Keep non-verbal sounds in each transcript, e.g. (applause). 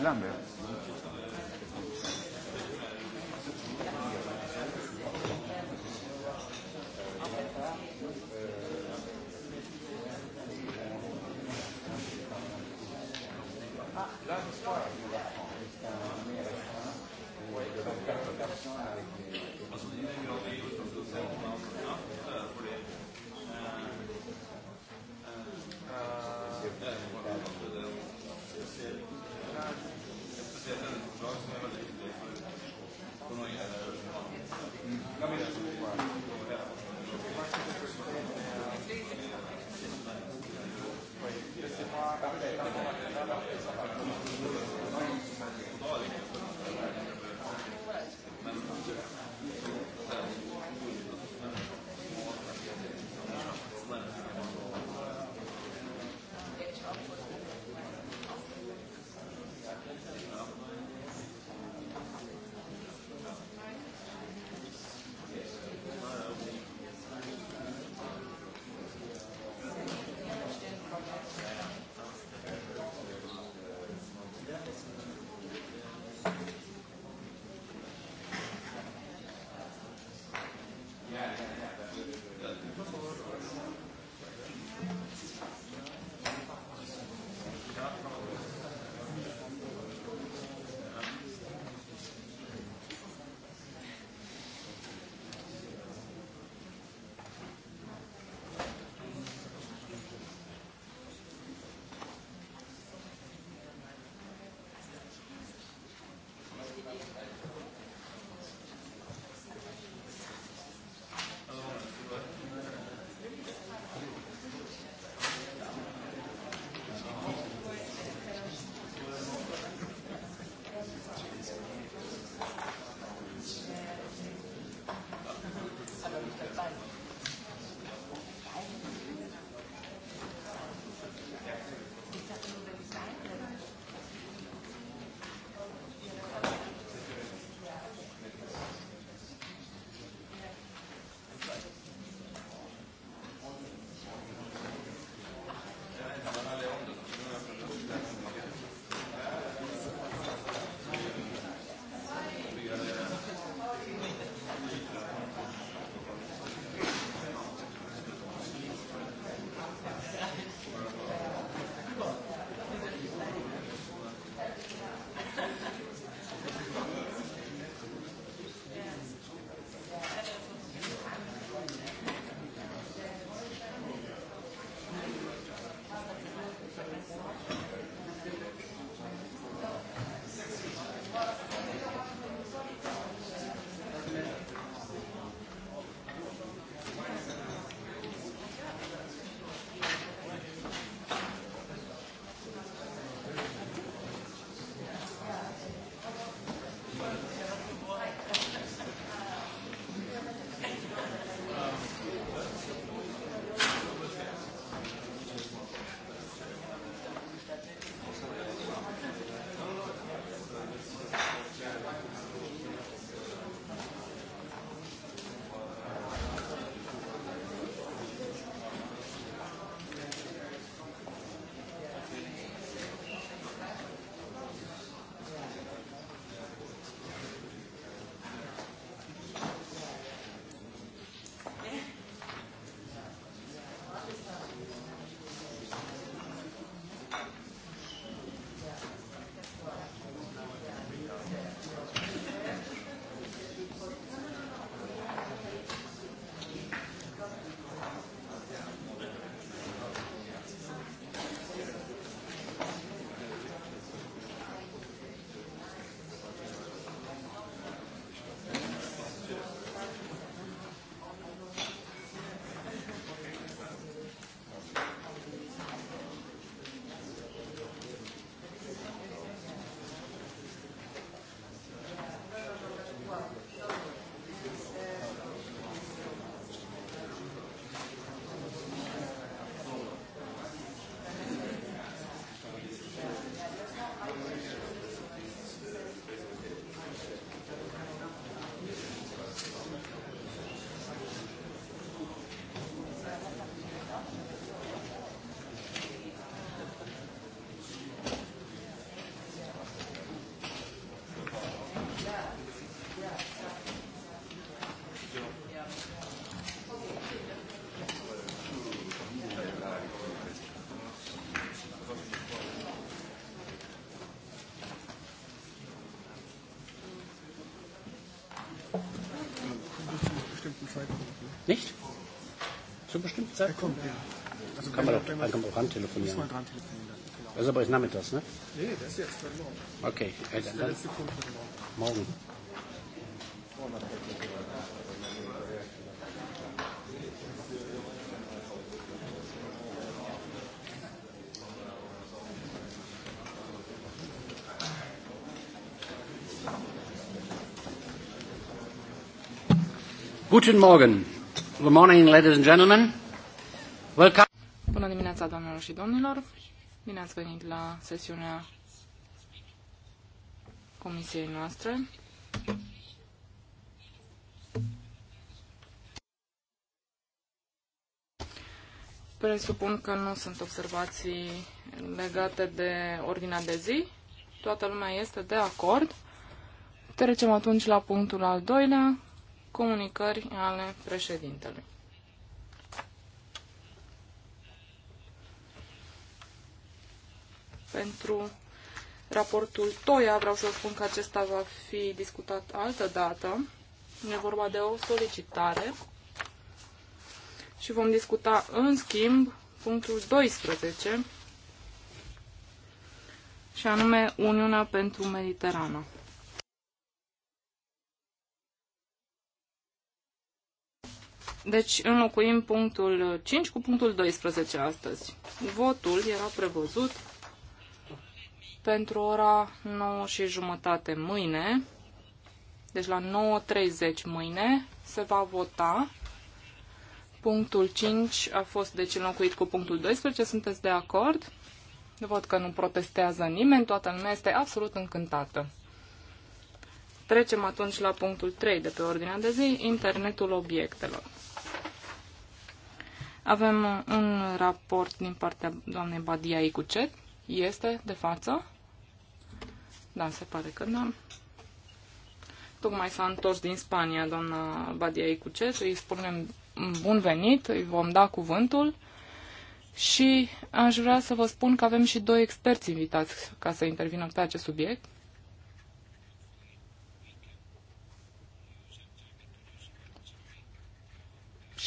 Zealandă. Zu bestimmten Zeit? Er kommt, ja. Also kann man doch dann er- telefonieren. dran telefonieren. Genau. Das ist aber jetzt nachmittags, ne? Nee, das ist jetzt dann morgen. Okay. Das ist der letzte Punkt morgen. Morgen. Guten Morgen. Good morning, ladies and gentlemen. Welcome. Bună dimineața, doamnelor și domnilor. Bine ați venit la sesiunea comisiei noastre. Presupun că nu sunt observații legate de ordinea de zi. Toată lumea este de acord. Trecem atunci la punctul al doilea, Comunicări ale președintelui. Pentru raportul TOIA vreau să spun că acesta va fi discutat altă dată. E vorba de o solicitare și vom discuta în schimb punctul 12 și anume Uniunea pentru Mediterana. Deci înlocuim punctul 5 cu punctul 12 astăzi. Votul era prevăzut pentru ora 9 și jumătate mâine. Deci la 9.30 mâine se va vota. Punctul 5 a fost deci înlocuit cu punctul 12. Sunteți de acord? Văd că nu protestează nimeni, toată lumea este absolut încântată. Trecem atunci la punctul 3 de pe ordinea de zi, internetul obiectelor. Avem un raport din partea doamnei Badia Icucet. Este de față? Da, se pare că da. Tocmai s-a întors din Spania doamna Badia Icucet. Îi spunem bun venit, îi vom da cuvântul. Și aș vrea să vă spun că avem și doi experți invitați ca să intervină pe acest subiect.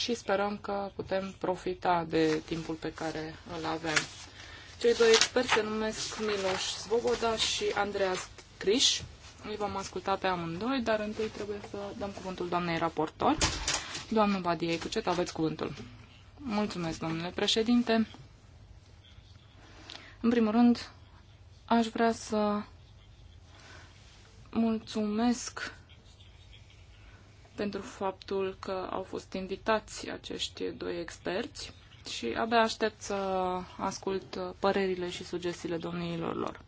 și sperăm că putem profita de timpul pe care îl avem. Cei doi experți se numesc Miloș Svoboda și Andreas Criș. Îi vom asculta pe amândoi, dar întâi trebuie să dăm cuvântul doamnei raportor. Doamnă Badiei ce aveți cuvântul. Mulțumesc, domnule președinte. În primul rând, aș vrea să mulțumesc pentru faptul că au fost invitați acești doi experți și abia aștept să ascult părerile și sugestiile domniilor lor.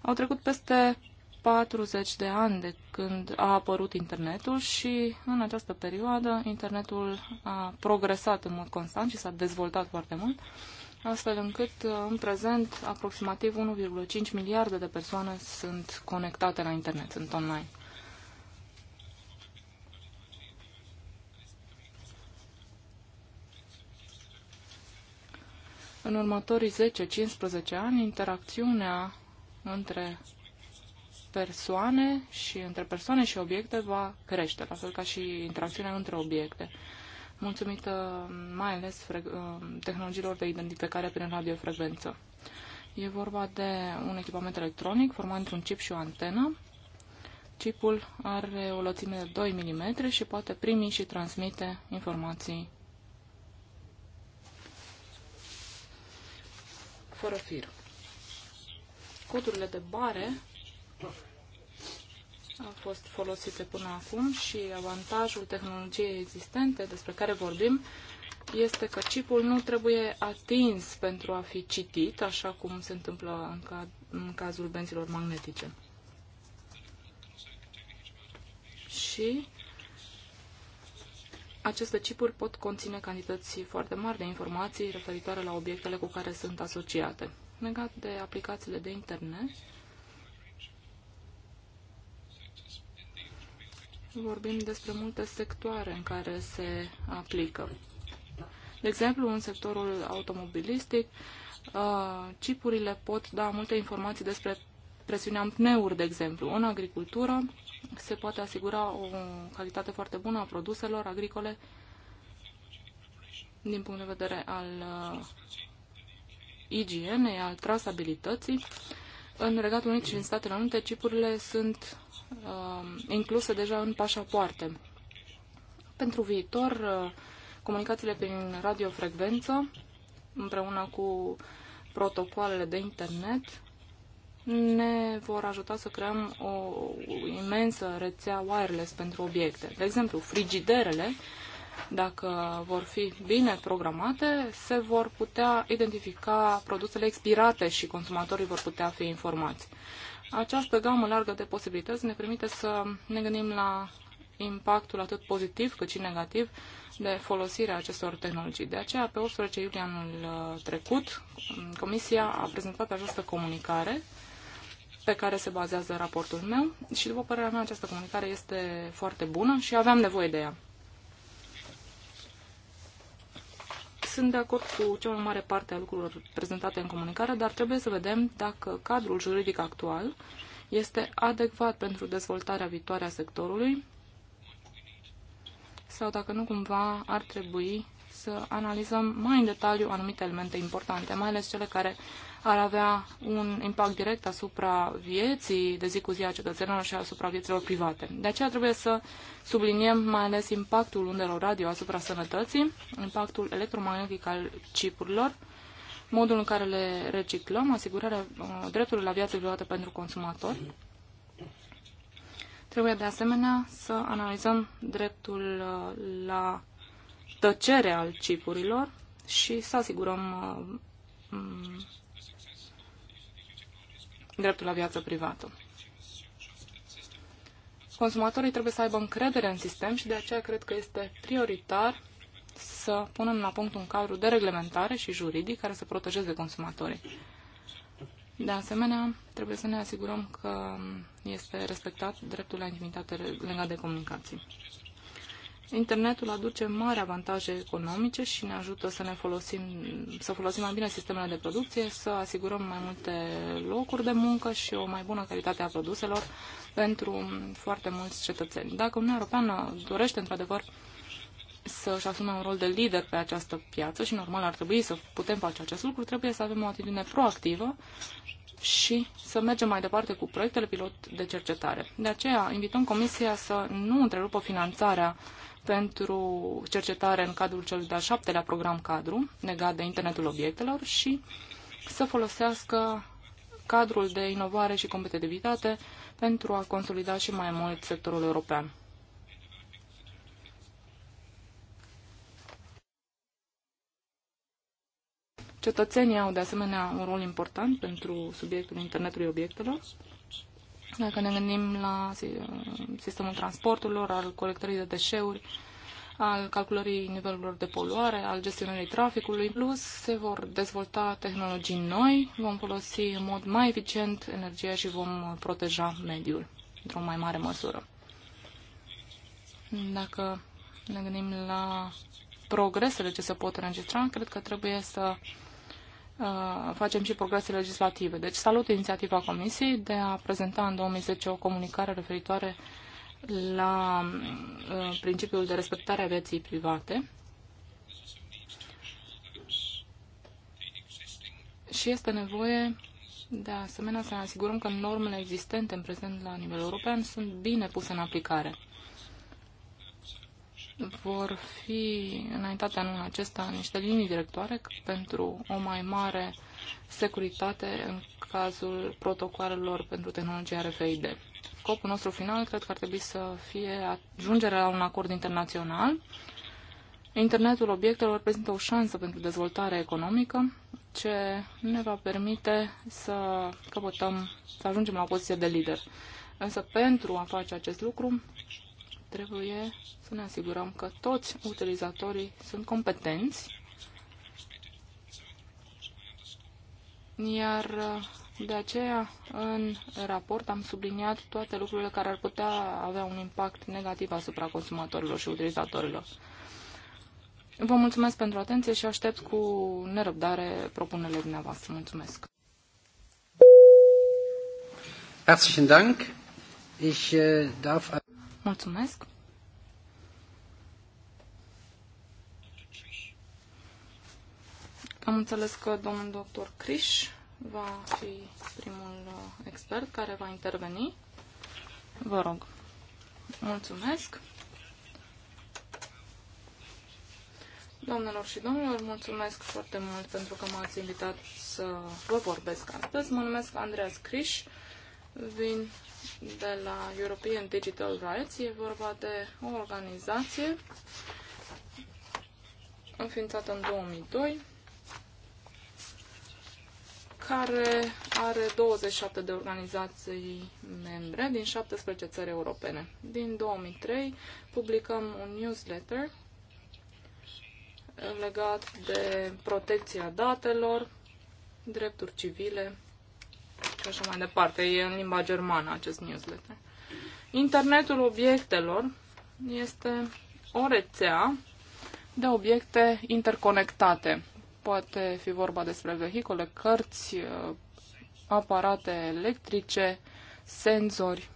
Au trecut peste 40 de ani de când a apărut internetul și în această perioadă internetul a progresat în mod constant și s-a dezvoltat foarte mult, astfel încât în prezent aproximativ 1,5 miliarde de persoane sunt conectate la internet, sunt online. în următorii 10-15 ani interacțiunea între persoane și între persoane și obiecte va crește, la fel ca și interacțiunea între obiecte. Mulțumită mai ales uh, tehnologiilor de identificare prin radiofrecvență. E vorba de un echipament electronic format într-un chip și o antenă. Chipul are o lățime de 2 mm și poate primi și transmite informații fără fir. Coturile de bare au fost folosite până acum și avantajul tehnologiei existente despre care vorbim este că chipul nu trebuie atins pentru a fi citit, așa cum se întâmplă în, ca, în cazul benzilor magnetice. Și aceste cipuri pot conține cantități foarte mari de informații referitoare la obiectele cu care sunt asociate. Legat de aplicațiile de internet, vorbim despre multe sectoare în care se aplică. De exemplu, în sectorul automobilistic, uh, cipurile pot da multe informații despre presiunea în pneuri, de exemplu. În agricultură, se poate asigura o calitate foarte bună a produselor agricole din punct de vedere al uh, igienei, al trasabilității. În Regatul Unit și în Statele Unite, cipurile sunt uh, incluse deja în pașapoarte. Pentru viitor, uh, comunicațiile prin radiofrecvență, împreună cu protocoalele de internet, ne vor ajuta să creăm o imensă rețea wireless pentru obiecte. De exemplu, frigiderele, dacă vor fi bine programate, se vor putea identifica produsele expirate și consumatorii vor putea fi informați. Această gamă largă de posibilități ne permite să ne gândim la impactul atât pozitiv cât și negativ de folosirea acestor tehnologii. De aceea, pe 18 iulie anul trecut, Comisia a prezentat această comunicare pe care se bazează raportul meu și, după părerea mea, această comunicare este foarte bună și aveam nevoie de ea. Sunt de acord cu cea mai mare parte a lucrurilor prezentate în comunicare, dar trebuie să vedem dacă cadrul juridic actual este adecvat pentru dezvoltarea viitoare a sectorului sau dacă nu cumva ar trebui să analizăm mai în detaliu anumite elemente importante, mai ales cele care ar avea un impact direct asupra vieții de zi cu zi a cetățenilor și asupra vieților private. De aceea trebuie să subliniem mai ales impactul undelor radio asupra sănătății, impactul electromagnetic al cipurilor, modul în care le reciclăm, asigurarea uh, dreptului la viață privată pentru consumatori. Trebuie de asemenea să analizăm dreptul uh, la tăcere al cipurilor și să asigurăm uh, dreptul la viață privată. Consumatorii trebuie să aibă încredere în sistem și de aceea cred că este prioritar să punem la punct un cadru de reglementare și juridic care să protejeze consumatorii. De asemenea, trebuie să ne asigurăm că este respectat dreptul la intimitate legat de comunicații. Internetul aduce mari avantaje economice și ne ajută să ne folosim, să folosim mai bine sistemele de producție, să asigurăm mai multe locuri de muncă și o mai bună calitate a produselor pentru foarte mulți cetățeni. Dacă Uniunea Europeană dorește într-adevăr să își asume un rol de lider pe această piață și normal ar trebui să putem face acest lucru, trebuie să avem o atitudine proactivă și să mergem mai departe cu proiectele pilot de cercetare. De aceea invităm Comisia să nu întrerupă finanțarea uh, pentru cercetare în cadrul celui de-al șaptelea program cadru legat de internetul obiectelor și să folosească cadrul de inovare și competitivitate pentru a consolida și mai mult sectorul european. Cetățenii au de asemenea un rol important pentru subiectul internetului obiectelor dacă ne gândim la sistemul transporturilor, al colectării de deșeuri, al calculării nivelurilor de poluare, al gestionării traficului, plus se vor dezvolta tehnologii noi, vom folosi în mod mai eficient energia și vom proteja mediul într-o mai mare măsură. Dacă ne gândim la progresele ce se pot înregistra, cred că trebuie să facem și progrese legislative. Deci salut inițiativa Comisiei de a prezenta în 2010 o comunicare referitoare la principiul de respectare a vieții private. Și este nevoie de asemenea să ne asigurăm că normele existente în prezent la nivel european sunt bine puse în aplicare vor fi înaintate anul acesta niște linii directoare pentru o mai mare securitate în cazul protocoalelor pentru tehnologia RFID. Scopul nostru final cred că ar trebui să fie ajungerea la un acord internațional. Internetul obiectelor reprezintă o șansă pentru dezvoltare economică ce ne va permite să căpătăm, să ajungem la o poziție de lider. Însă pentru a face acest lucru trebuie să ne asigurăm că toți utilizatorii sunt competenți, iar uh, de aceea în raport am subliniat toate lucrurile care ar putea avea un impact negativ asupra consumatorilor și utilizatorilor. Vă mulțumesc pentru atenție și aștept cu nerăbdare propunerile dumneavoastră. Mulțumesc! Herzlichen Dank. Ich äh, darf Mulțumesc. Am înțeles că domnul doctor Criș va fi primul uh, expert care va interveni. Vă rog. Mulțumesc. Doamnelor și domnilor, mulțumesc foarte mult pentru că m-ați invitat să vă vorbesc astăzi. Mă numesc Andreas Criș vin de la European Digital Rights. E vorba de o organizație înființată în 2002 care are 27 de organizații membre din 17 țări europene. Din 2003 publicăm un newsletter legat de protecția datelor, drepturi civile și așa mai departe. E în limba germană acest newsletter. Internetul obiectelor este o rețea de obiecte interconectate. Poate fi vorba despre vehicole, cărți, uh, aparate electrice, senzori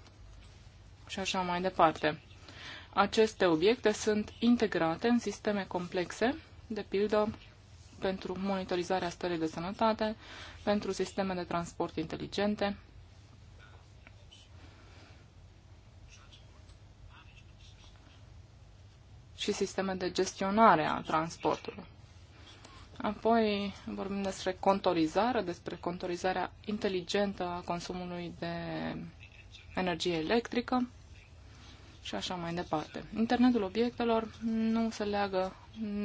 și așa mai departe. Aceste obiecte sunt integrate în sisteme complexe, de pildă pentru monitorizarea stării de sănătate, pentru sisteme de transport inteligente, și sisteme de gestionare a transportului. Apoi vorbim despre contorizare, despre contorizarea inteligentă a consumului de energie electrică și așa mai departe. Internetul obiectelor nu se leagă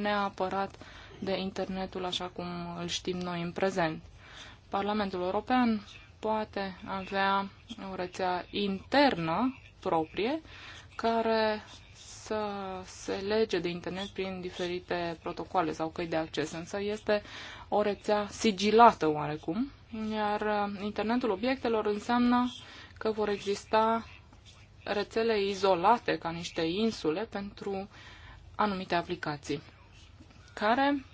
neapărat de internetul așa cum îl știm noi în prezent. Parlamentul European poate avea o rețea internă proprie care să se lege de internet prin diferite protocoale sau căi de acces, însă este o rețea sigilată oarecum, iar uh, internetul obiectelor înseamnă că vor exista rețele izolate ca niște insule pentru anumite aplicații care,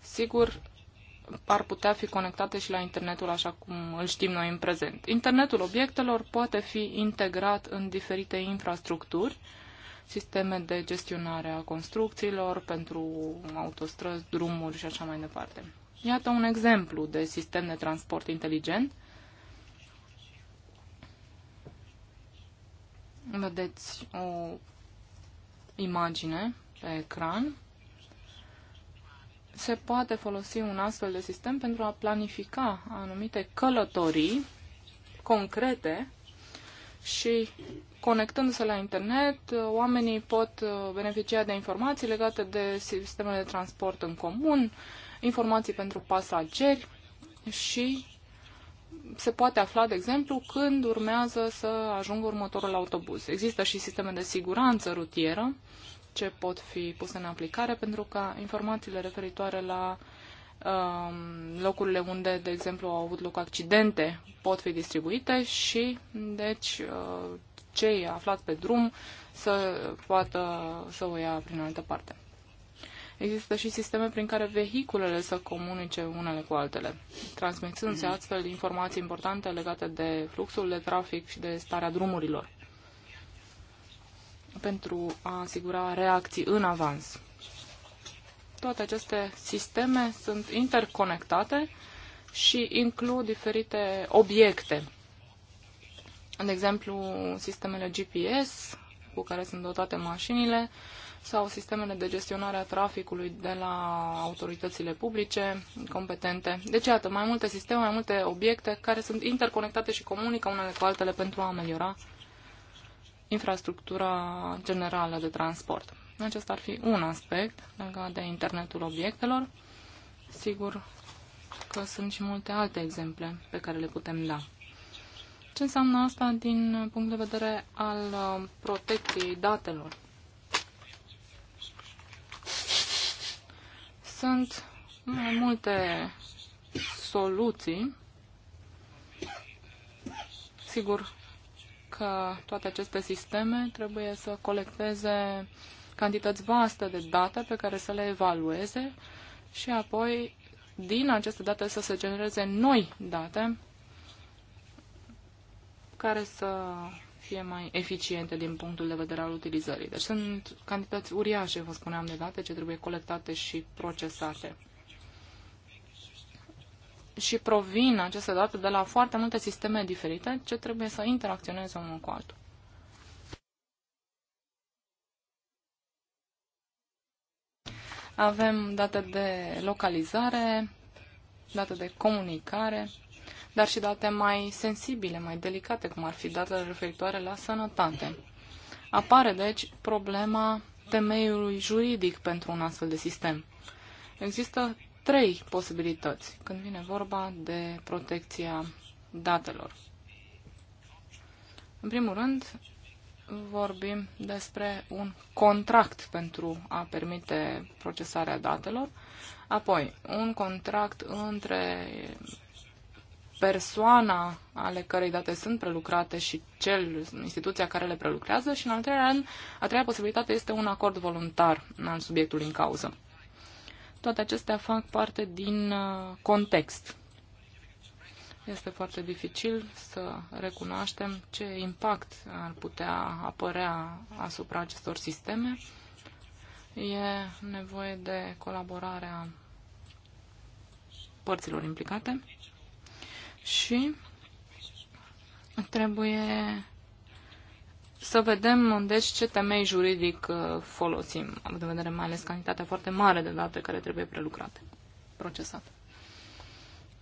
sigur, ar putea fi conectate și la internetul așa cum îl știm noi în prezent. Internetul obiectelor poate fi integrat în diferite infrastructuri, sisteme de gestionare a construcțiilor pentru autostrăzi, drumuri și așa mai departe. Iată un exemplu de sistem de transport inteligent. Vedeți o imagine pe ecran se poate folosi un astfel de sistem pentru a planifica anumite călătorii concrete și conectându-se la internet, oamenii pot uh, beneficia de informații legate de sistemele de transport în comun, informații pentru pasageri și se poate afla, de exemplu, când urmează să ajungă următorul autobuz. Există și sisteme de siguranță rutieră ce pot fi puse în aplicare pentru ca informațiile referitoare la um, locurile unde, de exemplu, au avut loc accidente pot fi distribuite și, deci, uh, cei aflați pe drum să poată să o ia prin altă parte. Există și sisteme prin care vehiculele să comunice unele cu altele, transmițându-se mhm. astfel informații importante legate de fluxul de trafic și de starea drumurilor pentru a asigura reacții în avans. Toate aceste sisteme sunt interconectate și includ diferite obiecte. De exemplu, sistemele GPS cu care sunt dotate mașinile sau sistemele de gestionare a traficului de la autoritățile publice competente. Deci, iată, mai multe sisteme, mai multe obiecte care sunt interconectate și comunică unele cu altele pentru a ameliora infrastructura generală de transport. Acesta ar fi un aspect legat de internetul obiectelor. Sigur că sunt și multe alte exemple pe care le putem da. Ce înseamnă asta din punct de vedere al uh, protecției datelor? Sunt mai multe soluții. Sigur, că toate aceste sisteme trebuie să colecteze cantități vaste de date pe care să le evalueze și apoi din aceste date să se genereze noi date care să fie mai eficiente din punctul de vedere al utilizării. Deci sunt cantități uriașe, vă spuneam, de date ce trebuie colectate și procesate și provin aceste date de la foarte multe sisteme diferite ce trebuie să interacționeze unul cu altul. Avem date de localizare, date de comunicare, dar și date mai sensibile, mai delicate, cum ar fi datele referitoare la sănătate. Apare, deci, problema temeiului juridic pentru un astfel de sistem. Există trei posibilități când vine vorba de protecția datelor. În primul rând, vorbim despre un contract pentru a permite procesarea datelor, apoi un contract între persoana ale cărei date sunt prelucrate și cel, instituția care le prelucrează și, în al treilea rând, a treia posibilitate este un acord voluntar al subiectului în cauză. Toate acestea fac parte din uh, context. Este foarte dificil să recunoaștem ce impact ar putea apărea asupra acestor sisteme. E nevoie de colaborarea părților implicate și trebuie să vedem, deci, ce temei juridic uh, folosim, având în vedere mai ales cantitatea foarte mare de date care trebuie prelucrate, procesate.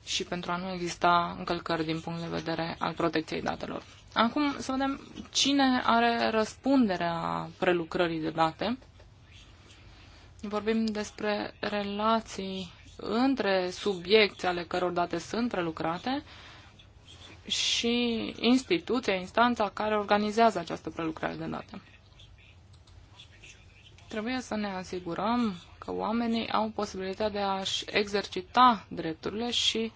Și pentru a nu exista încălcări din punct de vedere al protecției datelor. Acum să vedem cine are răspunderea prelucrării de date. Vorbim despre relații între subiecte ale căror date sunt prelucrate și instituția, instanța care organizează această prelucrare de date. Trebuie să ne asigurăm că oamenii au posibilitatea de a-și exercita drepturile și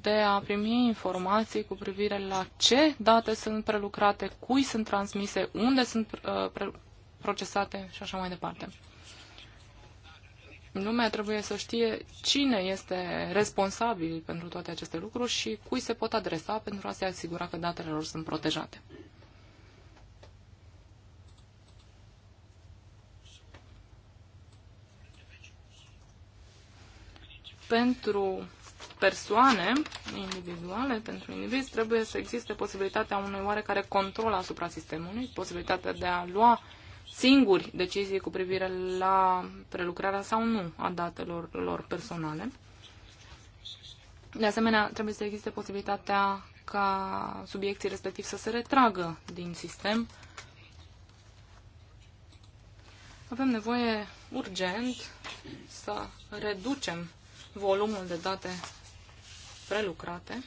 de a primi informații cu privire la ce date sunt prelucrate, cui sunt transmise, unde sunt uh, procesate și așa mai departe. Lumea trebuie să știe cine este responsabil pentru toate aceste lucruri și cui se pot adresa pentru a se asigura că datele lor sunt protejate. Pentru persoane individuale, pentru indivizi, trebuie să existe posibilitatea unui oarecare control asupra sistemului, posibilitatea de a lua uh, singuri decizii cu privire la prelucrarea sau nu a datelor lor personale. De asemenea, trebuie să existe posibilitatea ca subiecții respectiv să se retragă din sistem. Avem nevoie urgent să reducem volumul de date prelucrate.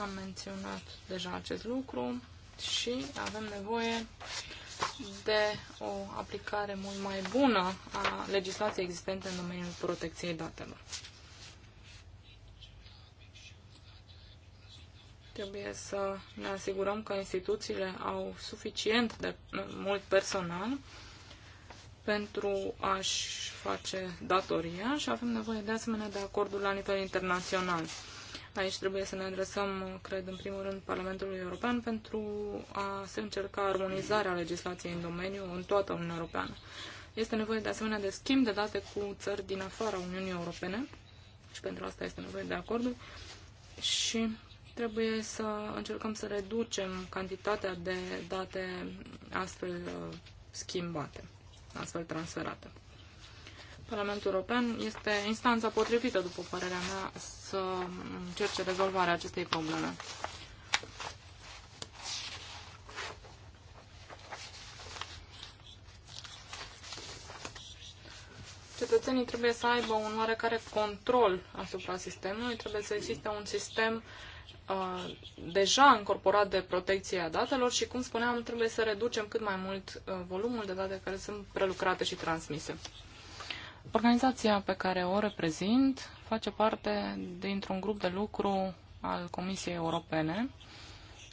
Am menționat deja acest lucru și avem nevoie de o aplicare mult mai bună a legislației existente în domeniul protecției datelor. Trebuie să ne asigurăm că instituțiile au suficient de mult personal pentru a-și face datoria și avem nevoie de asemenea de acordul la nivel internațional. Aici trebuie să ne adresăm, cred, în primul rând Parlamentului European pentru a se încerca armonizarea legislației în domeniu în toată Uniunea Europeană. Este nevoie de asemenea de schimb de date cu țări din afara Uniunii Europene și pentru asta este nevoie de acorduri și trebuie să încercăm să reducem cantitatea de date astfel uh, schimbate, astfel transferate. Parlamentul European este instanța potrivită, după părerea mea, să încerce rezolvarea acestei probleme. Cetățenii trebuie să aibă un oarecare control asupra sistemului, trebuie să existe un sistem uh, deja încorporat de protecție a datelor și, cum spuneam, trebuie să reducem cât mai mult uh, volumul de date care sunt prelucrate și transmise. Organizația pe care o reprezint face parte dintr-un grup de lucru al Comisiei Europene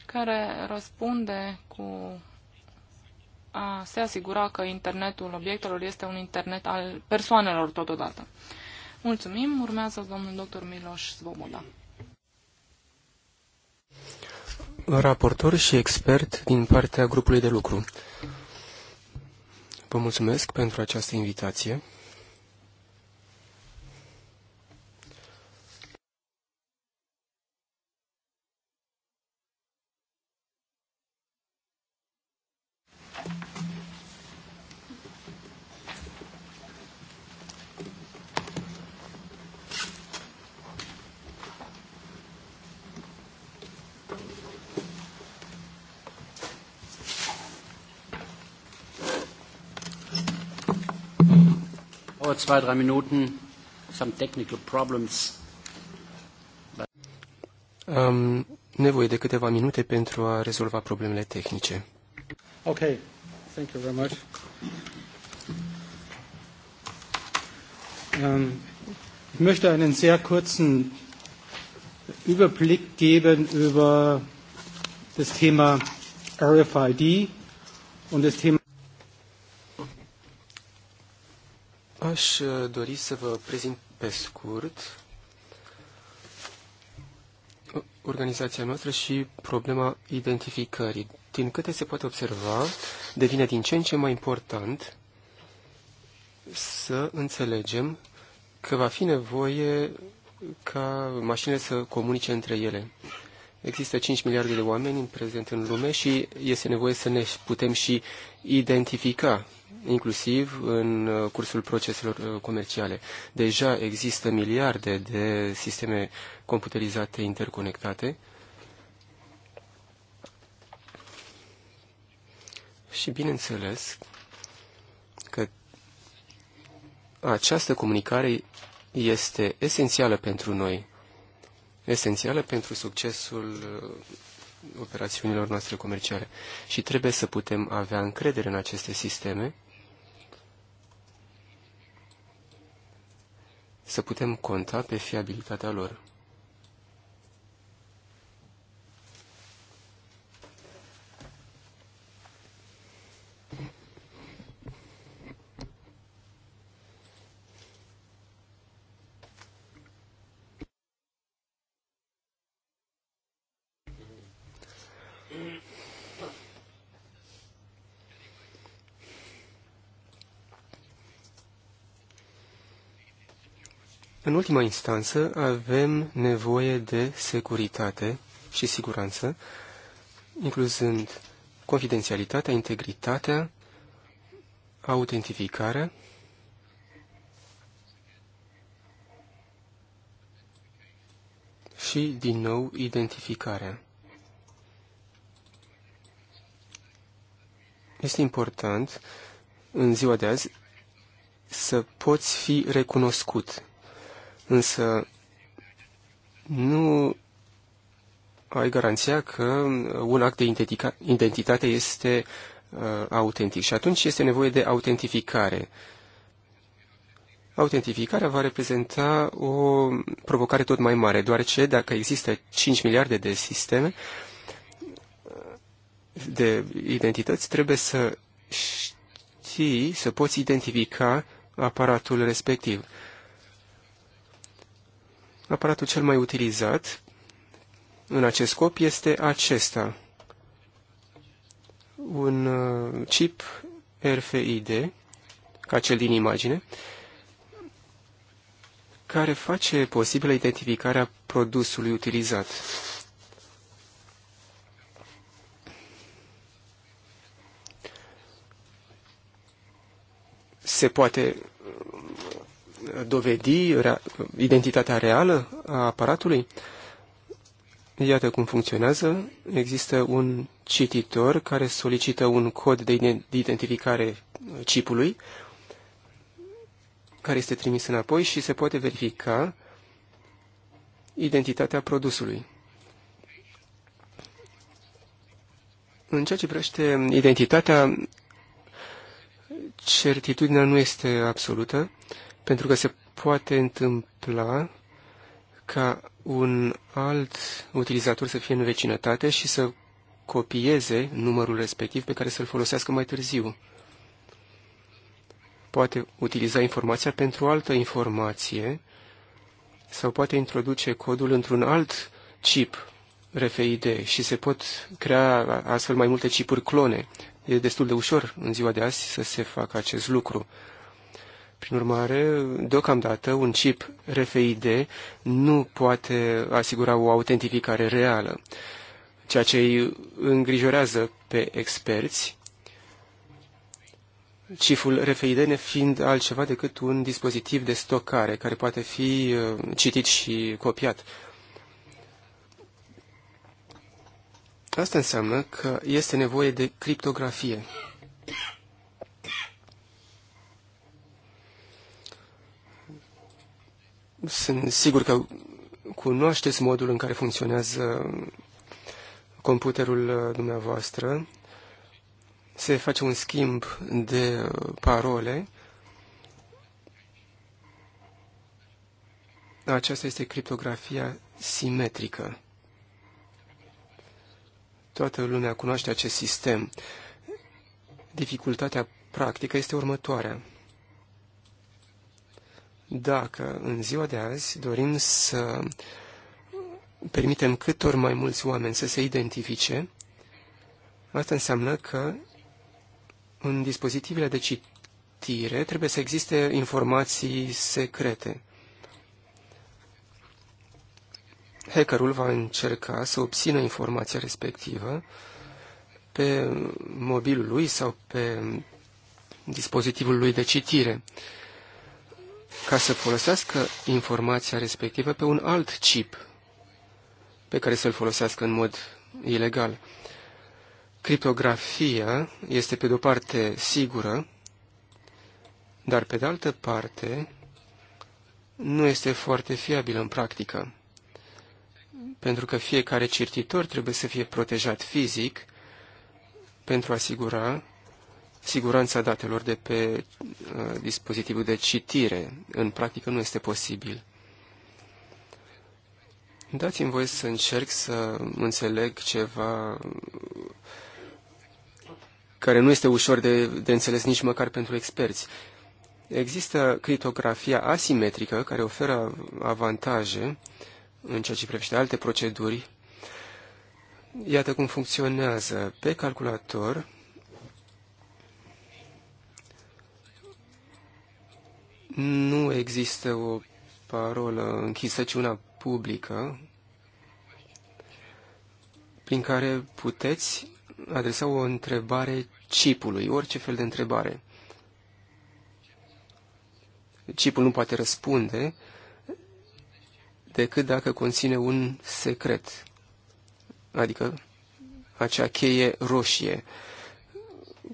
care răspunde cu a se asigura că internetul obiectelor este un internet al persoanelor totodată. Mulțumim. Urmează domnul dr. Miloș Svoboda. Raportor și expert din partea grupului de lucru. Vă mulțumesc pentru această invitație. for zwei, drei Minuten. Some technical problems. Am nevoie de câteva minute pentru a rezolva problemele tehnice. Ok, thank you very much. Um, ich möchte einen sehr kurzen Überblick geben über das Thema RFID und das Thema Aș uh, dori să vă prezint pe scurt organizația noastră și problema identificării. Din câte se poate observa, devine din ce în ce mai important să înțelegem că va fi nevoie ca mașinile să comunice între ele. Există 5 miliarde de oameni în prezent în lume și este nevoie să ne putem și identifica, inclusiv în uh, cursul proceselor uh, comerciale. Deja există miliarde de sisteme computerizate interconectate și, bineînțeles, că această comunicare este esențială pentru noi esențială pentru succesul uh, operațiunilor noastre comerciale. Și trebuie să putem avea încredere în aceste sisteme, să putem conta pe fiabilitatea lor. În ultima instanță, avem nevoie de securitate și siguranță, incluzând confidențialitatea, integritatea, autentificarea, și, din nou, identificarea. Este important, în ziua de azi, să poți fi recunoscut Însă nu ai garanția că un act de identitate este uh, autentic și atunci este nevoie de autentificare. Autentificarea va reprezenta o provocare tot mai mare, deoarece dacă există 5 miliarde de sisteme uh, de identități, trebuie să știi, să poți identifica aparatul respectiv. Uh, Aparatul cel mai utilizat în acest scop este acesta. Un uh, chip RFID, ca cel din imagine, care face posibilă identificarea produsului utilizat. Se poate dovedi rea, identitatea reală a aparatului? Iată cum funcționează. Există un cititor care solicită un cod de identificare chipului, care este trimis înapoi și se poate verifica identitatea produsului. În ceea ce privește identitatea, certitudinea nu este absolută pentru că se poate întâmpla ca un alt utilizator să fie în vecinătate și să copieze numărul respectiv pe care să-l folosească mai târziu. Poate utiliza informația pentru altă informație sau poate introduce codul într-un alt chip RFID și se pot crea astfel mai multe chipuri clone. E destul de ușor în ziua de azi să se facă acest lucru. Prin urmare, deocamdată, un chip RFID nu poate asigura o autentificare reală, ceea ce îi îngrijorează pe experți, ciful RFID ne fiind altceva decât un dispozitiv de stocare care poate fi uh, citit și copiat. Asta înseamnă că este nevoie de criptografie. Sunt sigur că cunoașteți modul în care funcționează computerul uh, dumneavoastră. Se face un schimb de uh, parole. Aceasta este criptografia simetrică. Toată lumea cunoaște acest sistem. Dificultatea practică este următoarea dacă în ziua de azi dorim să permitem câtor mai mulți oameni să se identifice, asta înseamnă că în dispozitivele de citire trebuie să existe informații secrete. Hackerul va încerca să obțină informația respectivă pe mobilul lui sau pe dispozitivul lui de citire ca să folosească informația respectivă pe un alt chip pe care să-l folosească în mod ilegal. Criptografia este pe de-o parte sigură, dar pe de altă parte nu este foarte fiabilă în practică, pentru că fiecare certitor trebuie să fie protejat fizic pentru a asigura siguranța datelor de pe uh, dispozitivul de citire. În practică nu este posibil. Dați-mi voie să încerc să înțeleg ceva care nu este ușor de, de înțeles nici măcar pentru experți. Există criptografia asimetrică care oferă avantaje în ceea ce privește alte proceduri. Iată cum funcționează. Pe calculator Nu există o parolă închisă, ci una publică prin care puteți adresa o întrebare chipului, orice fel de întrebare. Chipul nu poate răspunde decât dacă conține un secret, adică acea cheie roșie,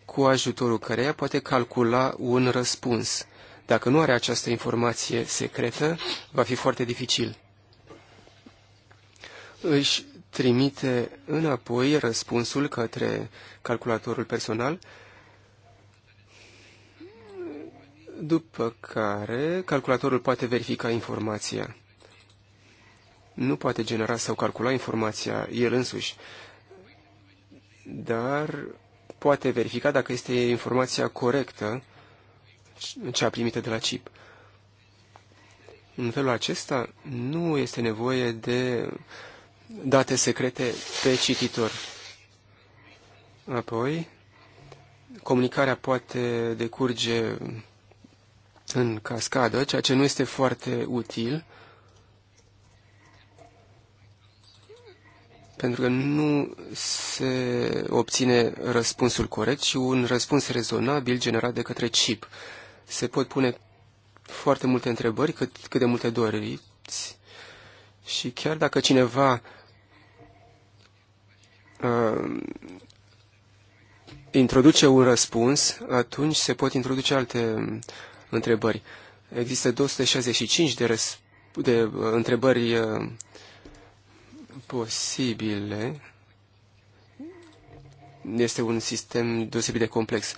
cu ajutorul căreia poate calcula un răspuns. Dacă nu are această informație secretă, va fi foarte dificil. Își trimite înapoi răspunsul către calculatorul personal, după care calculatorul poate verifica informația. Nu poate genera sau calcula informația el însuși, dar poate verifica dacă este informația corectă cea primită de la CIP. În felul acesta nu este nevoie de date secrete pe cititor. Apoi, comunicarea poate decurge în cascadă, ceea ce nu este foarte util, pentru că nu se obține răspunsul corect, ci un răspuns rezonabil generat de către chip se pot pune foarte multe întrebări, cât, cât de multe doriți. Și chiar dacă cineva uh, introduce un răspuns, atunci se pot introduce alte întrebări. Există 265 de, de uh, întrebări uh, posibile. Este un sistem deosebit de complex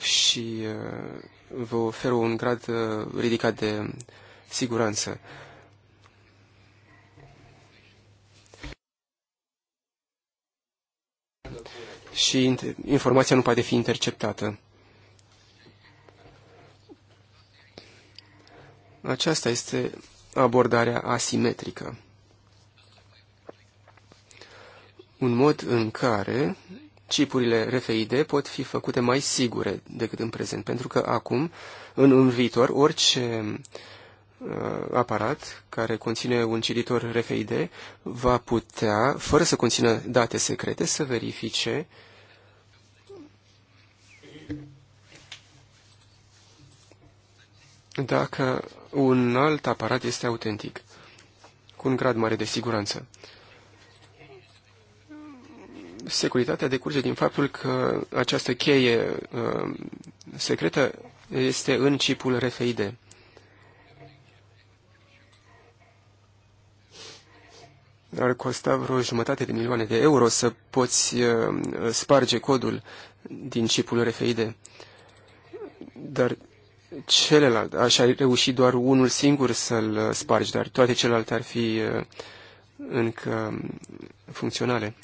și uh, vă oferă un grad uh, ridicat de siguranță. Și informația nu poate fi interceptată. Aceasta este abordarea asimetrică. Un mod în care chipurile RFID pot fi făcute mai sigure decât în prezent, pentru că acum, în, în viitor, orice uh, aparat care conține un cititor RFID va putea, fără să conțină date secrete, să verifice dacă un alt aparat este autentic, cu un grad mare de siguranță securitatea decurge din faptul că această cheie uh, secretă este în chipul RFID. Ar costa vreo jumătate de milioane de euro să poți uh, sparge codul din chipul RFID. Dar celălalt, aș reuși doar unul singur să-l uh, spargi, dar toate celelalte ar fi încă funcționale.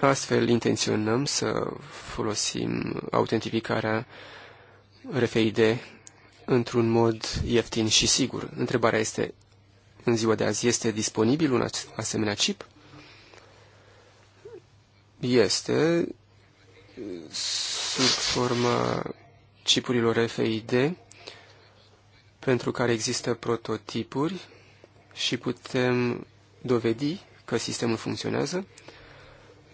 Astfel intenționăm să folosim autentificarea RFID într-un mod ieftin și sigur. Întrebarea este, în ziua de azi, este disponibil un asemenea chip? Este sub forma chipurilor RFID pentru care există prototipuri și putem dovedi că sistemul funcționează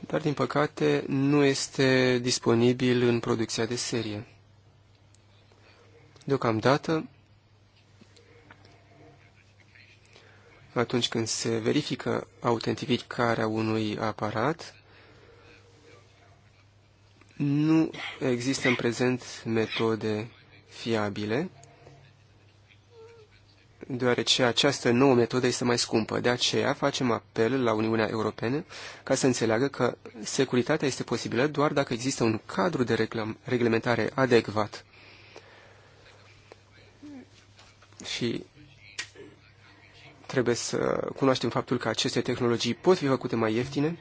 dar din păcate nu este disponibil în producția de serie. Deocamdată, atunci când se verifică autentificarea unui aparat, nu există în prezent metode fiabile deoarece această nouă metodă este mai scumpă. De aceea facem apel la Uniunea Europeană ca să înțeleagă că securitatea este posibilă doar dacă există un cadru de reglementare adecvat. Și trebuie să cunoaștem faptul că aceste tehnologii pot fi făcute mai ieftine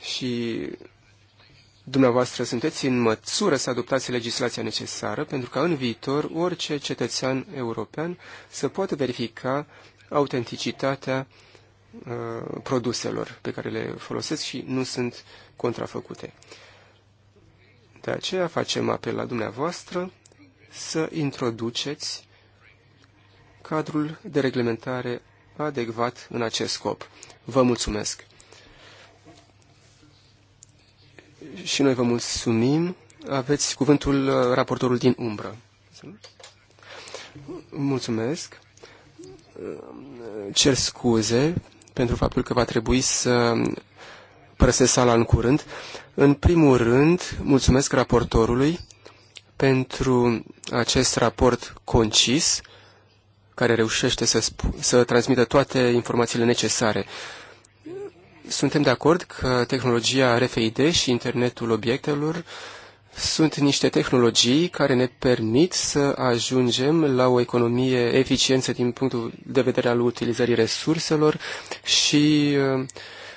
și dumneavoastră sunteți în măsură să adoptați legislația necesară pentru ca în viitor orice cetățean european să poată verifica autenticitatea uh, produselor pe care le folosesc și nu sunt contrafăcute. De aceea facem apel la dumneavoastră să introduceți cadrul de reglementare adecvat în acest scop. Vă mulțumesc! Și noi vă mulțumim. Aveți cuvântul uh, raportorul din umbră. Mulțumesc. Uh, cer scuze pentru faptul că va trebui să părăsesc sala în curând. În primul rând, mulțumesc raportorului pentru acest raport concis, care reușește să, să transmită toate informațiile necesare. Suntem de acord că tehnologia RFID și internetul obiectelor sunt niște tehnologii care ne permit să ajungem la o economie eficiență din punctul de vedere al utilizării resurselor și uh,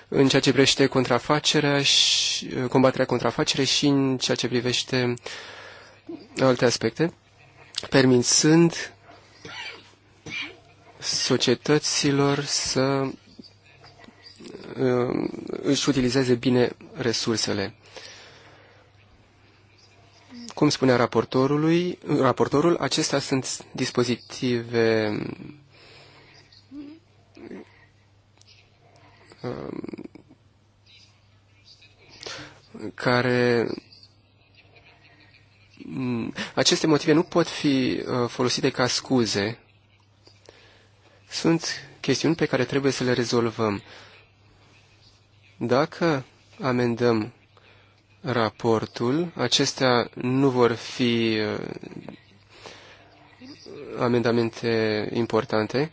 în ceea ce privește contrafacerea și uh, combaterea contrafacerii și în ceea ce privește alte aspecte, permițând societăților să Uh, își utilizeze bine resursele. Cum spunea raportorului, raportorul, acestea sunt dispozitive uh, care aceste motive nu pot fi uh, folosite ca scuze. Sunt chestiuni pe care trebuie să le rezolvăm. Dacă amendăm raportul, acestea nu vor fi uh, amendamente importante.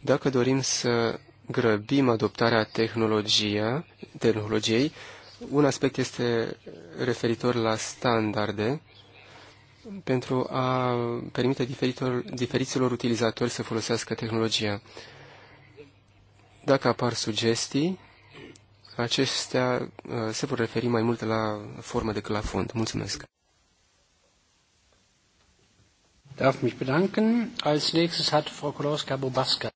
Dacă dorim să grăbim adoptarea tehnologia, tehnologiei, un aspect este referitor la standarde pentru a permite diferitor, diferiților utilizatori să folosească tehnologia. Dacă apar sugestii, acestea uh, se vor referi mai mult la formă decât la fond. Mulțumesc! Darf mich bedanken. Als nächstes hat Frau Kolorska-Bobaska.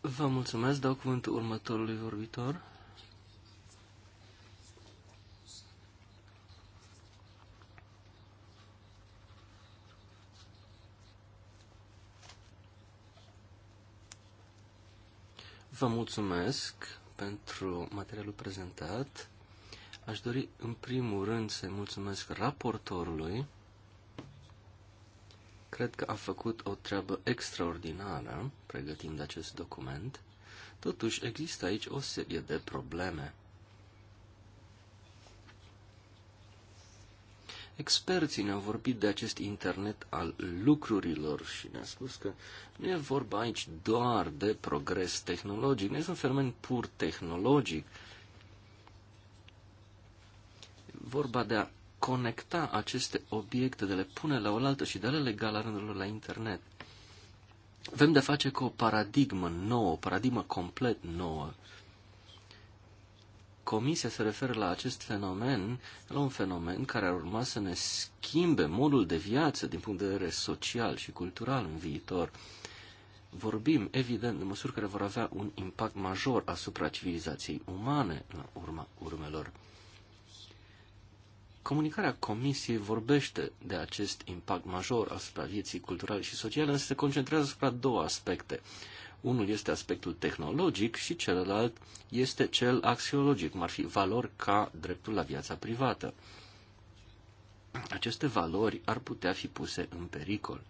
Vă mulțumesc, dau cuvântul următorului vorbitor. Vă mulțumesc pentru materialul prezentat. Aș dori în primul rând să-i mulțumesc raportorului. Cred că a făcut o treabă extraordinară pregătind acest document. Totuși, există aici o serie de probleme. Experții ne-au vorbit de acest internet al lucrurilor și ne-a spus că nu e vorba aici doar de progres tehnologic, nu este un fenomen pur tehnologic. E vorba de a conecta aceste obiecte, de le pune la oaltă și de a le lega la rândul la internet. Vem de face cu o paradigmă nouă, o paradigmă complet nouă. Comisia se referă la acest fenomen, la un fenomen care ar urma să ne schimbe modul de viață din punct de vedere social și cultural în viitor. Vorbim, evident, de măsuri care vor avea un impact major asupra civilizației umane la urma urmelor. Comunicarea Comisiei vorbește de acest impact major asupra vieții culturale și sociale, însă se concentrează asupra două aspecte. Unul este aspectul tehnologic și celălalt este cel axiologic, cum ar fi valori ca dreptul la viața privată. Aceste valori ar putea fi puse în pericol.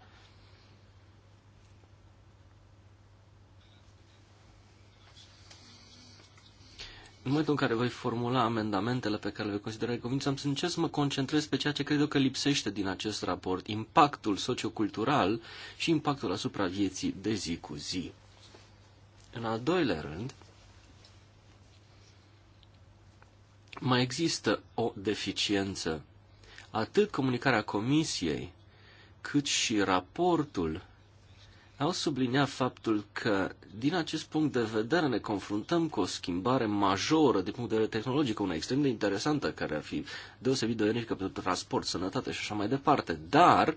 În momentul în care voi formula amendamentele pe care le voi considera convins, am să încerc să mă concentrez pe ceea ce cred eu că lipsește din acest raport, impactul sociocultural și impactul asupra vieții de zi cu zi. În al doilea rând, mai există o deficiență. Atât comunicarea comisiei, cât și raportul au subliniat faptul că, din acest punct de vedere, ne confruntăm cu o schimbare majoră din punct de vedere tehnologic, una extrem de interesantă, care ar fi deosebit de benefică pentru transport, sănătate și așa mai departe. Dar,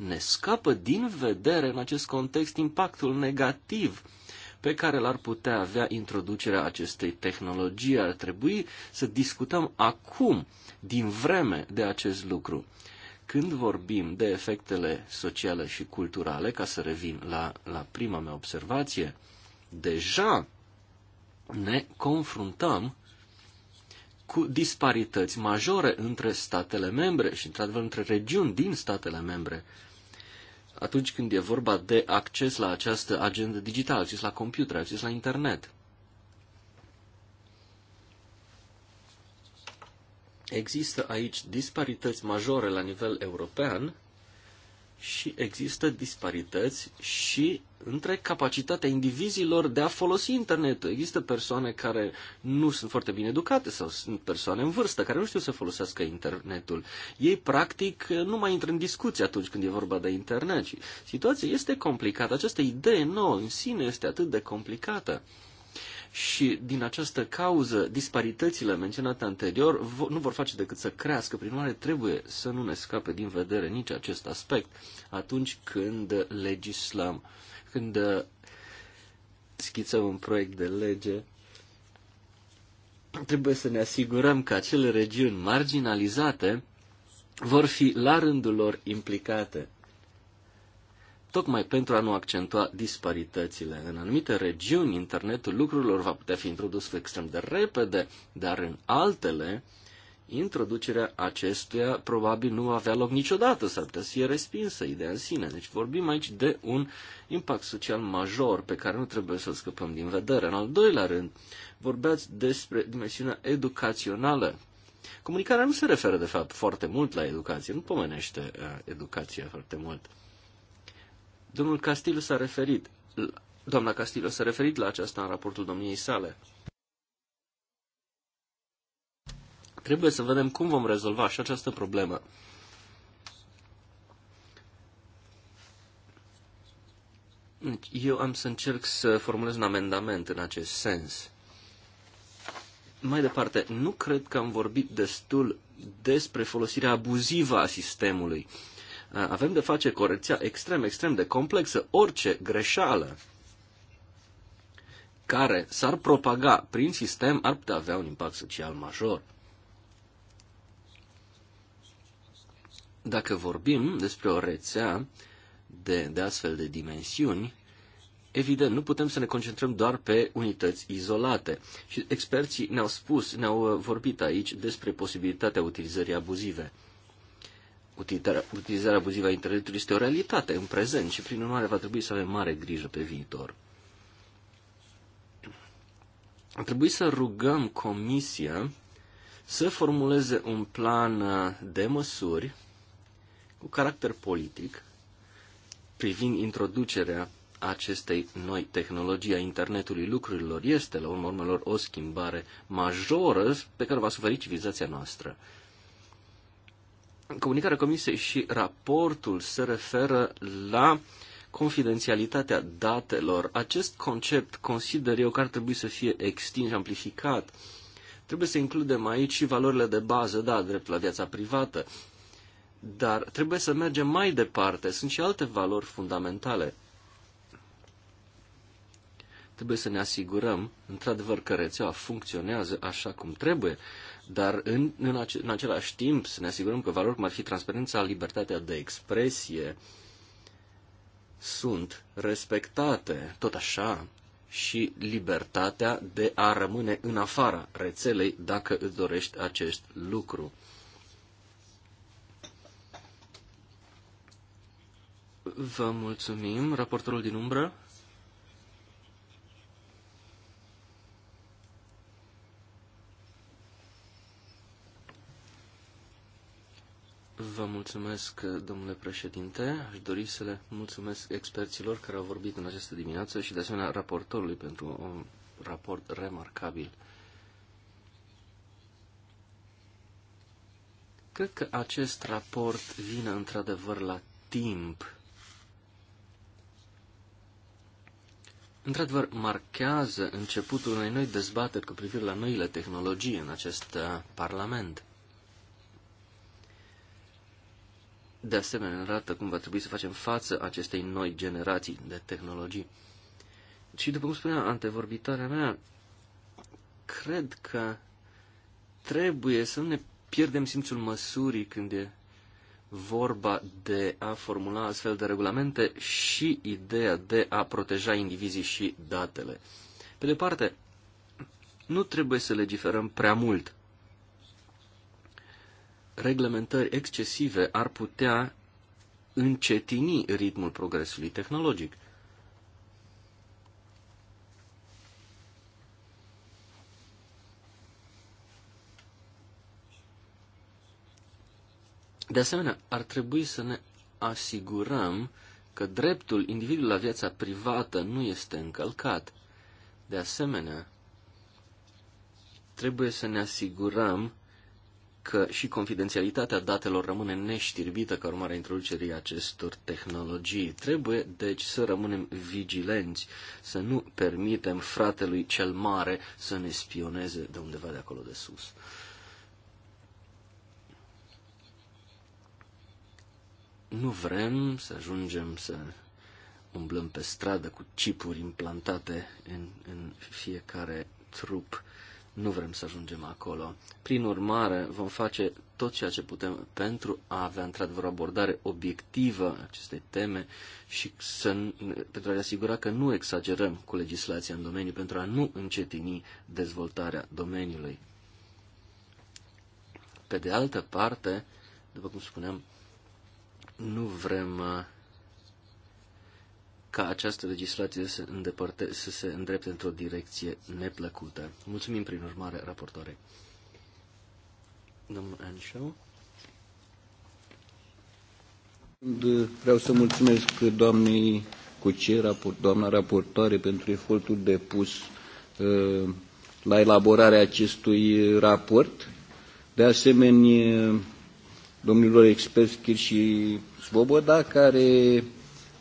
ne scapă din vedere în acest context impactul negativ pe care l-ar putea avea introducerea acestei tehnologii. Ar trebui să discutăm acum, din vreme, de acest lucru. Când vorbim de efectele sociale și culturale, ca să revin la, la prima mea observație, deja ne confruntăm cu disparități majore între statele membre și, într-adevăr, între regiuni din statele membre atunci când e vorba de acces la această agendă digitală, acces la computer, acces la internet. Există aici disparități majore la nivel european și există disparități și între capacitatea indivizilor de a folosi internetul. Există persoane care nu sunt foarte bine educate sau sunt persoane în vârstă care nu știu să folosească internetul. Ei, practic, nu mai intră în discuție atunci când e vorba de internet. situația este complicată. Această idee nouă în sine este atât de complicată și din această cauză disparitățile menționate anterior nu vor face decât să crească. Prin urmare, trebuie să nu ne scape din vedere nici acest aspect atunci când legislăm, când schițăm un proiect de lege. Trebuie să ne asigurăm că acele regiuni marginalizate vor fi la rândul lor implicate tocmai pentru a nu accentua disparitățile. În anumite regiuni, internetul lucrurilor va putea fi introdus extrem de repede, dar în altele, introducerea acestuia probabil nu va avea loc niciodată, s-ar putea să fie respinsă ideea în sine. Deci vorbim aici de un impact social major pe care nu trebuie să-l scăpăm din vedere. În al doilea rând, vorbeați despre dimensiunea educațională. Comunicarea nu se referă, de fapt, foarte mult la educație, nu pomenește uh, educația foarte mult. Domnul Castillo s-a referit, doamna Castillo s-a referit la aceasta în raportul domniei sale. Trebuie să vedem cum vom rezolva și această problemă. Deci, eu am să încerc să formulez un amendament în acest sens. Mai departe, nu cred că am vorbit destul despre folosirea abuzivă a sistemului. Uh, avem de face corecția extrem, extrem de complexă. Orice greșeală care s-ar propaga prin sistem ar putea avea un impact social major. Dacă vorbim despre o rețea de, de astfel de dimensiuni, evident, nu putem să ne concentrăm doar pe unități izolate. Și experții ne-au spus, ne-au vorbit aici despre posibilitatea utilizării abuzive utilizarea abuzivă a internetului este o realitate în prezent și, prin urmare, va trebui să avem mare grijă pe viitor. Ar trebui să rugăm Comisia să formuleze un plan uh, de măsuri cu caracter politic privind introducerea acestei noi tehnologii a internetului lucrurilor. Este, la urmă urmelor, o schimbare majoră pe care va suferi civilizația noastră. Comunicarea Comisiei și raportul se referă la confidențialitatea datelor. Acest concept consider eu că ar trebui să fie extins, amplificat. Trebuie să includem aici și valorile de bază, da, drept la viața privată, dar trebuie să mergem mai departe. Sunt și alte valori fundamentale. Trebuie să ne asigurăm, într-adevăr, că rețeaua funcționează așa cum trebuie dar în, în, ace, în același timp să ne asigurăm că valori cum ar fi transparența, libertatea de expresie sunt respectate, tot așa, și libertatea de a rămâne în afara rețelei dacă îți dorești acest lucru. Vă mulțumim, raportorul din umbră. Vă mulțumesc, domnule președinte. Aș dori să le mulțumesc experților care au vorbit în această dimineață și, de asemenea, raportorului pentru un raport remarcabil. Cred că acest raport vine într-adevăr la timp. Într-adevăr, marchează începutul unei noi dezbateri cu privire la noile tehnologii în acest uh, Parlament. de asemenea arată cum va trebui să facem față acestei noi generații de tehnologii. Și după cum spunea antevorbitoarea mea, cred că trebuie să ne pierdem simțul măsurii când e vorba de a formula astfel de regulamente și ideea de a proteja indivizii și datele. Pe de parte, nu trebuie să legiferăm prea mult reglementări excesive ar putea încetini ritmul progresului tehnologic. De asemenea, ar trebui să ne asigurăm că dreptul individului la viața privată nu este încălcat. De asemenea, trebuie să ne asigurăm că și confidențialitatea datelor rămâne neștirbită ca urmare a introducerii acestor tehnologii. Trebuie, deci, să rămânem vigilenți, să nu permitem fratelui cel mare să ne spioneze de undeva de acolo de sus. Nu vrem să ajungem să umblăm pe stradă cu chipuri implantate în, în fiecare trup nu vrem să ajungem acolo. Prin urmare, vom face tot ceea ce putem pentru a avea într-adevăr o abordare obiectivă acestei teme și să, pentru a ne asigura că nu exagerăm cu legislația în domeniu, pentru a nu încetini dezvoltarea domeniului. Pe de altă parte, după cum spuneam, nu vrem uh, ca această legislație să, îndepărte, să se îndrepte într-o direcție neplăcută. Mulțumim, prin urmare, raportoare. Domnul Anșau. Vreau să mulțumesc doamnei Cuce, raport, doamna raportoare, pentru efortul depus uh, la elaborarea acestui raport. De asemenea, domnilor experți Chir și Svoboda, care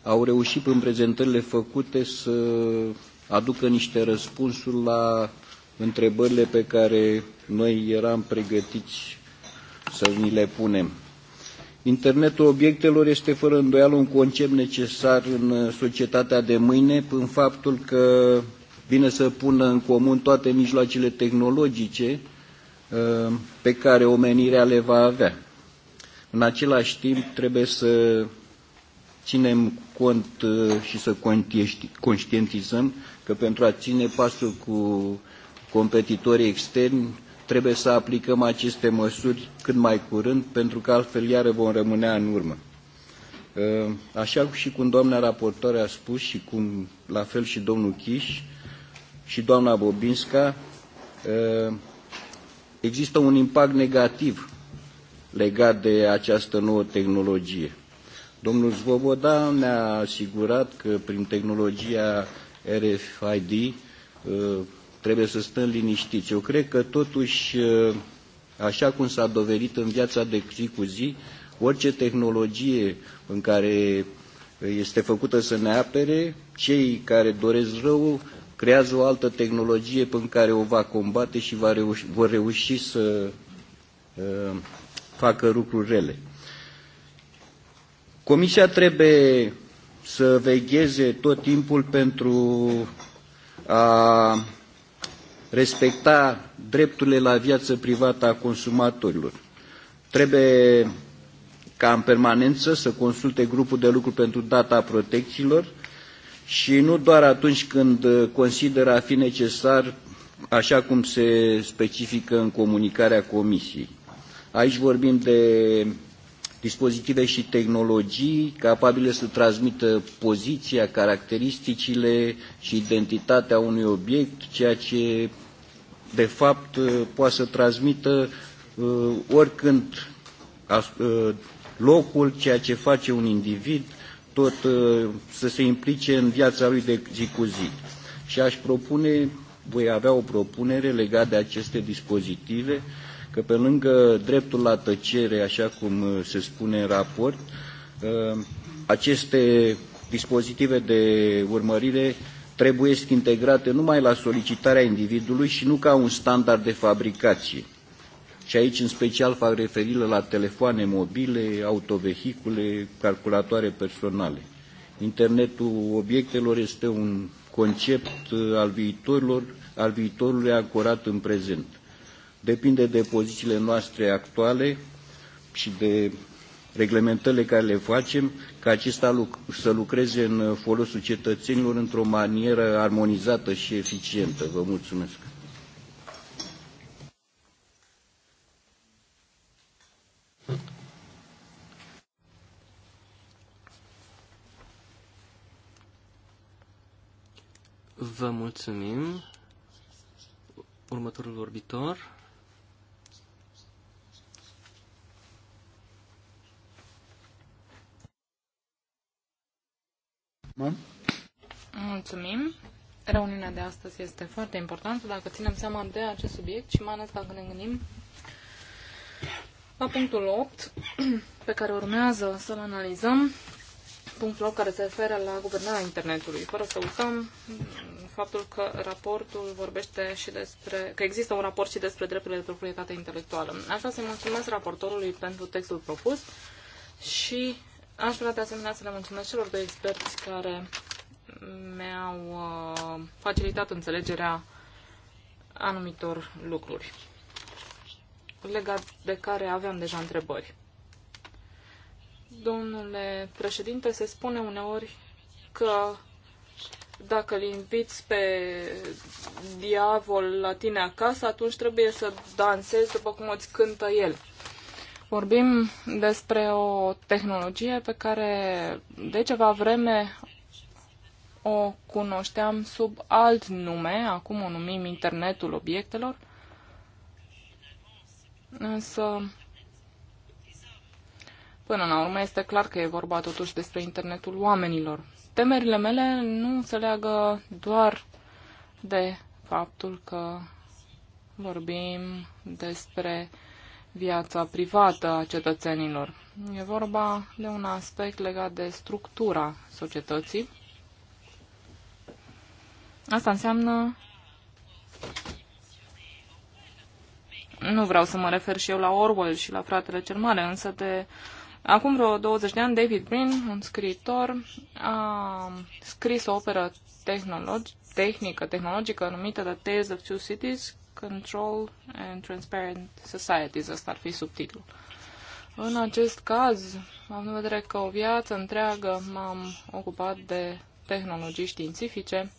au reușit prin prezentările făcute să aducă niște răspunsuri la întrebările pe care noi eram pregătiți să ni le punem. Internetul obiectelor este fără îndoială un concept necesar în societatea de mâine, în faptul că vine să pună în comun toate mijloacele tehnologice ă, pe care omenirea le va avea. În același timp, trebuie să ținem cont uh, și să conștientizăm că pentru a ține pasul cu competitorii externi trebuie să aplicăm aceste măsuri cât mai curând, pentru că altfel iară vom rămâne în urmă. Uh, așa și cum doamna raportoare a spus și cum la fel și domnul Chiș și doamna Bobinska, uh, există un impact negativ legat de această nouă tehnologie. Domnul Zvoboda ne-a asigurat că prin tehnologia RFID uh, trebuie să stăm liniștiți. Eu cred că totuși, uh, așa cum s-a dovedit în viața de zi cu zi, orice tehnologie în care uh, este făcută să ne apere, cei care doresc rău creează o altă tehnologie pe care o va combate și va reuși, vor reuși să uh, facă lucruri rele. Comisia trebuie să vegheze tot timpul pentru a respecta drepturile la viață privată a consumatorilor. Trebuie ca în permanență să consulte grupul de lucru pentru data protecțiilor și nu doar atunci când consideră a fi necesar, așa cum se specifică în comunicarea Comisiei. Aici vorbim de dispozitive și tehnologii capabile să transmită poziția, caracteristicile și identitatea unui obiect, ceea ce de fapt uh, poate să transmită uh, oricând uh, locul, ceea ce face un individ, tot să se implice în viața lui de zi cu zi. Și aș propune, voi avea o propunere legată de aceste dispozitive, că pe lângă dreptul la tăcere, așa cum uh, se spune în raport, uh, aceste dispozitive de urmărire trebuie integrate numai la solicitarea individului și nu ca un standard de fabricație. Și aici în special fac referire la telefoane mobile, autovehicule, calculatoare personale. Internetul obiectelor este un concept uh, al, viitorilor, al viitorului ancorat în prezent depinde de pozițiile noastre actuale și de reglementările care le facem, ca acesta să lucreze în folosul cetățenilor într-o manieră armonizată și eficientă. Vă mulțumesc! Vă mulțumim. Următorul vorbitor. Mulțumim. Reuniunea de astăzi este foarte importantă dacă ținem seama de acest subiect și mai ales dacă ne gândim la punctul 8 (clears throat) pe care urmează să-l analizăm, punctul 8 care se referă la guvernarea internetului, fără să uităm faptul că raportul vorbește și despre, că există un raport și despre drepturile de proprietate intelectuală. Așa se să-i mulțumesc raportorului pentru textul propus și Aș vrea de asemenea să le mulțumesc celor de experți care mi-au uh, facilitat înțelegerea anumitor lucruri legat de care aveam deja întrebări. Domnule președinte, se spune uneori că dacă îl inviți pe diavol la tine acasă, atunci trebuie să dansezi după cum îți cântă el. Vorbim despre o tehnologie pe care de ceva vreme o cunoșteam sub alt nume, acum o numim internetul obiectelor, însă până la urmă este clar că e vorba totuși despre internetul oamenilor. Temerile mele nu se leagă doar de faptul că vorbim despre uh, viața privată a cetățenilor. E vorba de un aspect legat de structura societății. Asta înseamnă nu vreau să mă refer și eu la Orwell și la fratele cel mare, însă de acum vreo 20 de ani David Brin, un scriitor, a scris o operă tehnologi- tehnică, tehnologică numită The Tales of Two Cities, Control and Transparent Societies, Asta ar fi subtitlul. În acest caz, am în vedere că o viață întreagă m-am ocupat de tehnologii științifice,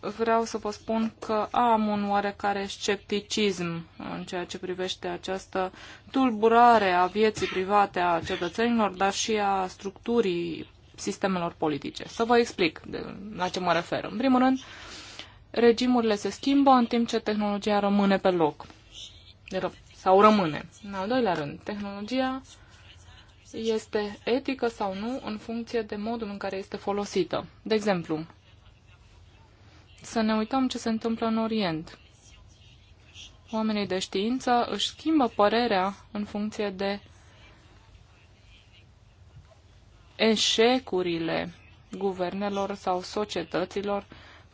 vreau să vă spun că am un oarecare scepticism în ceea ce privește această tulburare a vieții private a cetățenilor, dar și a structurii sistemelor politice. Să vă explic de la ce mă refer. În primul rând, regimurile se schimbă în timp ce tehnologia rămâne pe loc. Sau rămâne. În al doilea rând, tehnologia este etică sau nu în funcție de modul în care este folosită. De exemplu, să ne uităm ce se întâmplă în Orient. Oamenii de știință își schimbă părerea în funcție de eșecurile guvernelor sau societăților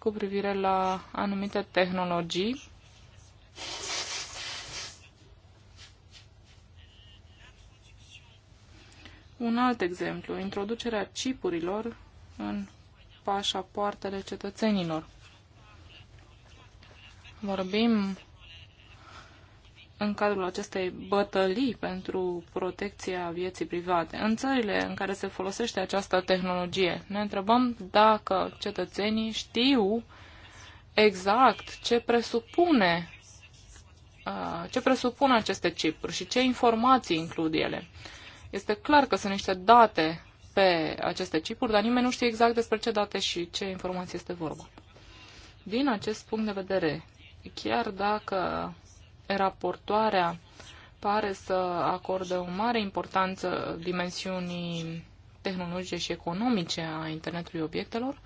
cu privire la anumite tehnologii. Un alt exemplu, introducerea chipurilor în pașapoartele cetățenilor. Vorbim în cadrul acestei bătălii pentru protecția vieții private. În țările în care se folosește această tehnologie, ne întrebăm dacă cetățenii știu exact ce presupune uh, ce presupun aceste chipuri și ce informații includ ele. Este clar că sunt niște date pe aceste chipuri, dar nimeni nu știe exact despre ce date și ce informații este vorba. Din acest punct de vedere, chiar dacă raportoarea pare să acorde o mare importanță dimensiunii tehnologice și economice a internetului obiectelor,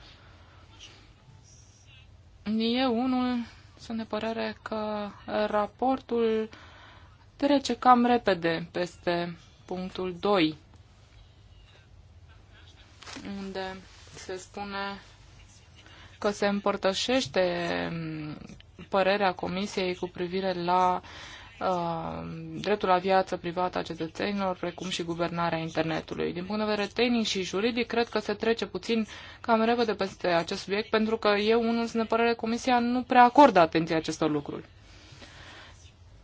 eu unul sunt de părere că raportul trece cam repede peste punctul 2, unde se spune că se împărtășește părerea Comisiei cu privire la uh, dreptul la viață privată a cetățenilor, precum și guvernarea internetului. Din punct de vedere tehnic și juridic, cred că se trece puțin cam repede peste acest subiect, pentru că eu, unul, sunt de părere, Comisia nu prea acordă atenție acestor lucruri.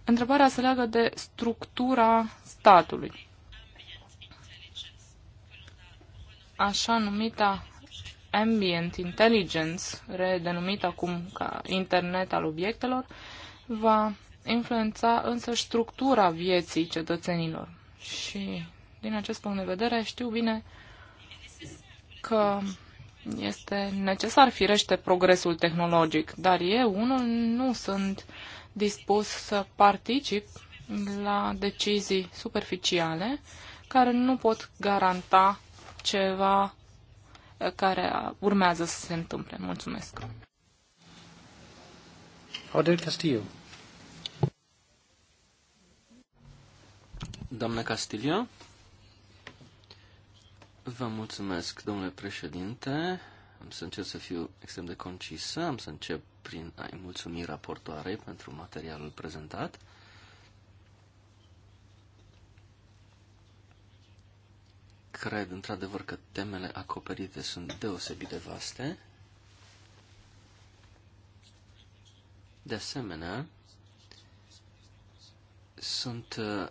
Întrebarea se leagă de structura statului. Așa numita Ambient Intelligence, redenumit acum ca Internet al obiectelor, va influența însă structura vieții cetățenilor. Și din acest punct de vedere știu bine că este necesar, firește, progresul tehnologic, dar eu, unul, nu sunt dispus să particip la decizii superficiale care nu pot garanta ceva care urmează să se întâmple. Mulțumesc. Odel Castillo. Doamne Castillo, vă mulțumesc, domnule președinte. Am să încerc să fiu extrem de concisă. Am să încep prin a-i mulțumi raportoarei pentru materialul prezentat. cred într-adevăr că temele acoperite sunt deosebit de vaste. De asemenea, sunt uh,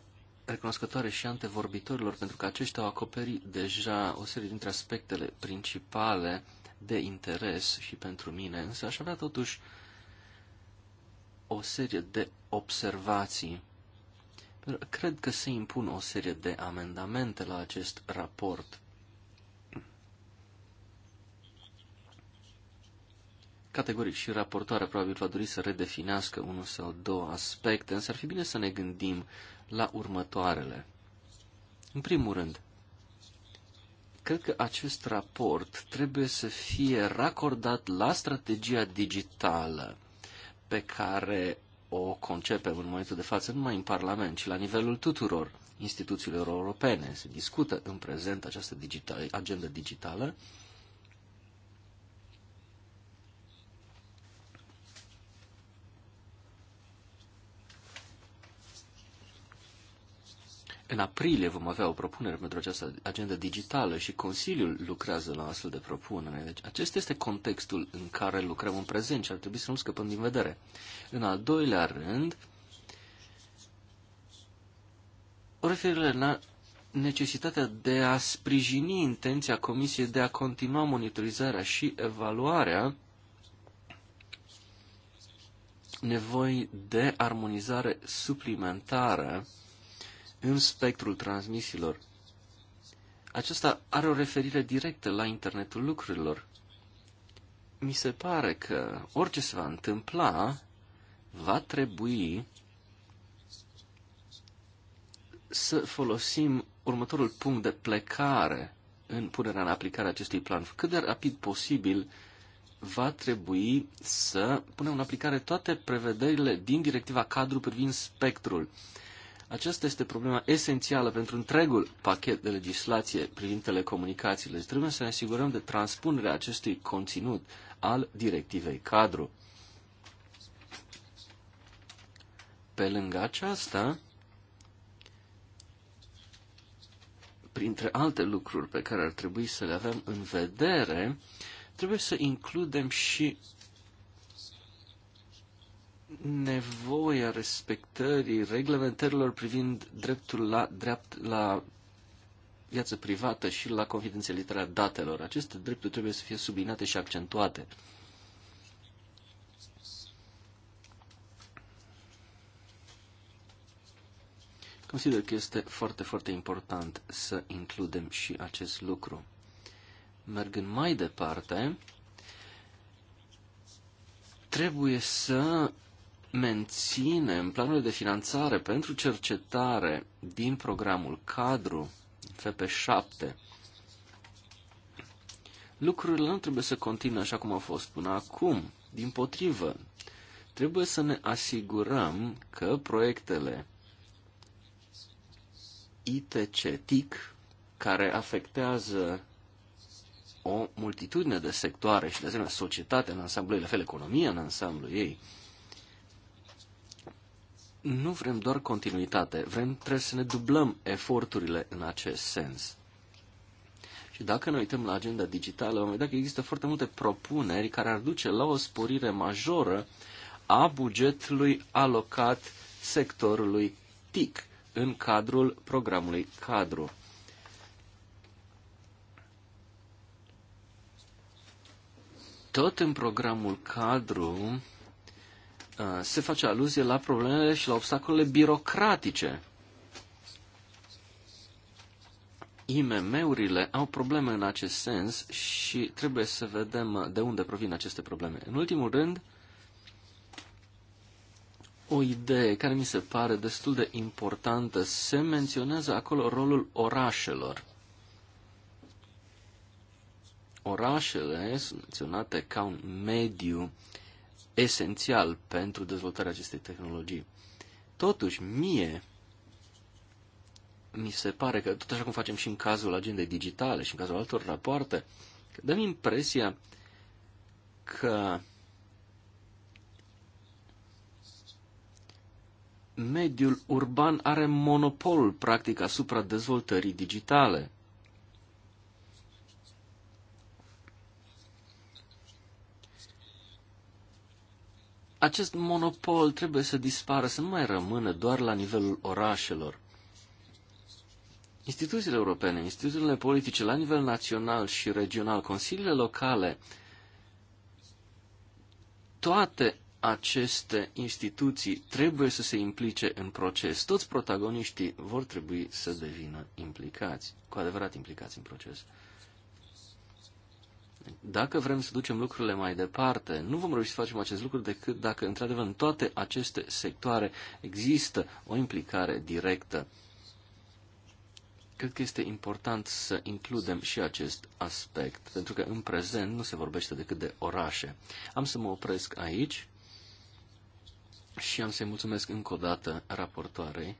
recunoscătoare și antevorbitorilor pentru că aceștia au acoperit deja o serie dintre aspectele principale de interes și pentru mine, însă aș avea totuși o serie de observații Cred că se impun o serie de amendamente la acest raport. Categoric și raportoarea probabil va dori să redefinească unul sau două aspecte, însă ar fi bine să ne gândim la următoarele. În primul rând, cred că acest raport trebuie să fie racordat la strategia digitală pe care o concepem în momentul de față numai în Parlament, ci la nivelul tuturor instituțiilor europene. Se discută în prezent această digital, agenda digitală În aprilie vom avea o propunere pentru această agendă digitală și Consiliul lucrează la astfel de propunere. Deci acesta este contextul în care lucrăm în prezent și ar trebui să nu scăpăm din vedere. În al doilea rând, o referire la necesitatea de a sprijini intenția Comisiei de a continua monitorizarea și evaluarea nevoi de armonizare suplimentară în spectrul transmisiilor. Acesta are o referire directă la internetul lucrurilor. Mi se pare că orice se va întâmpla, va trebui să folosim următorul punct de plecare în punerea în aplicare a acestui plan. Cât de rapid posibil va trebui să punem în aplicare toate prevederile din directiva cadru privind spectrul. Aceasta este problema esențială pentru întregul pachet de legislație privind telecomunicațiile. Deci trebuie să ne asigurăm de transpunerea acestui conținut al directivei cadru. Pe lângă aceasta, printre alte lucruri pe care ar trebui să le avem în vedere, trebuie să includem și nevoia respectării reglementărilor privind dreptul la, drept, la viață privată și la confidențialitatea datelor. Aceste drepturi trebuie să fie sublinate și accentuate. Consider că este foarte, foarte important să includem și acest lucru. Mergând mai departe, trebuie să în planul de finanțare pentru cercetare din programul cadru FP7. Lucrurile nu trebuie să continue așa cum au fost până acum. Din potrivă, trebuie să ne asigurăm că proiectele ITC-TIC, care afectează o multitudine de sectoare și, de asemenea, societatea în ansamblu ei, la fel economia în ansamblu ei, nu vrem doar continuitate, vrem, trebuie să ne dublăm eforturile în acest sens. Și dacă ne uităm la agenda digitală, vom vedea că există foarte multe propuneri care ar duce la o sporire majoră a bugetului alocat sectorului TIC în cadrul programului cadru. Tot în programul cadru Uh, se face aluzie la problemele și la obstacolele birocratice. IMM-urile au probleme în acest sens și trebuie să vedem de unde provin aceste probleme. În ultimul rând, o idee care mi se pare destul de importantă, se menționează acolo rolul orașelor. Orașele sunt menționate ca un mediu uh, esențial pentru dezvoltarea acestei tehnologii. Totuși, mie mi se pare că, tot așa cum facem și în cazul agendei digitale și în cazul altor rapoarte, că dăm impresia că mediul urban are monopol practic asupra dezvoltării digitale. acest monopol trebuie să dispară, să nu mai rămână doar la nivelul orașelor. Instituțiile europene, instituțiile politice la nivel național și regional, consiliile locale, toate aceste instituții trebuie să se implice în proces. Toți protagoniștii vor trebui să devină implicați, cu adevărat implicați în proces. Dacă vrem să ducem lucrurile mai departe, nu vom reuși să facem acest lucru decât dacă, într-adevăr, în toate aceste sectoare există o implicare directă. Cred că este important să includem și acest aspect, pentru că în prezent nu se vorbește decât de orașe. Am să mă opresc aici și am să-i mulțumesc încă o dată raportoarei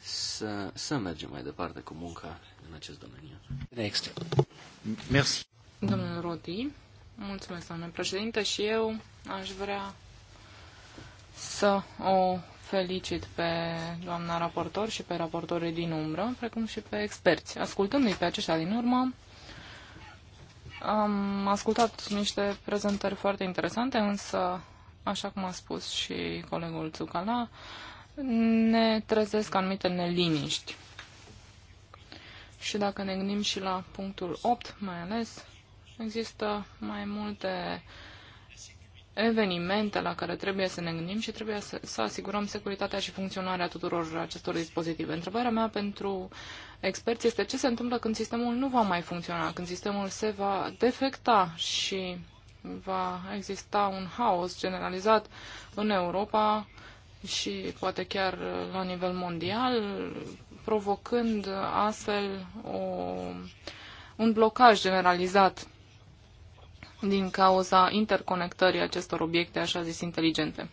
să, să mergem mai departe cu munca în acest domeniu. Next. Merci. Domnul Rodi, mulțumesc, domnule președinte, și eu aș vrea să o felicit pe doamna raportor și pe raportorii din umbră, precum și pe experți. Ascultându-i pe aceștia din urmă, am ascultat niște prezentări foarte interesante, însă, așa cum a spus și colegul Țucala, ne trezesc anumite neliniști. Și dacă ne gândim și la punctul 8, mai ales, există mai multe evenimente la care trebuie să ne gândim și trebuie să, să asigurăm securitatea și funcționarea tuturor acestor dispozitive. Întrebarea mea pentru experți este ce se întâmplă când sistemul nu va mai funcționa, când sistemul se va defecta și va exista un haos generalizat în Europa și poate chiar la nivel mondial provocând astfel o, un blocaj generalizat din cauza interconectării acestor obiecte așa zis inteligente.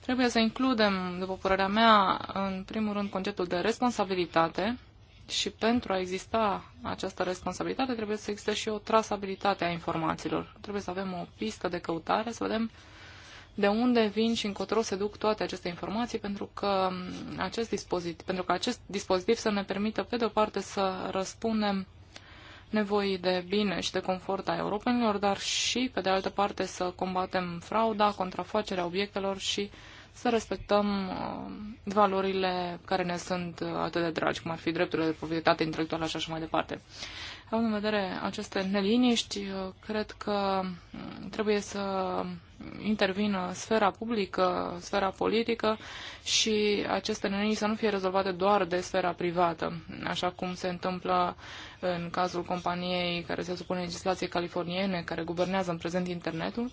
Trebuie să includem, după părerea mea, în primul rând conceptul de responsabilitate și pentru a exista această responsabilitate trebuie să existe și o trasabilitate a informațiilor. Trebuie să avem o pistă de căutare, să vedem uh, de unde vin și încotro se duc toate aceste informații, pentru că um, acest dispozitiv, pentru că acest dispozitiv să ne permită, pe de o parte, să răspundem nevoii de bine și de confort a europenilor, dar și, pe de altă parte, să combatem frauda, contrafacerea obiectelor și să respectăm uh, valorile care ne sunt uh, atât de dragi, cum ar fi drepturile de proprietate intelectuală și așa mai departe. Având în vedere aceste neliniști, cred că mm, trebuie să intervină sfera publică, sfera politică și aceste neliniști să nu fie rezolvate doar de sfera privată, așa cum se întâmplă în cazul companiei care se supune legislației californiene, care guvernează în prezent internetul.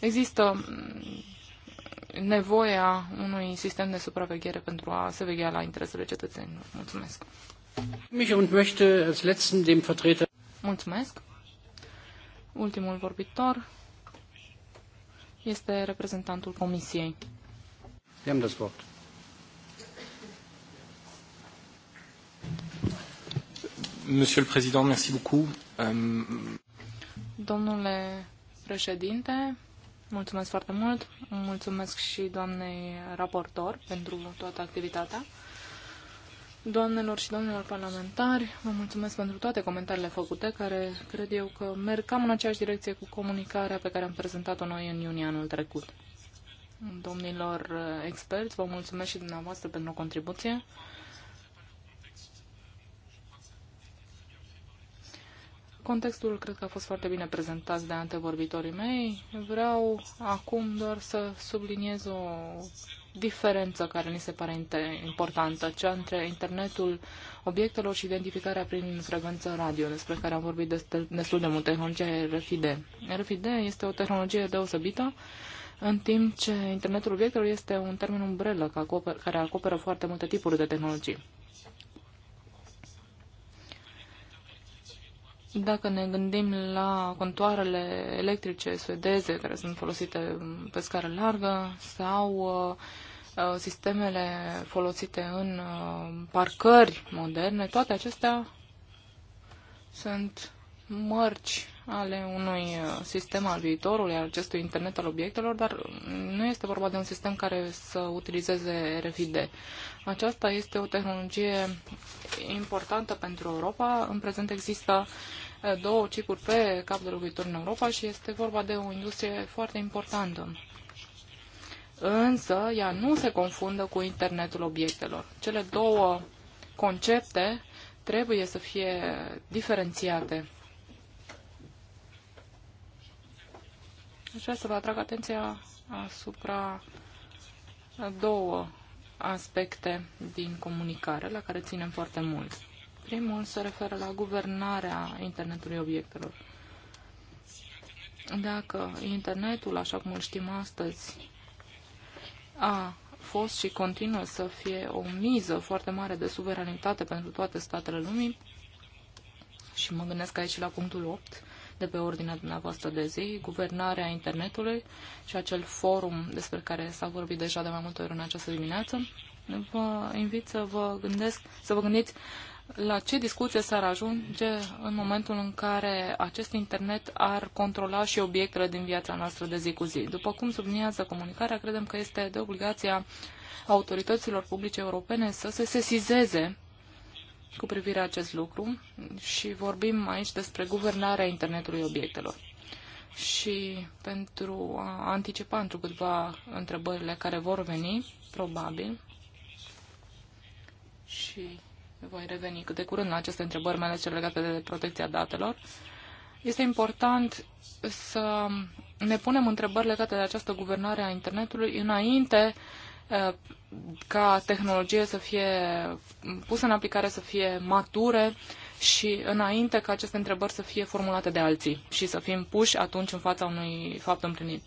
Există mm, nevoia unui sistem de supraveghere pentru a se veghea la interesele cetățenilor. Mulțumesc! Mulțumesc. Ultimul vorbitor este reprezentantul Comisiei. am das Wort. Monsieur le Président, merci beaucoup. Um... Domnule președinte, mulțumesc foarte mult. Mulțumesc și doamnei raportor pentru toată activitatea. Doamnelor și domnilor parlamentari, vă mulțumesc pentru toate comentariile făcute, care cred eu că merg cam în aceeași direcție cu comunicarea pe care am prezentat-o noi în iunie anul trecut. Domnilor eh, experți, vă mulțumesc și dumneavoastră pentru contribuție. Contextul cred că a fost foarte bine prezentat de antevorbitorii mei. Vreau acum doar să subliniez o diferență care mi se pare importantă, cea între internetul obiectelor și identificarea prin frecvență radio, despre care am vorbit destul de mult, tehnologia RFID. RFID este o tehnologie deosebită, în timp ce internetul obiectelor este un termen umbrelă care acoperă foarte multe tipuri de tehnologii. Dacă ne gândim la contoarele electrice suedeze care sunt folosite pe scară largă sau uh, uh sistemele folosite în uh, parcări moderne, toate acestea sunt mărci ale unui uh, sistem al viitorului, al acestui internet al obiectelor, dar mm, nu este vorba de un sistem care să utilizeze RFID. Aceasta este o tehnologie importantă pentru Europa. În prezent există uh, două cicluri pe cap de locuitor în Europa și este vorba de o industrie foarte importantă. Însă, ea nu se confundă cu internetul obiectelor. Cele două concepte trebuie să fie diferențiate. Aș vrea să vă atrag atenția asupra două aspecte din comunicare la care ținem foarte mult. Primul se referă la guvernarea internetului obiectelor. Dacă internetul, așa cum îl știm astăzi, a fost și continuă să fie o miză foarte mare de suveranitate pentru toate statele lumii, și mă gândesc aici la punctul 8, de pe ordinea dumneavoastră de zi, guvernarea internetului și acel forum despre care s-a vorbit deja de mai multe ori în această dimineață. Vă invit să vă, gândesc, să vă gândiți la ce discuție s-ar ajunge în momentul în care acest internet ar controla și obiectele din viața noastră de zi cu zi. După cum subliniază comunicarea, credem că este de obligația autorităților publice europene să se sesizeze cu privire la acest lucru și vorbim aici despre guvernarea internetului obiectelor. Și pentru a anticipa într câteva întrebările care vor veni, probabil, și voi reveni cât de curând la aceste întrebări, mai ales cele legate de protecția datelor, este important să ne punem întrebări legate de această guvernare a internetului înainte eh, ca tehnologie să fie pusă în aplicare, să fie mature și înainte ca aceste întrebări să fie formulate de alții și să fim puși atunci în fața unui fapt împlinit.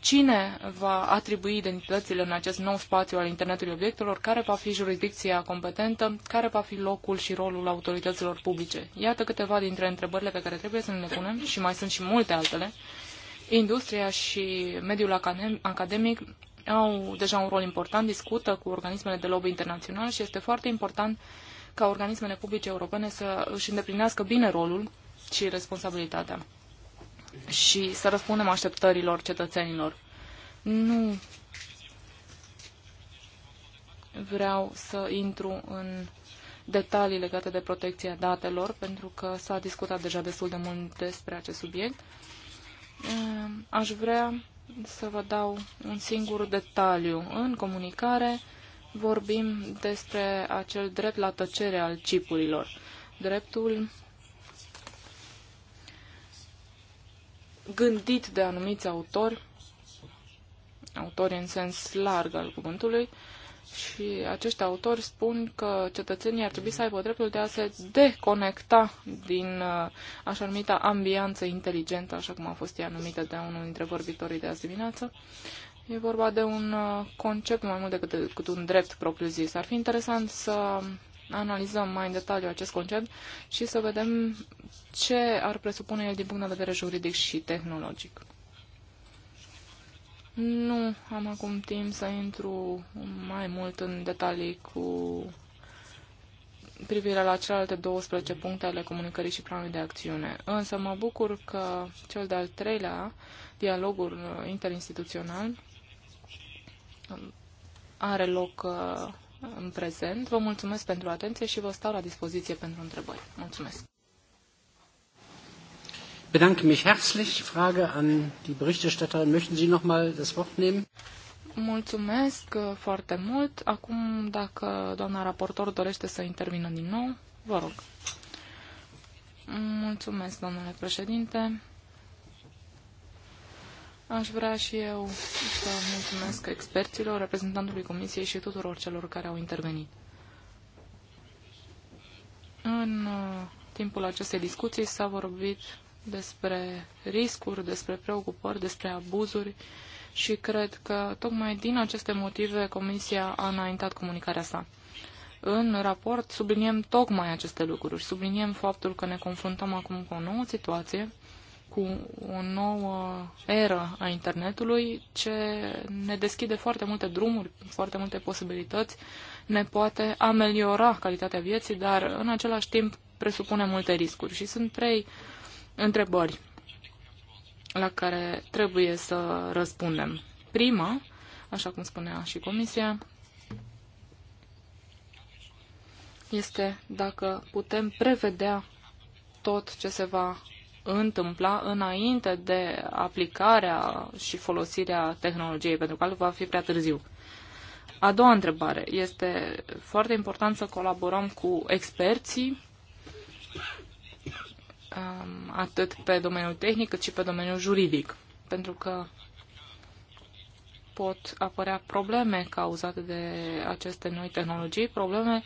Cine va atribui identitățile în acest nou spațiu al internetului obiectelor? Care va fi jurisdicția competentă? Care va fi locul și rolul autorităților publice? Iată câteva dintre întrebările pe care trebuie să ne le punem și mai sunt și multe altele. Industria și mediul academic au deja un rol important, discută cu organismele de lobby internațional și este foarte important ca organismele publice europene să își îndeplinească bine rolul și responsabilitatea și să răspundem așteptărilor cetățenilor. Nu vreau să intru în detalii legate de protecția datelor, pentru că s-a discutat deja destul de mult despre acest subiect. Aș vrea să vă dau un singur detaliu. În comunicare vorbim despre acel drept la tăcere al cipurilor. Dreptul gândit de anumiți autori, autori în sens larg al cuvântului, și acești autori spun că cetățenii ar trebui să aibă dreptul de a se deconecta din uh, așa numita ambianță inteligentă, așa cum a fost ea numită de unul dintre vorbitorii de azi dimineață. E vorba de un uh, concept mai mult decât, decât un drept propriu-zis. Ar fi interesant să analizăm mai în detaliu acest concept și să vedem ce ar presupune el din punct de vedere juridic și tehnologic. Nu am acum timp să intru mai mult în detalii cu privire la celelalte 12 puncte ale comunicării și planului de acțiune. Însă mă bucur că cel de-al treilea dialogul interinstituțional are loc uh, în prezent. Vă mulțumesc pentru atenție și vă stau la dispoziție pentru întrebări. Mulțumesc! bedanke mich herzlich. Frage an die Berichterstatterin. Möchten Sie noch mal das Wort nehmen? Mulțumesc uh, foarte mult. Acum, dacă doamna raportor dorește să intervină din nou, vă rog. Mulțumesc, domnule președinte. Aș vrea și eu să mulțumesc experților, reprezentantului Comisiei și tuturor celor care au intervenit. În uh, timpul acestei discuții s-a vorbit despre riscuri, despre preocupări, despre abuzuri și cred că tocmai din aceste motive Comisia a înaintat comunicarea sa. În raport subliniem tocmai aceste lucruri, subliniem faptul că ne confruntăm acum cu o nouă situație, cu o nouă eră a internetului ce ne deschide foarte multe drumuri, foarte multe posibilități, ne poate ameliora calitatea vieții, dar în același timp presupune multe riscuri. Și sunt trei întrebări la care trebuie să răspundem. Prima, așa cum spunea și Comisia, este dacă putem prevedea tot ce se va întâmpla înainte de aplicarea și folosirea tehnologiei, pentru că va fi prea târziu. A doua întrebare. Este foarte important să colaborăm cu experții Um, atât pe domeniul tehnic cât și pe domeniul juridic, pentru că pot apărea probleme cauzate de aceste noi tehnologii, probleme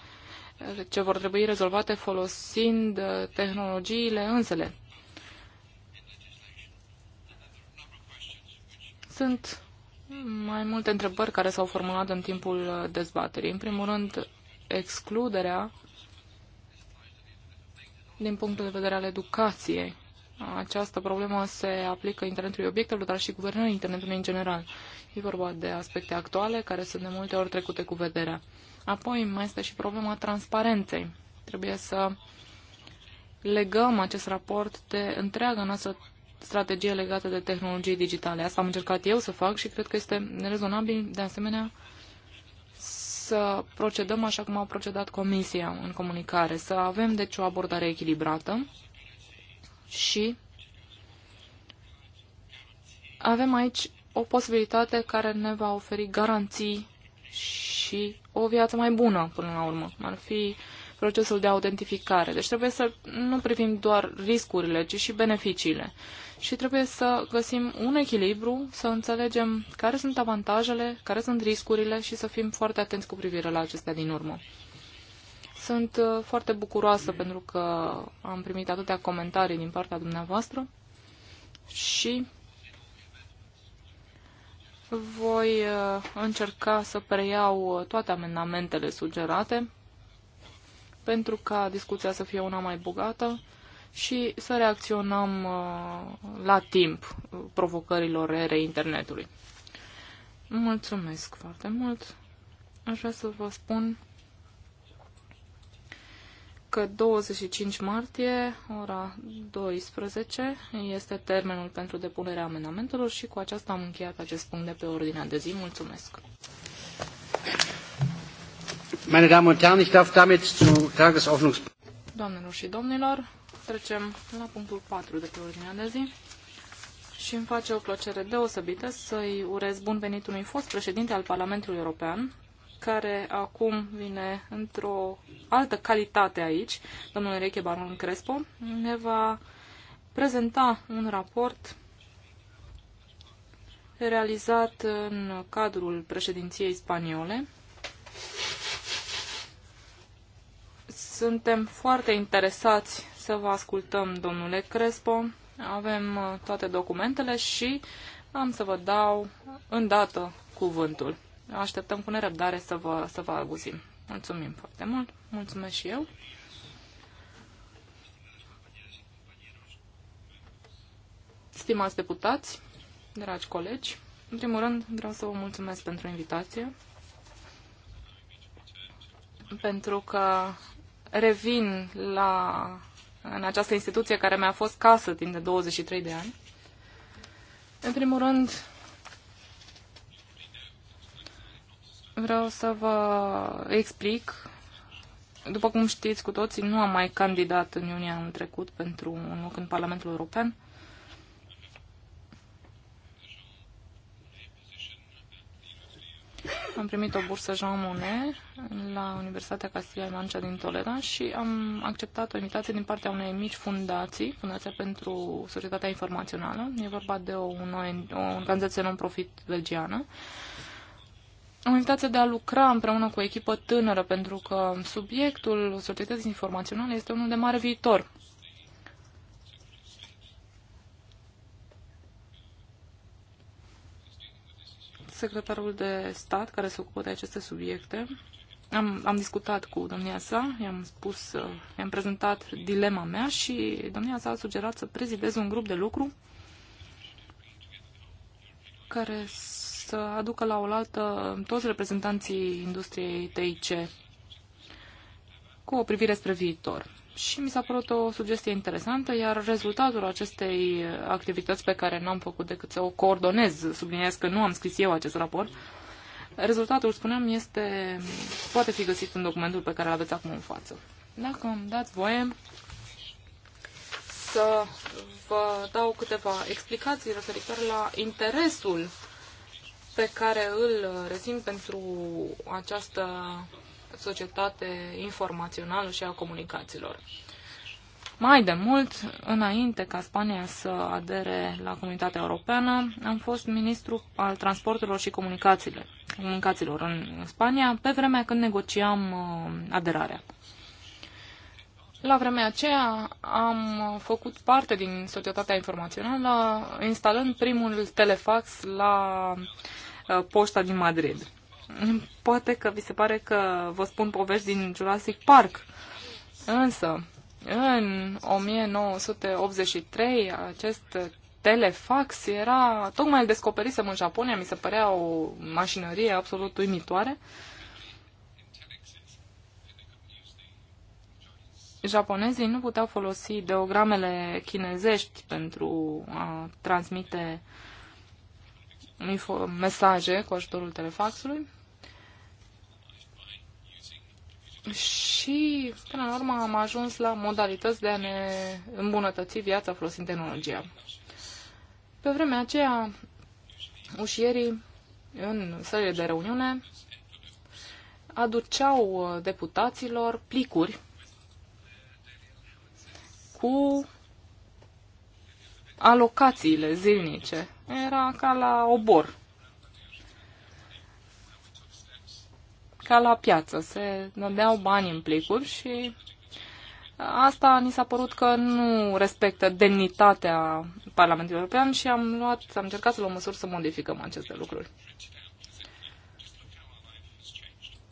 ce vor trebui rezolvate folosind uh, tehnologiile însele. Sunt mai multe întrebări care s-au formulat în timpul uh, dezbaterii. În primul rând, excluderea din punctul de vedere al educației. Această problemă se aplică internetului obiectelor, dar și guvernării internetului în general. E vorba de aspecte actuale care sunt de multe ori trecute cu vederea. Apoi mai este și problema transparenței. Trebuie să legăm acest raport de întreaga noastră strategie legată de tehnologii digitale. Asta am încercat eu să fac și cred că este rezonabil de asemenea să procedăm așa cum a procedat Comisia în comunicare, să avem deci o abordare echilibrată și avem aici o posibilitate care ne va oferi garanții și o viață mai bună până la urmă. Ar fi procesul de autentificare. Deci trebuie să nu privim doar riscurile, ci și beneficiile și trebuie să găsim un echilibru, să înțelegem care sunt avantajele, care sunt riscurile și să fim foarte atenți cu privire la acestea din urmă. Sunt uh, foarte bucuroasă pentru că am primit atâtea comentarii din partea dumneavoastră și voi uh, încerca să preiau toate amendamentele sugerate pentru ca discuția să fie una mai bogată și să reacționăm uh, la timp uh, provocărilor erei internetului. Mulțumesc foarte mult. Aș vrea să vă spun că 25 martie, ora 12, este termenul pentru depunerea amendamentelor și cu aceasta am încheiat acest punct de pe ordinea de zi. Mulțumesc! Meine Damen und Herren, ich darf damit zu Tagesordnungspunkt. Doamnelor și domnilor, Trecem la punctul 4 de pe ordinea de zi și îmi face o plăcere deosebită să-i urez bun venit unui fost președinte al Parlamentului European, care acum vine într-o altă calitate aici, domnul Enrique Baron Crespo, ne va prezenta un raport realizat în cadrul președinției spaniole. Suntem foarte interesați să vă ascultăm, domnule Crespo. Avem uh, toate documentele și am să vă dau îndată cuvântul. Așteptăm cu nerăbdare să vă, să vă auzim. Mulțumim foarte mult. Mulțumesc și eu. Stimați deputați, dragi colegi, în primul rând vreau să vă mulțumesc pentru invitație, pentru că revin la în această instituție care mi-a fost casă timp de 23 de ani. În primul rând, vreau să vă explic. După cum știți cu toții, nu am mai candidat în iunie anul trecut pentru un loc în Parlamentul European. Am primit o bursă Jean Monnet la Universitatea Castilla Mancha din Toledo și am acceptat o invitație din partea unei mici fundații, Fundația pentru Societatea Informațională. E vorba de o, un, o organizație non-profit belgiană. Am invitație de a lucra împreună cu o echipă tânără, pentru că subiectul societății informaționale este unul de mare viitor. secretarul de stat care se ocupă de aceste subiecte. Am, am discutat cu domnia sa, i-am spus, uh, i-am prezentat dilema mea și domnia sa a sugerat să prezidez un grup de lucru care să aducă la oaltă toți reprezentanții industriei TIC cu o privire spre viitor și mi s-a părut o sugestie interesantă, iar rezultatul acestei activități pe care n-am făcut decât să o coordonez, subliniez că nu am scris eu acest raport, rezultatul, spuneam, este, poate fi găsit în documentul pe care îl aveți acum în față. Dacă îmi dați voie să vă dau câteva explicații referitoare la interesul pe care îl rezim pentru această societate informațională și a comunicațiilor. Mai de mult, înainte ca Spania să adere la comunitatea europeană, am fost ministru al transporturilor și comunicațiilor, comunicațiilor în Spania, pe vremea când negociam uh, aderarea. La vremea aceea am făcut parte din societatea informațională instalând primul telefax la uh, poșta din Madrid. Poate că vi se pare că vă spun povești din Jurassic Park, însă în 1983 acest telefax era tocmai îl descoperisem în Japonia, mi se părea o mașinărie absolut uimitoare. Japonezii nu puteau folosi deogramele chinezești pentru a transmite mesaje cu ajutorul telefaxului și, până la urmă, am ajuns la modalități de a ne îmbunătăți viața folosind tehnologia. Pe vremea aceea, ușierii în sările de reuniune aduceau deputaților plicuri cu alocațiile zilnice. Era ca la obor. ca la piață. Se dădeau bani în plicuri și asta ni s-a părut că nu respectă demnitatea Parlamentului European și am, luat, am încercat să luăm măsuri să modificăm aceste lucruri.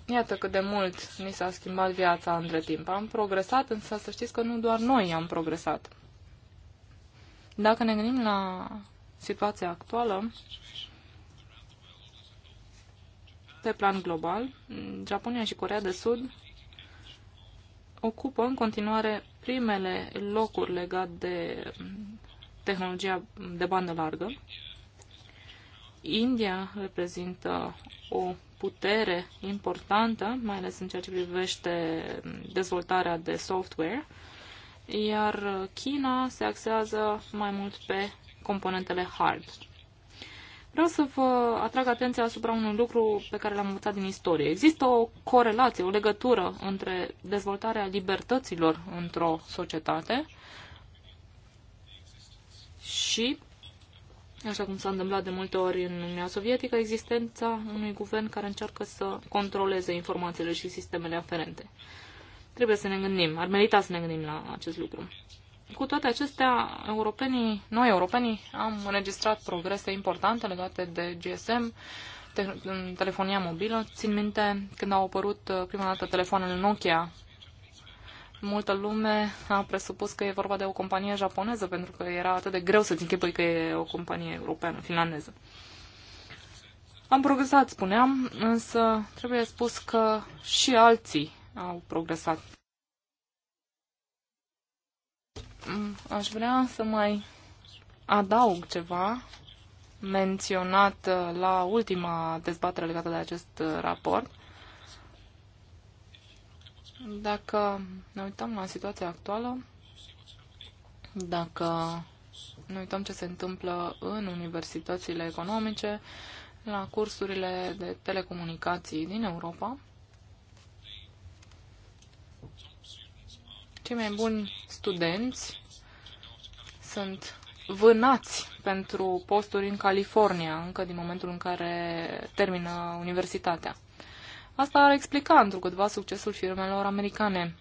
Iată cât de mult ni s-a schimbat viața între timp. Am progresat, însă să știți că nu doar noi am progresat. Dacă ne gândim la situația actuală, pe plan global, Japonia și Corea de Sud ocupă în continuare primele locuri legate de mm, tehnologia de bandă largă. India reprezintă o putere importantă, mai ales în ceea ce privește mm, dezvoltarea de software, iar China se axează mai mult pe componentele hard. Vreau să vă atrag atenția asupra unui lucru pe care l-am învățat din istorie. Există o corelație, o legătură între dezvoltarea libertăților într-o societate și, așa cum s-a întâmplat de multe ori în Uniunea Sovietică, existența unui guvern care încearcă să controleze informațiile și sistemele aferente. Trebuie să ne gândim, ar merita să ne gândim la acest lucru. Cu toate acestea, europenii, noi europenii am înregistrat progrese importante legate de GSM, în telefonia mobilă. Țin minte când au apărut uh, prima dată telefoanele Nokia. Multă lume a presupus că e vorba de o companie japoneză, pentru că era atât de greu să-ți închipui că e o companie europeană, finlandeză. Am progresat, spuneam, însă trebuie spus că și alții au progresat. Aș vrea să mai adaug ceva menționat uh, la ultima dezbatere legată de acest uh, raport. Dacă ne uităm la situația actuală, dacă ne uităm ce se întâmplă în universitățile economice, la cursurile de telecomunicații din Europa, Cei mai buni studenți sunt vânați pentru posturi în California, încă din momentul în care termină universitatea. Asta ar explica întrucâtva succesul firmelor americane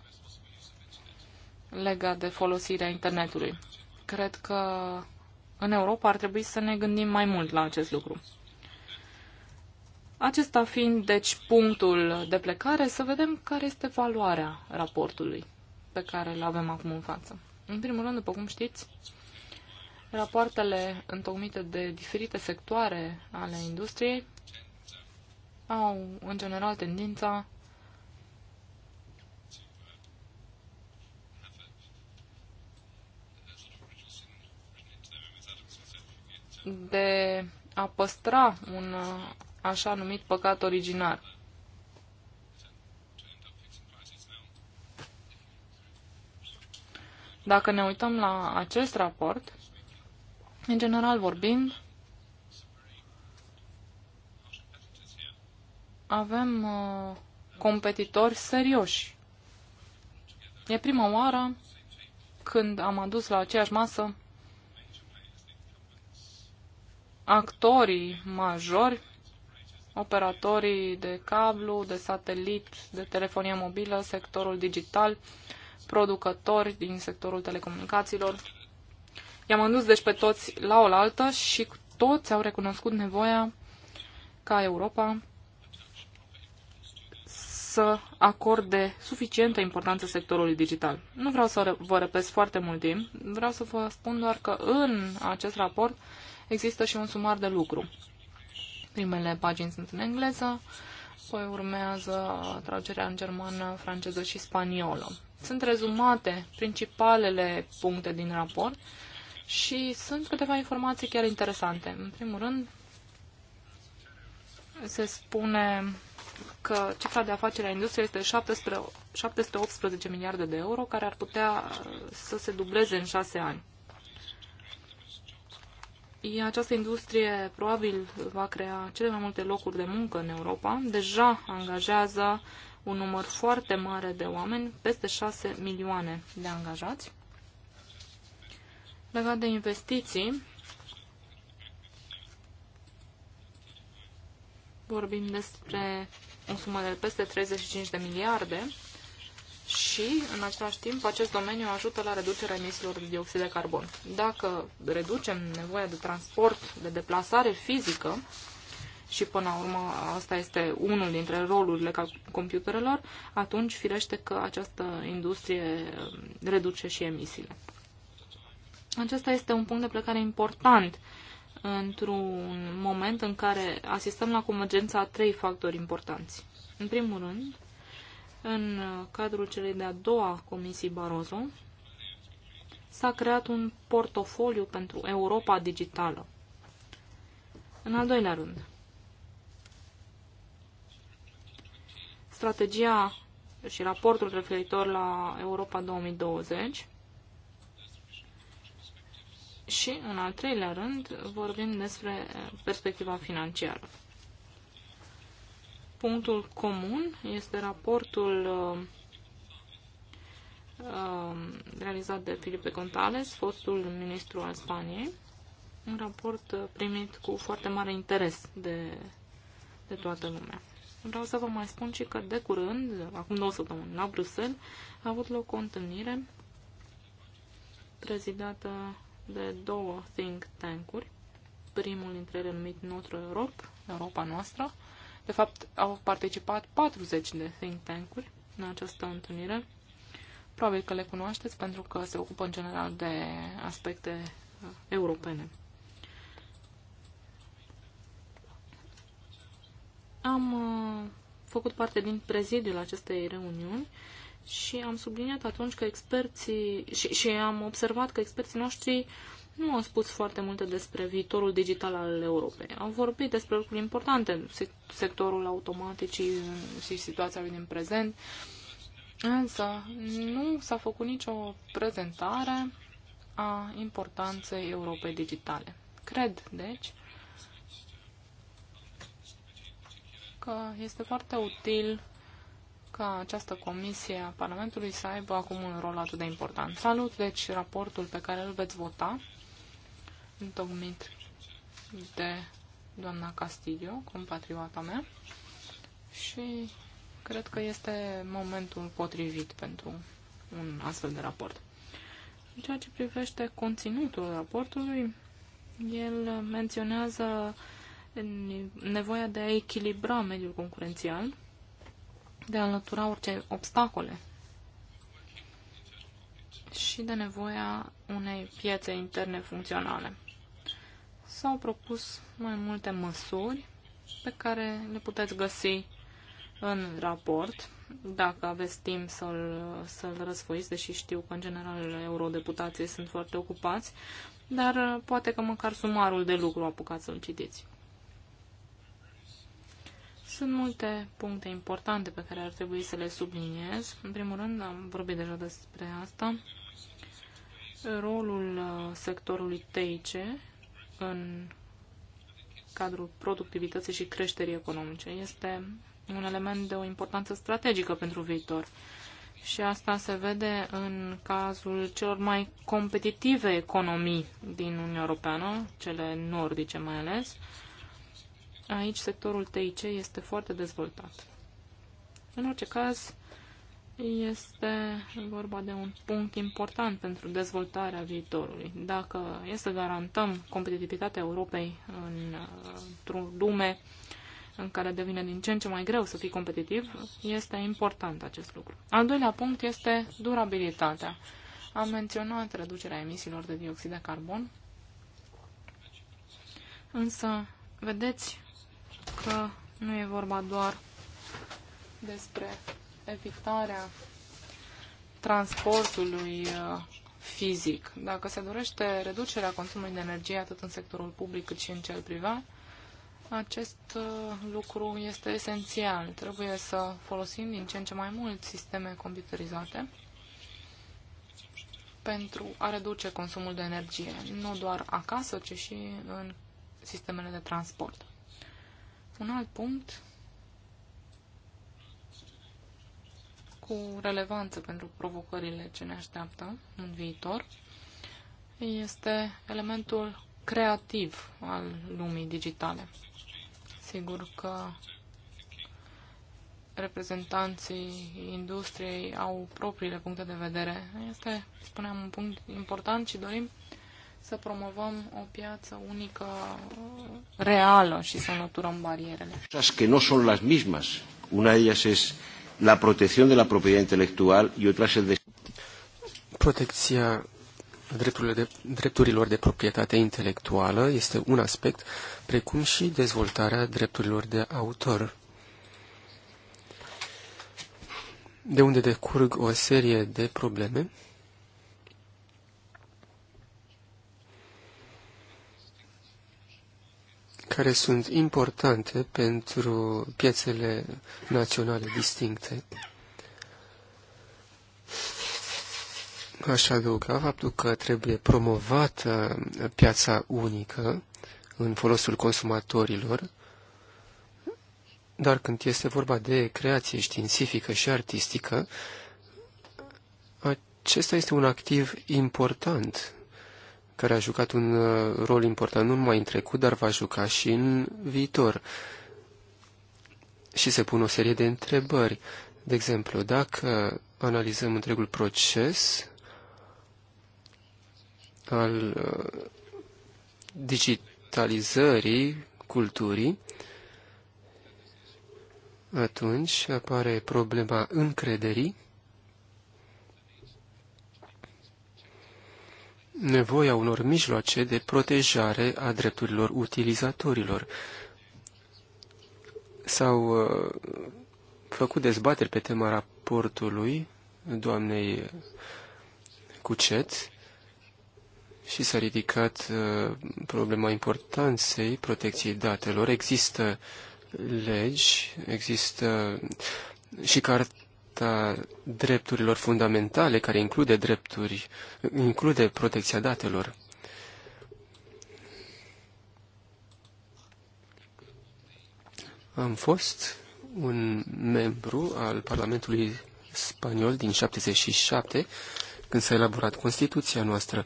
legat de folosirea internetului. Cred că în Europa ar trebui să ne gândim mai mult la acest lucru. Acesta fiind, deci, punctul de plecare, să vedem care este valoarea raportului pe care le avem acum în față. În primul rând, după cum știți, rapoartele întocmite de diferite sectoare ale industriei au, în general, tendința de a păstra un așa numit păcat originar. Dacă ne uităm la acest raport, în general vorbind, avem uh, competitori serioși. E prima oară când am adus la aceeași masă actorii majori, operatorii de cablu, de satelit, de telefonie mobilă, sectorul digital, uh, producători din sectorul telecomunicațiilor. I-am adus deci pe toți la oaltă și toți au recunoscut nevoia ca Europa să acorde suficientă importanță sectorului digital. Nu vreau să vă răpesc foarte mult timp, vreau să vă spun doar că în acest raport există și un sumar de lucru. Primele pagini sunt în engleză, apoi urmează traducerea în germană, franceză și spaniolă sunt rezumate principalele puncte din raport și sunt câteva informații chiar interesante. În primul rând, se spune că cifra de afaceri a industriei este de 718 miliarde de euro, care ar putea să se dubleze în șase ani. Această industrie probabil va crea cele mai multe locuri de muncă în Europa. Deja angajează un număr foarte mare de oameni, peste 6 milioane de angajați. Legat de investiții, vorbim despre o sumă de peste 35 de miliarde și, în același timp, acest domeniu ajută la reducerea emisiilor de dioxid de carbon. Dacă reducem nevoia de transport, de deplasare fizică, și până la urmă asta este unul dintre rolurile ca computerelor, atunci firește că această industrie um, reduce și emisiile. Acesta este un punct de plecare important într-un moment în care asistăm la convergența a trei factori importanți. În primul rând, în cadrul celei de-a doua comisii Barroso, s-a creat un portofoliu pentru Europa digitală. În al doilea rând, strategia și raportul referitor la Europa 2020 și, în al treilea rând, vorbim despre perspectiva financiară. Punctul comun este raportul um, realizat de Filipe Contales, fostul ministru al Spaniei, un raport primit cu foarte mare interes de, de toată lumea. Vreau să vă mai spun și că de curând, acum două săptămâni, la Bruxelles, a avut loc o întâlnire prezidată de două think tank-uri. Primul dintre ele numit Notre Europe, Europa noastră. De fapt, au participat 40 de think tank-uri în această întâlnire. Probabil că le cunoașteți pentru că se ocupă în general de aspecte uh, europene. Am uh, făcut parte din prezidiul acestei reuniuni și am subliniat atunci că experții și, și am observat că experții noștri nu au spus foarte multe despre viitorul digital al Europei. Au vorbit despre lucruri importante, sectorul automatic și situația lui din prezent, însă nu s-a făcut nicio prezentare a importanței Europei digitale. Cred, deci, că este foarte util ca această comisie a Parlamentului să aibă acum un rol atât de important. Salut, deci, raportul pe care îl veți vota, întocmit de doamna Castillo, compatriota mea, și cred că este momentul potrivit pentru un astfel de raport. În ceea ce privește conținutul raportului, el menționează nevoia de a echilibra mediul concurențial, de a înlătura orice obstacole și de nevoia unei piețe interne funcționale. S-au propus mai multe măsuri pe care le puteți găsi în raport, dacă aveți timp să-l, să-l răsfoiți, deși știu că în general eurodeputații sunt foarte ocupați, dar uh, poate că măcar sumarul de lucru apucați să-l citiți. Sunt multe puncte importante pe care ar trebui să le subliniez. În primul rând, am vorbit deja despre asta, rolul uh, sectorului TIC în cadrul productivității și creșterii economice este un element de o importanță strategică pentru viitor. Și asta se vede în cazul celor mai competitive economii din Uniunea Europeană, cele nordice mai ales, Aici sectorul TIC este foarte dezvoltat. În orice caz, este vorba de un punct important pentru dezvoltarea viitorului. Dacă e să garantăm competitivitatea Europei în, într-o lume în care devine din ce în ce mai greu să fii competitiv, este important acest lucru. Al doilea punct este durabilitatea. Am menționat reducerea emisiilor de dioxid de carbon, însă, vedeți, că nu e vorba doar despre evitarea transportului uh, fizic. Dacă se dorește reducerea consumului de energie atât în sectorul public cât și în cel privat, acest uh, lucru este esențial. Trebuie să folosim din ce în ce mai mult sisteme computerizate pentru a reduce consumul de energie, nu doar acasă, ci și în sistemele de transport. Un alt punct cu relevanță pentru provocările ce ne așteaptă în viitor este elementul creativ al lumii digitale. Sigur că reprezentanții industriei au propriile puncte de vedere. Este, spuneam, un punct important și dorim să promovăm o piață unică reală și să înlăturăm barierele. Cosas que no son las mismas. Una de ellas es la protección de la propiedad intelectual y otra es de... Protecția drepturilor de, drepturilor de proprietate intelectuală este un aspect, precum și dezvoltarea drepturilor de autor. De unde decurg o serie de probleme care sunt importante pentru piețele naționale distincte. Aș adăuga faptul că trebuie promovată piața unică în folosul consumatorilor, dar când este vorba de creație științifică și artistică, acesta este un activ important care a jucat un uh, rol important nu numai în trecut, dar va juca și în viitor. Și se pun o serie de întrebări. De exemplu, dacă analizăm întregul proces al uh, digitalizării culturii, atunci apare problema încrederii nevoia unor mijloace de protejare a drepturilor utilizatorilor. S-au uh, făcut dezbateri pe tema raportului doamnei Cucet și s-a ridicat uh, problema importanței protecției datelor. Există legi, există și cart Carta Drepturilor Fundamentale, care include drepturi, include protecția datelor. Am fost un membru al Parlamentului Spaniol din 77, când s-a elaborat Constituția noastră.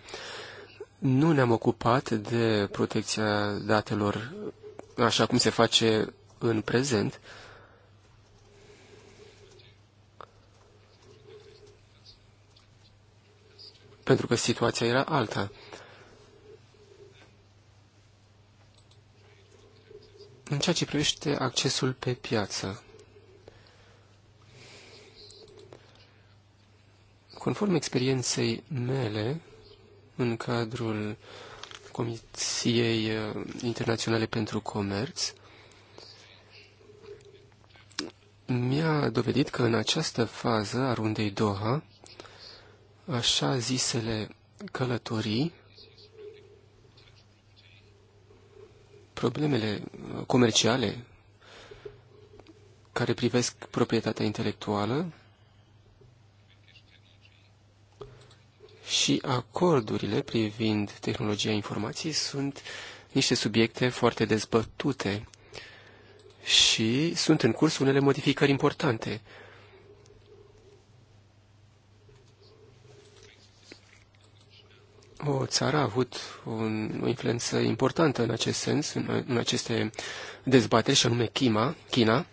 Nu ne-am ocupat de protecția datelor așa cum se face în prezent, pentru că situația era alta. În ceea ce privește accesul pe piață, conform experienței mele în cadrul Comisiei uh, Internaționale pentru Comerț, mi-a dovedit că în această fază a rundei Doha, așa zisele călătorii, problemele comerciale care privesc proprietatea intelectuală și acordurile privind tehnologia informației sunt niște subiecte foarte dezbătute și sunt în curs unele modificări importante. o țară a avut un, o influență importantă în acest sens, în, în aceste dezbateri, și anume China, China.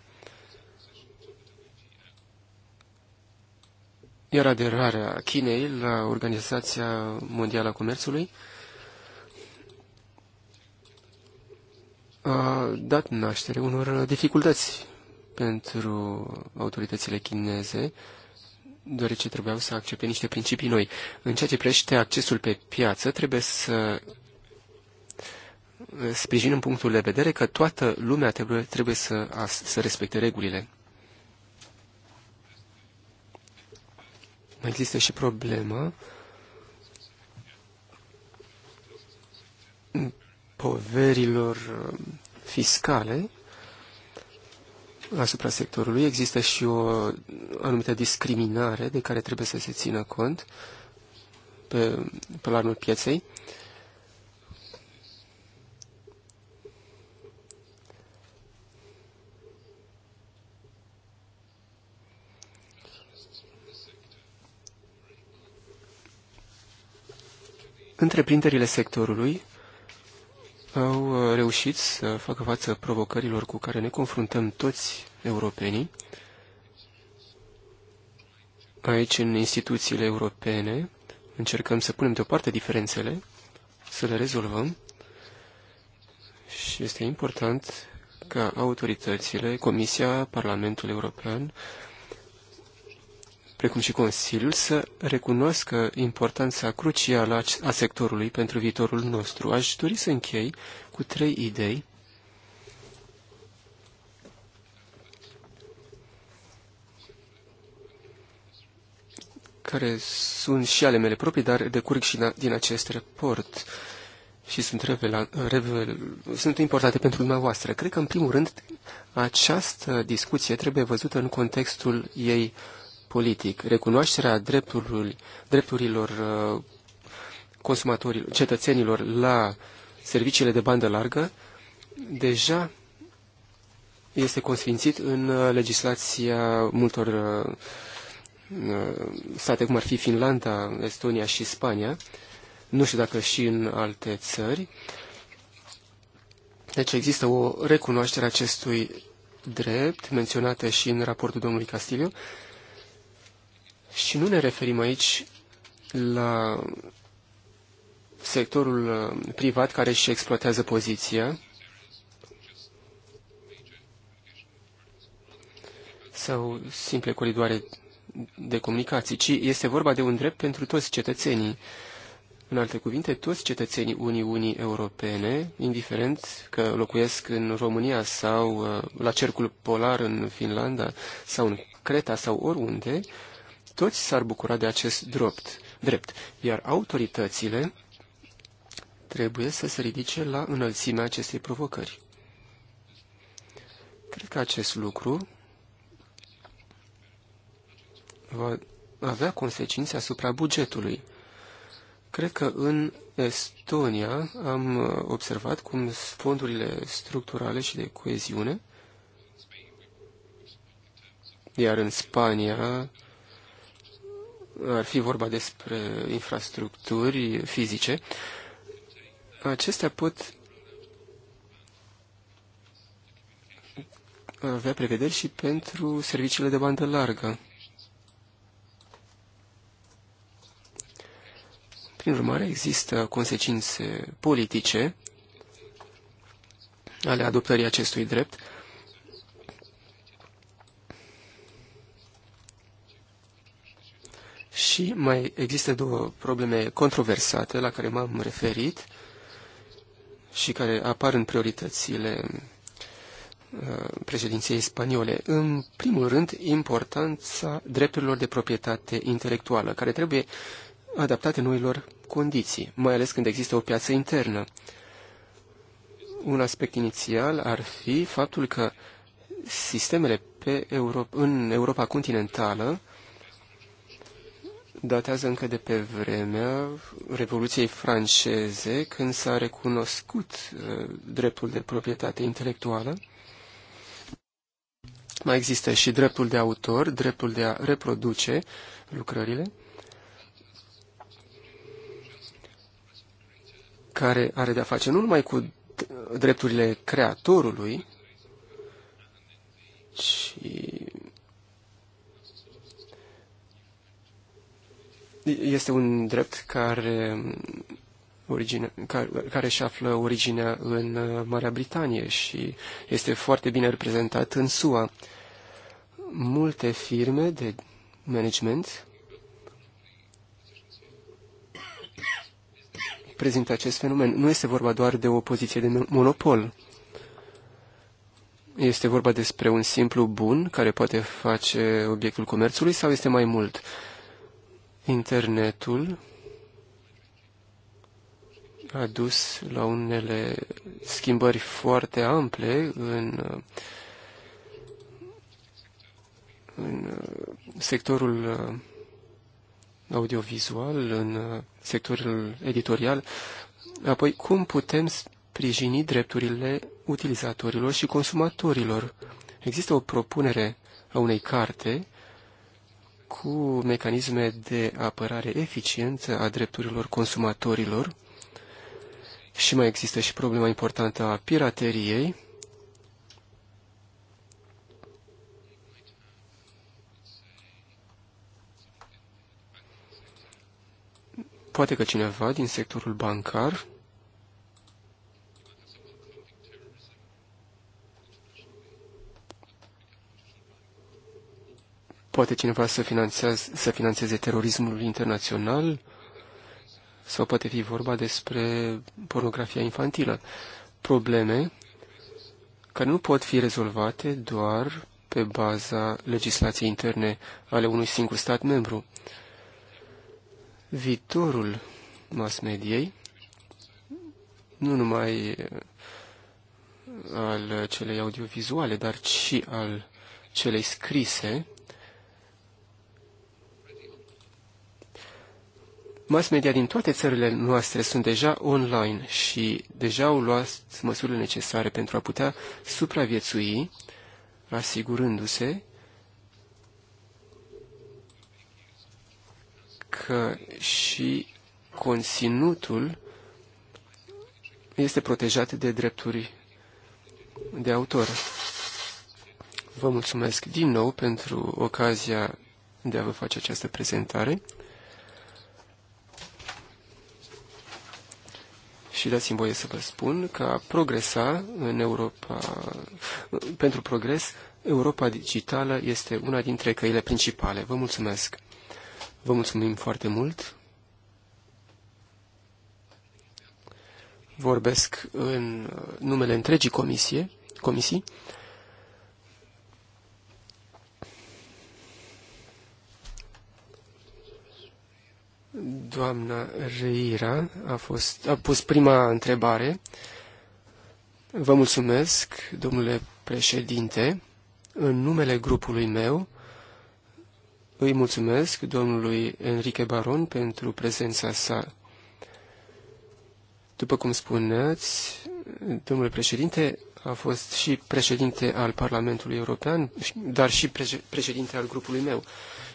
Iar aderarea Chinei la Organizația Mondială a Comerțului a dat naștere unor dificultăți pentru autoritățile chineze uh, deoarece trebuiau să accepte niște principii noi. În ceea ce privește accesul pe piață, trebuie să sprijinim punctul de vedere că toată lumea trebuie, trebuie să, să respecte regulile. Mai există și problema poverilor uh, fiscale asupra sectorului. Există și o anumită discriminare de care trebuie să se țină cont pe, pe larmul pieței. Întreprinderile sectorului au uh, reușit să facă față provocărilor cu care ne confruntăm toți europenii, aici în instituțiile europene, încercăm să punem deoparte diferențele, să le rezolvăm și este important ca autoritățile, Comisia, Parlamentul European, precum și Consiliul, să recunoască importanța crucială a sectorului pentru viitorul nostru. Aș dori să închei cu trei idei. care sunt și ale mele proprii, dar decurg și din acest report și sunt, revela, revel, sunt importante pentru dumneavoastră. Cred că, în primul rând, această discuție trebuie văzută în contextul ei politic. Recunoașterea drepturilor, drepturilor uh, consumatorilor, cetățenilor la serviciile de bandă largă deja este consfințit în uh, legislația multor uh, state, cum ar fi Finlanda, Estonia și Spania, nu știu dacă și în alte țări. Deci există o recunoaștere acestui drept, menționată și în raportul domnului Castilio, și nu ne referim aici la sectorul uh, privat care își exploatează poziția sau simple coridoare de comunicații, ci este vorba de un drept pentru toți cetățenii. În alte cuvinte, toți cetățenii Uniunii Europene, indiferent că locuiesc în România sau uh, la cercul polar în Finlanda sau în Creta sau oriunde, toți s-ar bucura de acest drept, drept, iar autoritățile trebuie să se ridice la înălțimea acestei provocări. Cred că acest lucru va avea consecințe asupra bugetului. Cred că în Estonia am observat cum fondurile structurale și de coeziune, iar în Spania ar fi vorba despre infrastructuri fizice, acestea pot avea prevederi și pentru serviciile de bandă largă. Prin urmare, există consecințe politice ale adoptării acestui drept, Și mai există două probleme controversate la care m-am referit și care apar în prioritățile uh, președinției spaniole. În primul rând, importanța drepturilor de proprietate intelectuală, care trebuie adaptate noilor condiții, mai ales când există o piață internă. Un aspect inițial ar fi faptul că sistemele pe Europa, în Europa continentală datează încă de pe vremea Revoluției franceze, când s-a recunoscut uh, dreptul de proprietate intelectuală. Mai există și dreptul de autor, dreptul de a reproduce lucrările, care are de-a face nu numai cu drepturile creatorului, ci Este un drept care, origine, care, care își află originea în uh, Marea Britanie și este foarte bine reprezentat în SUA. Multe firme de management prezintă acest fenomen. Nu este vorba doar de o poziție de monopol. Este vorba despre un simplu bun care poate face obiectul comerțului sau este mai mult? Uh, internetul a dus la unele schimbări foarte ample în, în sectorul audiovizual, în sectorul editorial. Apoi, cum putem sprijini drepturile utilizatorilor și consumatorilor? Există o propunere a unei carte cu mecanisme de apărare eficientă a drepturilor consumatorilor și mai există și problema importantă a pirateriei. Poate că cineva din sectorul bancar Poate cineva să, să financeze terorismul internațional? Sau poate fi vorba despre pornografia infantilă? Probleme care nu pot fi rezolvate doar pe baza legislației interne ale unui singur stat membru. Viitorul mass mediei, nu numai al celei audiovizuale, dar și al celei scrise, Mass media din toate țările noastre sunt deja online și deja au luat măsurile necesare pentru a putea supraviețui, asigurându-se că și conținutul este protejat de drepturi de autor. Vă mulțumesc din nou pentru ocazia de a vă face această prezentare. și dați-mi voie să vă spun că a progresa în Europa, pentru progres, Europa digitală este una dintre căile principale. Vă mulțumesc! Vă mulțumim foarte mult! Vorbesc în numele întregii comisie, comisii Doamna Reira a, fost, a pus prima întrebare. Vă mulțumesc, domnule președinte. În numele grupului meu, îi mulțumesc domnului Enrique Baron pentru prezența sa. După cum spuneți, domnule președinte, a fost și președinte al Parlamentului European, dar și președinte al grupului meu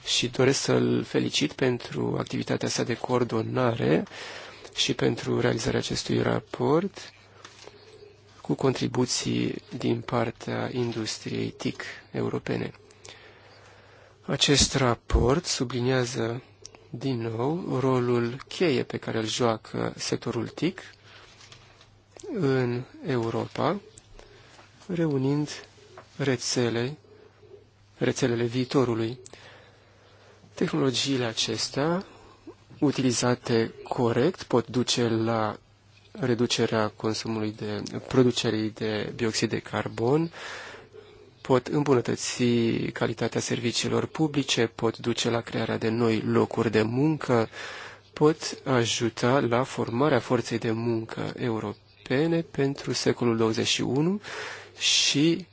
și doresc să-l felicit pentru activitatea sa de coordonare și pentru realizarea acestui raport cu contribuții din partea industriei TIC europene. Acest raport subliniază din nou rolul cheie pe care îl joacă sectorul TIC în Europa, reunind rețele, rețelele viitorului. Tehnologiile acestea, utilizate corect, pot duce la reducerea consumului de producerii de bioxid de carbon, pot îmbunătăți calitatea serviciilor publice, pot duce la crearea de noi locuri de muncă, pot ajuta la formarea forței de muncă europene pentru secolul 21 și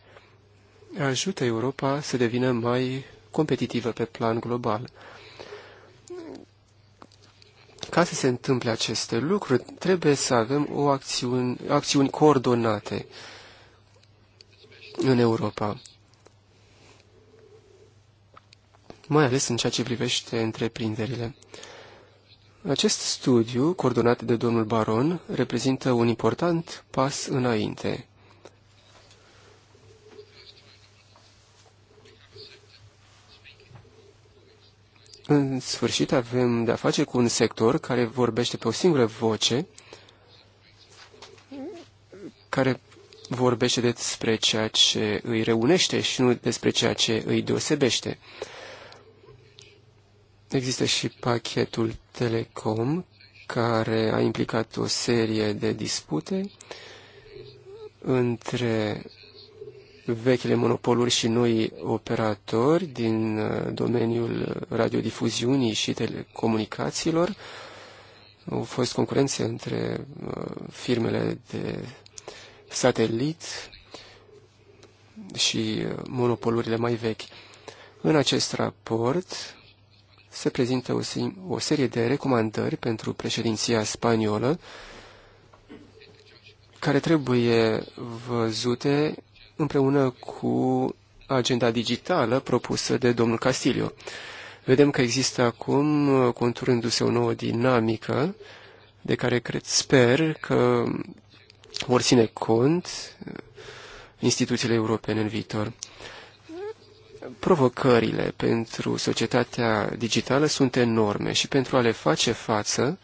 ajută Europa să devină mai competitivă pe plan global. Ca să se întâmple aceste lucruri, trebuie să avem o acțiuni, acțiuni coordonate în Europa. Mai ales în ceea ce privește întreprinderile. Acest studiu, coordonat de domnul Baron, reprezintă un important pas înainte În sfârșit avem de-a face cu un sector care vorbește pe o singură voce, care vorbește despre ceea ce îi reunește și nu despre ceea ce îi deosebește. Există și pachetul Telecom, care a implicat o serie de dispute între vechile monopoluri și noi operatori din uh, domeniul radiodifuziunii și telecomunicațiilor. Au fost concurențe între uh, firmele de satelit și uh, monopolurile mai vechi. În acest raport se prezintă o, o serie de recomandări pentru președinția spaniolă care trebuie văzute împreună cu agenda digitală propusă de domnul Castilio. Vedem că există acum, conturându-se o nouă dinamică, de care cred, sper că vor ține cont uh, instituțiile europene în viitor. Provocările pentru societatea digitală sunt enorme și pentru a le face față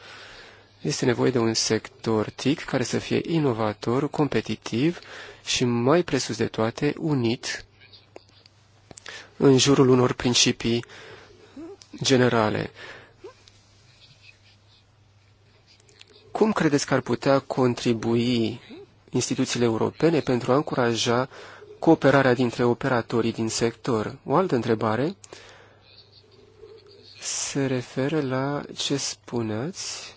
este nevoie de un sector TIC care să fie inovator, competitiv și, mai presus de toate, unit în jurul unor principii generale. Cum credeți că ar putea contribui instituțiile europene pentru a încuraja cooperarea dintre operatorii din sector? O altă întrebare se referă la ce spuneți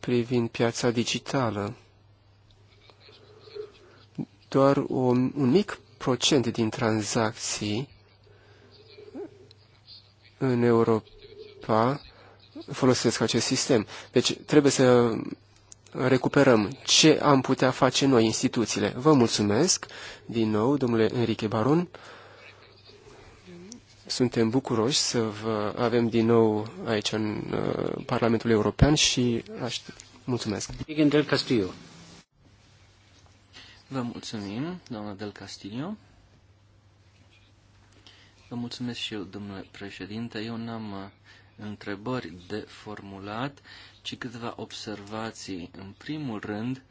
privind piața digitală doar o, un mic procent din tranzacții în Europa folosesc acest sistem. Deci trebuie să recuperăm ce am putea face noi, instituțiile. Vă mulțumesc din nou, domnule Enrique Baron. Suntem bucuroși să vă avem din nou aici în uh, Parlamentul European și aștept. Mulțumesc. Castillo. Vă mulțumim, doamna Del Castillo. Vă mulțumesc și eu, domnule președinte. Eu n-am uh, întrebări de formulat, ci câteva observații. În primul rând,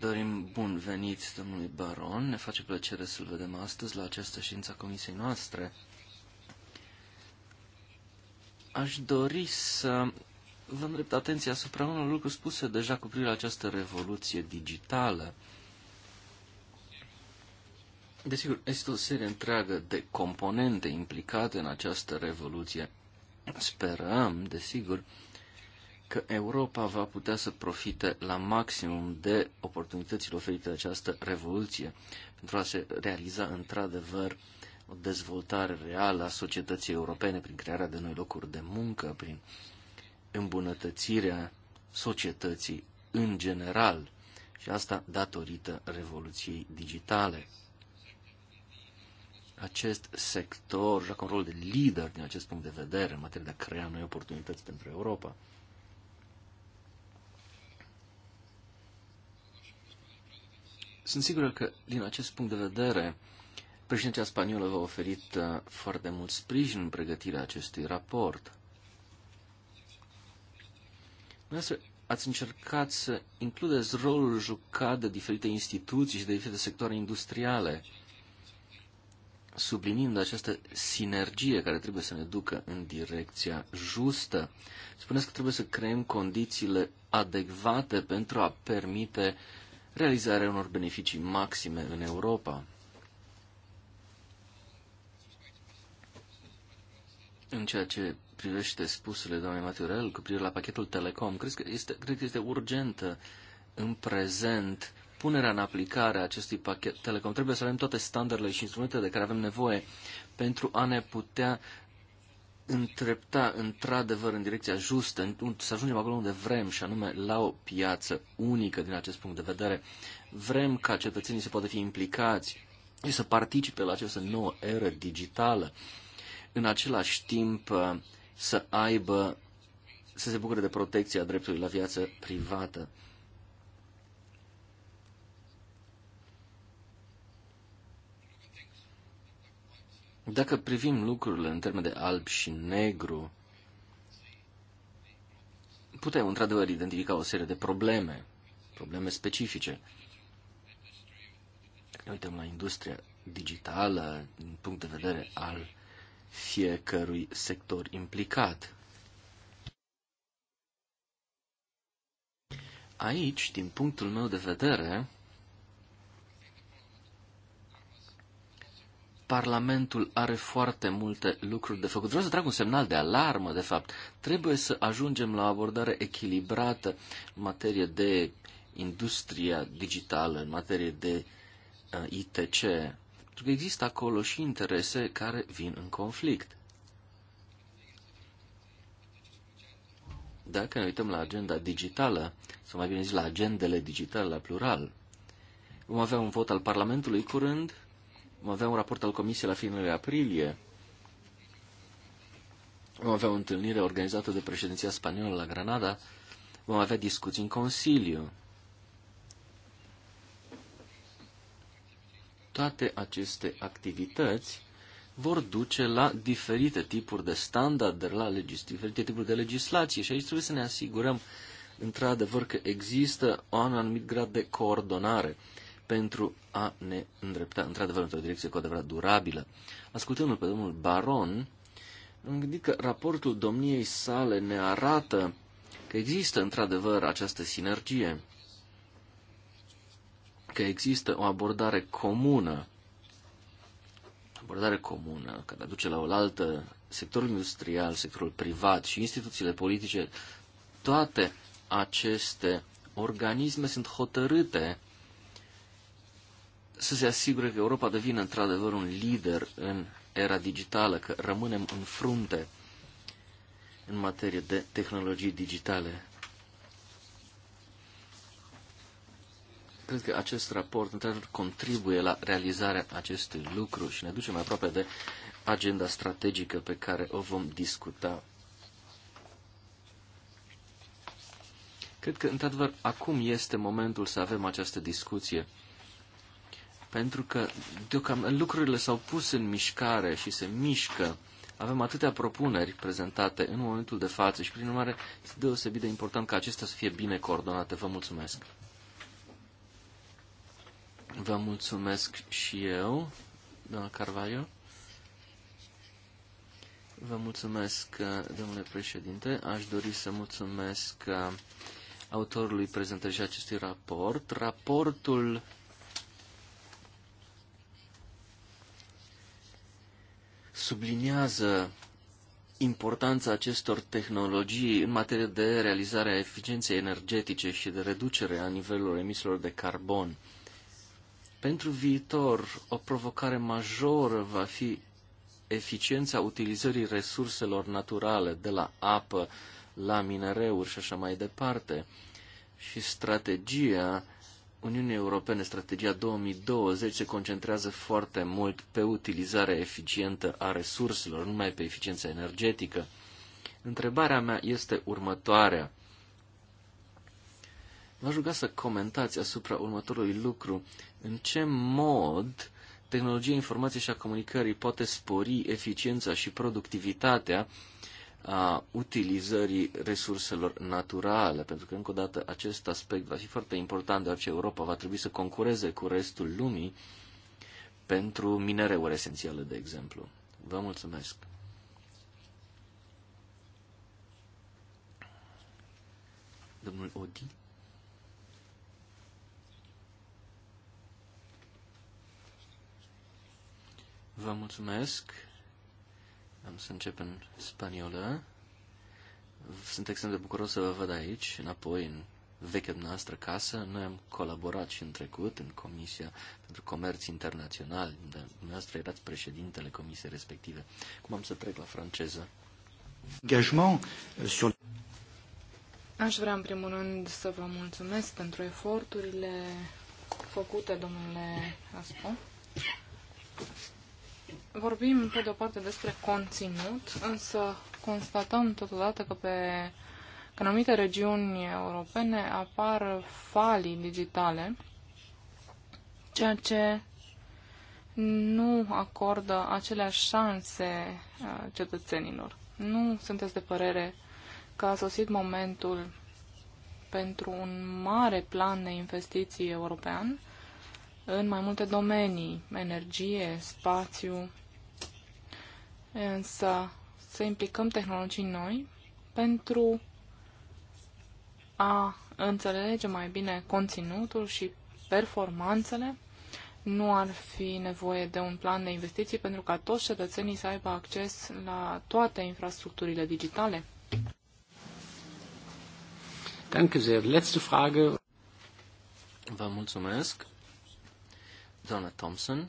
dorim bun venit domnului Baron. Ne face plăcere să-l vedem astăzi la această ședință a comisiei noastre. Aș dori să vă îndrept atenția asupra unor lucruri spuse deja cu privire la această revoluție digitală. Desigur, este o serie întreagă de componente implicate în această revoluție. Sperăm, desigur, că Europa va putea să profite la maximum de oportunitățile oferite de această revoluție pentru a se realiza într-adevăr o dezvoltare reală a societății europene prin crearea de noi locuri de muncă, prin îmbunătățirea societății în general și asta datorită revoluției digitale. Acest sector joacă un rol de lider din acest punct de vedere în materie de a crea noi oportunități pentru Europa. Sunt sigur că, din acest punct de vedere, președinția spaniolă v-a oferit uh, foarte mult sprijin în pregătirea acestui raport. Dumneavoastră ați încercat să includeți rolul jucat de diferite instituții și de diferite sectoare industriale, sublinind această sinergie care trebuie să ne ducă în direcția justă. Spuneți că trebuie să creăm condițiile adecvate pentru a permite realizarea unor beneficii maxime în Europa. În ceea ce privește spusele doamnei Maturel cu privire la pachetul Telecom, cred că este, cred că este urgentă în prezent punerea în aplicare a acestui pachet Telecom. Trebuie să avem toate standardele și instrumentele de care avem nevoie pentru a ne putea întrepta într-adevăr în direcția justă, să ajungem acolo unde vrem, și anume la o piață unică din acest punct de vedere. Vrem ca cetățenii să poată fi implicați și să participe la această nouă eră digitală. În același timp, să aibă, să se bucure de protecția dreptului la viață privată. Dacă privim lucrurile în termen de alb și negru, putem într-adevăr identifica o serie de probleme, probleme specifice. Dacă ne uităm la industria digitală, din punct de vedere al fiecărui sector implicat. Aici, din punctul meu de vedere, Parlamentul are foarte multe lucruri de făcut. Vreau să trag un semnal de alarmă, de fapt. Trebuie să ajungem la o abordare echilibrată în materie de industria digitală, în materie de uh, ITC. Pentru că există acolo și interese care vin în conflict. Dacă ne uităm la agenda digitală, sau mai bine zis la agendele digitale la plural, vom avea un vot al Parlamentului curând, vom avea un raport al Comisiei la finele aprilie, vom avea o întâlnire organizată de președinția spaniolă la Granada, vom avea discuții în Consiliu, toate aceste activități vor duce la diferite tipuri de standarde, la legis- diferite tipuri de legislație și aici trebuie să ne asigurăm într-adevăr că există un anumit grad de coordonare pentru a ne îndrepta într-adevăr într-o direcție cu adevărat durabilă. Ascultându-l pe domnul Baron, am gândit că raportul domniei sale ne arată că există într-adevăr această sinergie că există o abordare comună, abordare comună care duce la oaltă sectorul industrial, sectorul privat și instituțiile politice, toate aceste organisme sunt hotărâte să se asigure că Europa devine într-adevăr un lider în era digitală, că rămânem în frunte în materie de tehnologii digitale. Cred că acest raport, într-adevăr, contribuie la realizarea acestui lucru și ne duce mai aproape de agenda strategică pe care o vom discuta. Cred că, într-adevăr, acum este momentul să avem această discuție. Pentru că, deocamdată, lucrurile s-au pus în mișcare și se mișcă. Avem atâtea propuneri prezentate în momentul de față și, prin urmare, este deosebit de important ca acestea să fie bine coordonate. Vă mulțumesc! Vă mulțumesc și eu, doamna Carvalho. Vă mulțumesc, uh, domnule președinte. Aș dori să mulțumesc uh, autorului prezentării acestui raport. Raportul subliniază importanța acestor tehnologii în materie de realizarea eficienței energetice și de reducere a nivelurilor emisiilor de carbon. Pentru viitor, o provocare majoră va fi eficiența utilizării resurselor naturale, de la apă la minereuri și așa mai departe. Și strategia Uniunii Europene, strategia 2020, se concentrează foarte mult pe utilizarea eficientă a resurselor, numai pe eficiența energetică. Întrebarea mea este următoarea. V-aș ruga să comentați asupra următorului lucru. În ce mod tehnologia informației și a comunicării poate spori eficiența și productivitatea a utilizării resurselor naturale, pentru că, încă o dată, acest aspect va fi foarte important, deoarece Europa va trebui să concureze cu restul lumii pentru minereuri esențiale, de exemplu. Vă mulțumesc! Domnul Odi? Vă mulțumesc. Am să încep în spaniolă. Sunt extrem de bucuros să vă văd aici, înapoi în vechea noastră casă. Noi am colaborat și în trecut în Comisia pentru Comerț Internațional, unde dumneavoastră erați președintele comisiei respective. Cum am să trec la franceză? Engagement euh, sur... Aș vrea în primul rând să vă mulțumesc pentru eforturile făcute, domnule Aspo vorbim pe de-o parte despre conținut, însă constatăm totodată că pe că în anumite regiuni europene apar falii digitale, ceea ce nu acordă aceleași șanse uh, cetățenilor. Nu sunteți de părere că a sosit momentul pentru un mare plan de investiții european în mai multe domenii, energie, spațiu, însă să implicăm tehnologii noi pentru a înțelege mai bine conținutul și performanțele. Nu ar fi nevoie de un plan de investiții pentru ca toți cetățenii să aibă acces la toate infrastructurile digitale. Danke sehr. Letzte Frage. Vă mulțumesc. Doamna Thompson.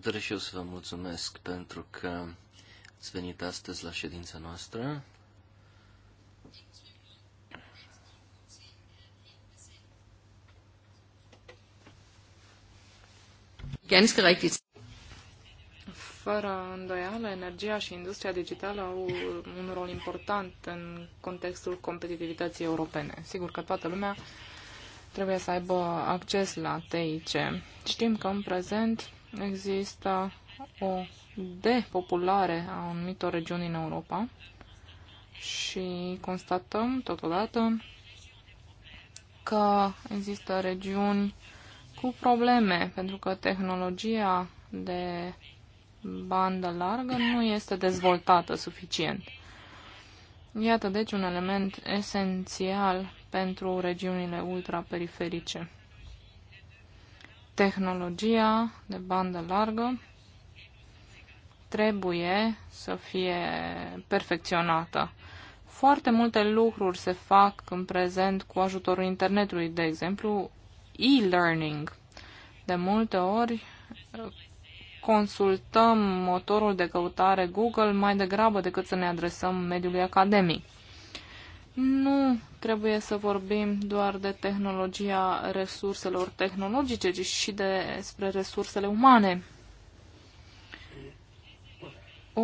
Doresc și eu să vă mulțumesc pentru că ați venit astăzi la ședința noastră. Fără îndoială, energia și industria digitală au un rol important în contextul competitivității europene. Sigur că toată lumea trebuie să aibă acces la TIC. Știm că în prezent există o depopulare a anumitor regiuni în Europa și constatăm totodată că există regiuni cu probleme, pentru că tehnologia de bandă largă nu este dezvoltată suficient. Iată deci un element esențial pentru regiunile ultraperiferice tehnologia de bandă largă trebuie să fie perfecționată. Foarte multe lucruri se fac în prezent cu ajutorul internetului, de exemplu e-learning. De multe ori consultăm motorul de căutare Google mai degrabă decât să ne adresăm mediului academic nu trebuie să vorbim doar de tehnologia resurselor tehnologice, ci și despre resursele umane. O,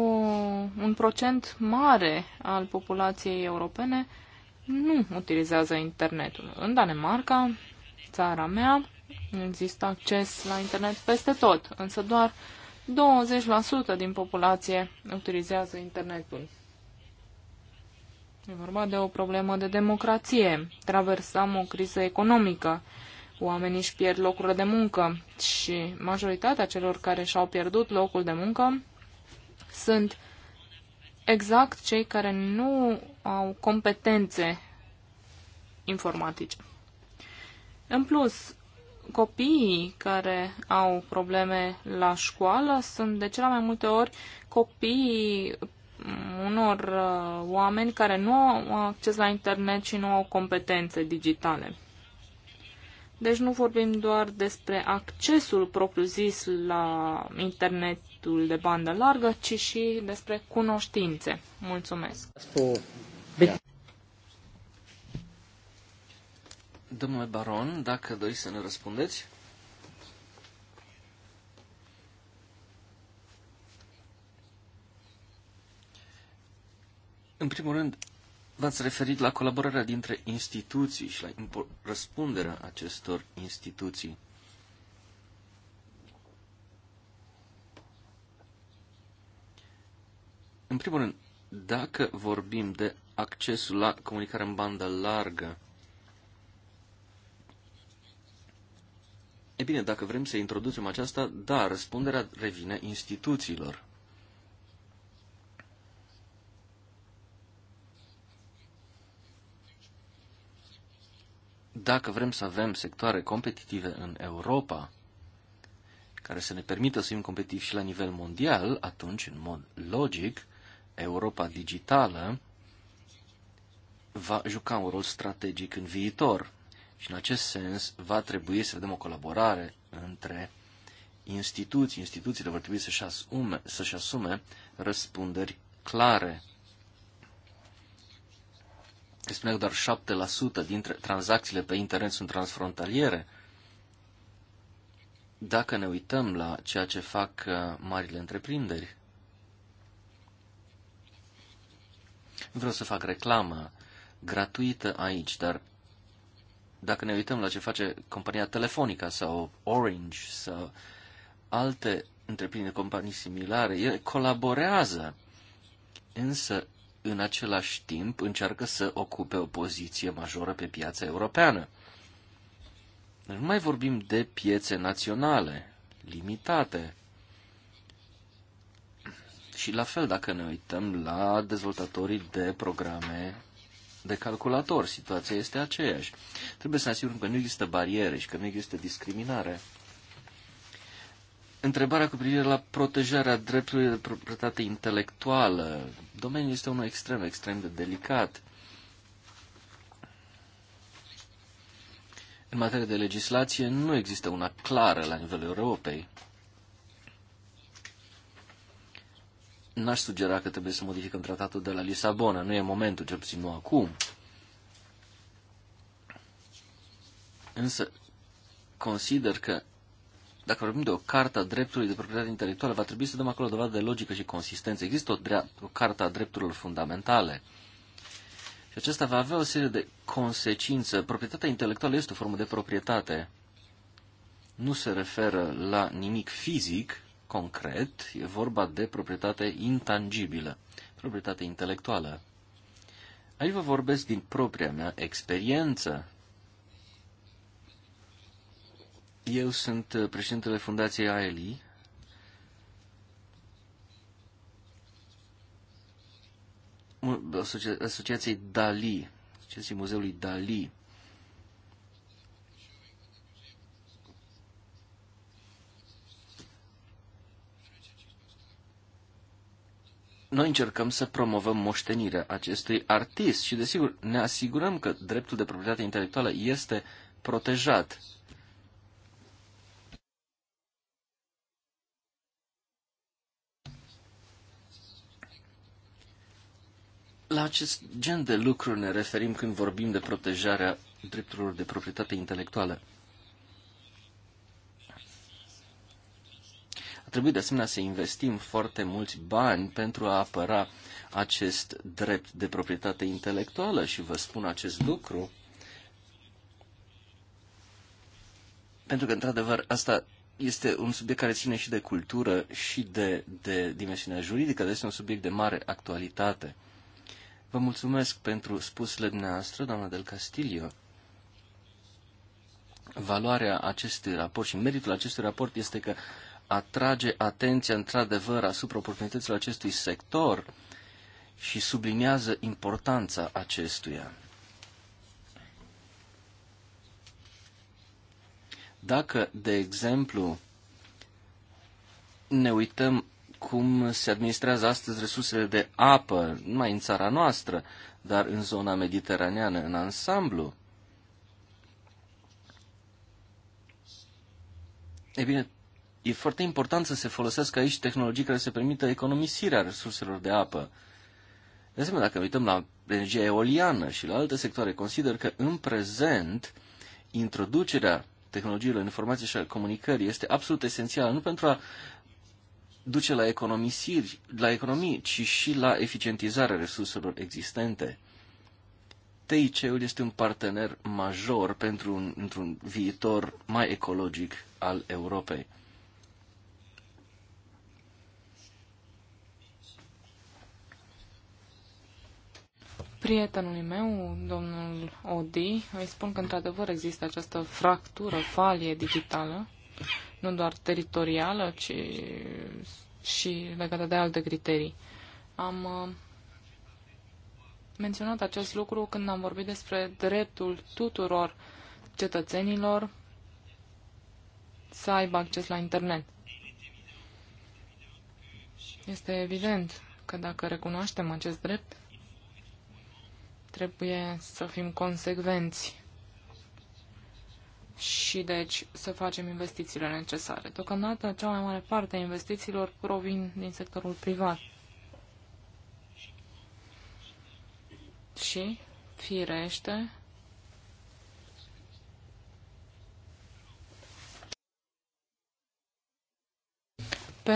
un procent mare al populației europene nu utilizează internetul. În Danemarca, țara mea, există acces la internet peste tot, însă doar 20% din populație utilizează internetul. E vorba de o problemă de democrație. Traversăm o criză economică. Oamenii își pierd locurile de muncă și majoritatea celor care și-au pierdut locul de muncă sunt exact cei care nu au competențe informatice. În plus, copiii care au probleme la școală sunt de cele mai multe ori copiii unor uh, oameni care nu au acces la internet și nu au competențe digitale. Deci nu vorbim doar despre accesul propriu-zis la internetul de bandă largă, ci și despre cunoștințe. Mulțumesc! Domnule Baron, dacă doriți să ne răspundeți. În primul rând, v-ați referit la colaborarea dintre instituții și la răspunderea acestor instituții. În primul rând, dacă vorbim de accesul la comunicare în bandă largă, e bine, dacă vrem să introducem aceasta, da, răspunderea revine instituțiilor. Dacă vrem să avem sectoare competitive în Europa, care să ne permită să fim competitivi și la nivel mondial, atunci, în mod logic, Europa digitală va juca un rol strategic în viitor. Și în acest sens va trebui să vedem o colaborare între instituții. Instituțiile vor trebui să-și asume, să-și asume răspunderi clare spunea că doar 7% dintre tranzacțiile pe internet sunt transfrontaliere. Dacă ne uităm la ceea ce fac uh, marile întreprinderi, vreau să fac reclamă gratuită aici, dar dacă ne uităm la ce face compania Telefonica sau Orange sau alte întreprinderi, companii similare, ele colaborează, însă în același timp încearcă să ocupe o poziție majoră pe piața europeană. nu mai vorbim de piețe naționale, limitate. Și la fel, dacă ne uităm la dezvoltatorii de programe de calculator, situația este aceeași. Trebuie să ne asigurăm că nu există bariere și că nu există discriminare. Întrebarea cu privire la protejarea dreptului de proprietate intelectuală. Domeniul este unul extrem, extrem de delicat. În materie de legislație nu există una clară la nivelul Europei. N-aș sugera că trebuie să modificăm tratatul de la Lisabona. Nu e momentul, cel puțin nu acum. Însă consider că dacă vorbim de o carta a drepturilor de proprietate intelectuală, va trebui să dăm acolo dovadă de logică și consistență. Există o, o carte a drepturilor fundamentale. Și acesta va avea o serie de consecințe. Proprietatea intelectuală este o formă de proprietate. Nu se referă la nimic fizic, concret, e vorba de proprietate intangibilă, proprietate intelectuală. Aici vă vorbesc din propria mea experiență Eu sunt uh, președintele Fundației AELI. Asociației Dali, Asociației Muzeului Dali. Noi încercăm să promovăm moștenirea acestui artist și, desigur, ne asigurăm că dreptul de proprietate intelectuală este protejat La acest gen de lucruri ne referim când vorbim de protejarea drepturilor de proprietate intelectuală. A trebuit de asemenea să investim foarte mulți bani pentru a apăra acest drept de proprietate intelectuală și vă spun acest lucru pentru că, într-adevăr, asta este un subiect care ține și de cultură și de, de dimensiunea juridică, dar este un subiect de mare actualitate. Vă mulțumesc pentru spusele dumneavoastră, doamna Del Castillo. Valoarea acestui raport și meritul acestui raport este că atrage atenția într-adevăr asupra oportunităților acestui sector și subliniază importanța acestuia. Dacă, de exemplu, ne uităm cum se administrează astăzi resursele de apă, nu numai în țara noastră, dar în zona mediteraneană, în ansamblu. E bine, e foarte important să se folosească aici tehnologii care să permită economisirea resurselor de apă. De asemenea, dacă uităm la energia eoliană și la alte sectoare, consider că în prezent introducerea tehnologiilor informației și a comunicării este absolut esențială, nu pentru a duce la economisiri, la economii, ci și la eficientizarea resurselor existente. TIC-ul este un partener major pentru un, într-un viitor mai ecologic al Europei. Prietenul meu, domnul Odi, îi spun că într-adevăr există această fractură, falie digitală nu doar teritorială, ci și legată de alte criterii. Am uh, menționat acest lucru când am vorbit despre dreptul tuturor cetățenilor să aibă acces la internet. Este evident că dacă recunoaștem acest drept, trebuie să fim consecvenți și deci să facem investițiile necesare. Deocamdată cea mai mare parte a investițiilor provin din sectorul privat. Și, firește, pe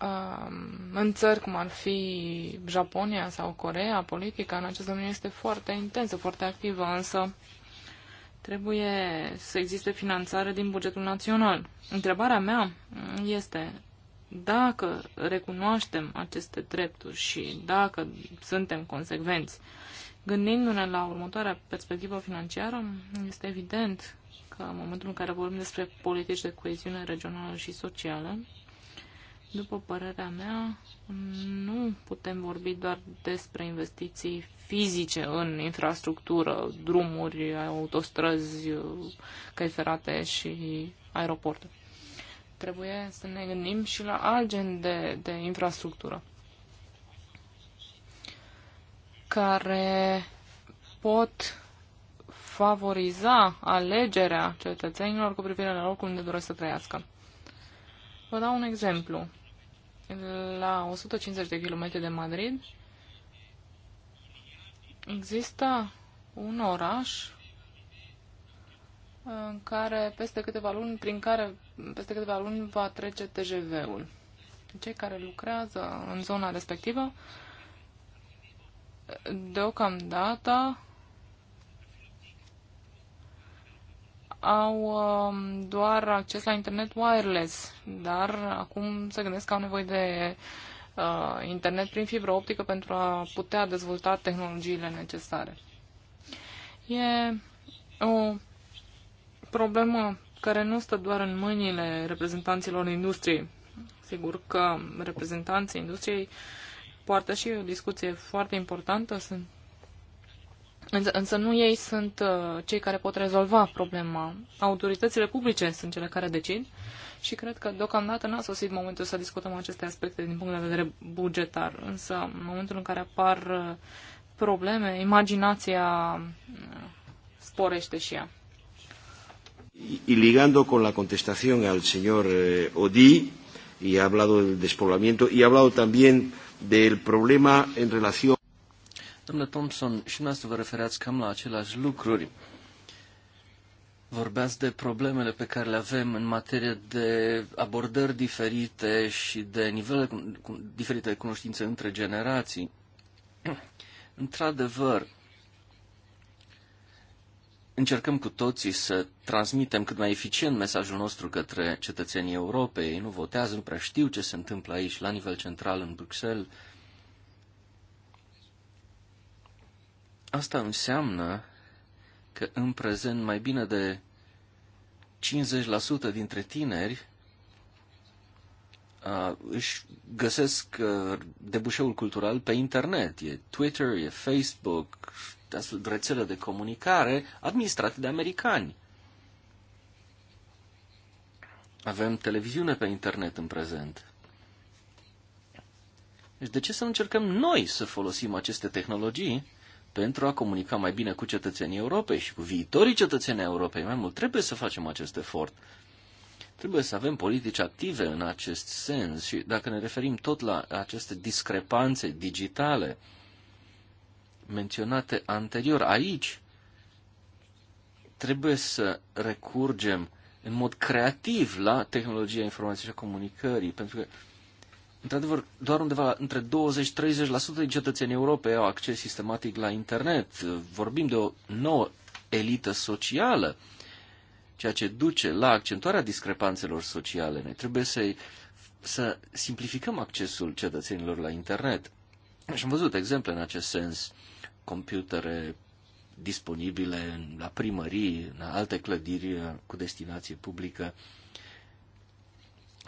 um, în țări cum ar fi Japonia sau Corea, politica în acest domeniu este foarte intensă, foarte activă, însă Trebuie să existe finanțare din bugetul național. Întrebarea mea este dacă recunoaștem aceste drepturi și dacă suntem consecvenți, gândindu-ne la următoarea perspectivă financiară, este evident că în momentul în care vorbim despre politici de coeziune regională și socială, după părerea mea, nu putem vorbi doar despre investiții fizice în infrastructură, drumuri, autostrăzi, căi ferate și aeroporturi. Trebuie să ne gândim și la alt gen de, de infrastructură care pot favoriza alegerea cetățenilor cu privire la locul unde doresc să trăiască. Vă dau un exemplu la 150 de km de Madrid, există un oraș în uh, care peste câteva luni, prin care peste câteva luni va trece TGV-ul. Cei care lucrează în zona respectivă deocamdată au um, doar acces la internet wireless, dar acum se gândesc că au nevoie de uh, internet prin fibră optică pentru a putea dezvolta tehnologiile necesare. E o problemă care nu stă doar în mâinile reprezentanților industriei. Sigur că reprezentanții industriei poartă și o discuție foarte importantă, sunt Însă, însă nu ei sunt uh, cei care pot rezolva problema. Autoritățile publice sunt cele care decid și cred că deocamdată n-a sosit momentul să discutăm aceste aspecte din punct de vedere bugetar. Însă, în momentul în care apar uh, probleme, imaginația uh, sporește și ea. Y ligando con la contestación al señor eh, Odí, y ha hablado del despoblamiento, y ha hablado también del problema en relación Domnule Thompson, și noastră vă refereați cam la aceleași lucruri. Vorbeați de problemele pe care le avem în materie de abordări diferite și de nivele diferite de cunoștințe între generații. (clears throat) Într-adevăr, încercăm cu toții să transmitem cât mai eficient mesajul nostru către cetățenii Europei. Ei nu votează, nu prea știu ce se întâmplă aici, la nivel central, în Bruxelles, Asta înseamnă că în prezent mai bine de 50% dintre tineri uh, își găsesc uh, debușeul cultural pe internet. E Twitter, e Facebook, astfel de rețele de comunicare administrate de americani. Avem televiziune pe internet în prezent. Deci de ce să încercăm noi să folosim aceste tehnologii pentru a comunica mai bine cu cetățenii Europei și cu viitorii cetățenii Europei. Mai mult, trebuie să facem acest efort. Trebuie să avem politici active în acest sens și dacă ne referim tot la aceste discrepanțe digitale menționate anterior aici, trebuie să recurgem în mod creativ la tehnologia informației și a comunicării, pentru că Într-adevăr, doar undeva între 20-30% din cetățenii Europei au acces sistematic la internet. Vorbim de o nouă elită socială, ceea ce duce la accentuarea discrepanțelor sociale. Noi trebuie să, să simplificăm accesul cetățenilor la internet. Și am văzut exemple în acest sens, computere disponibile la primării, în alte clădiri cu destinație publică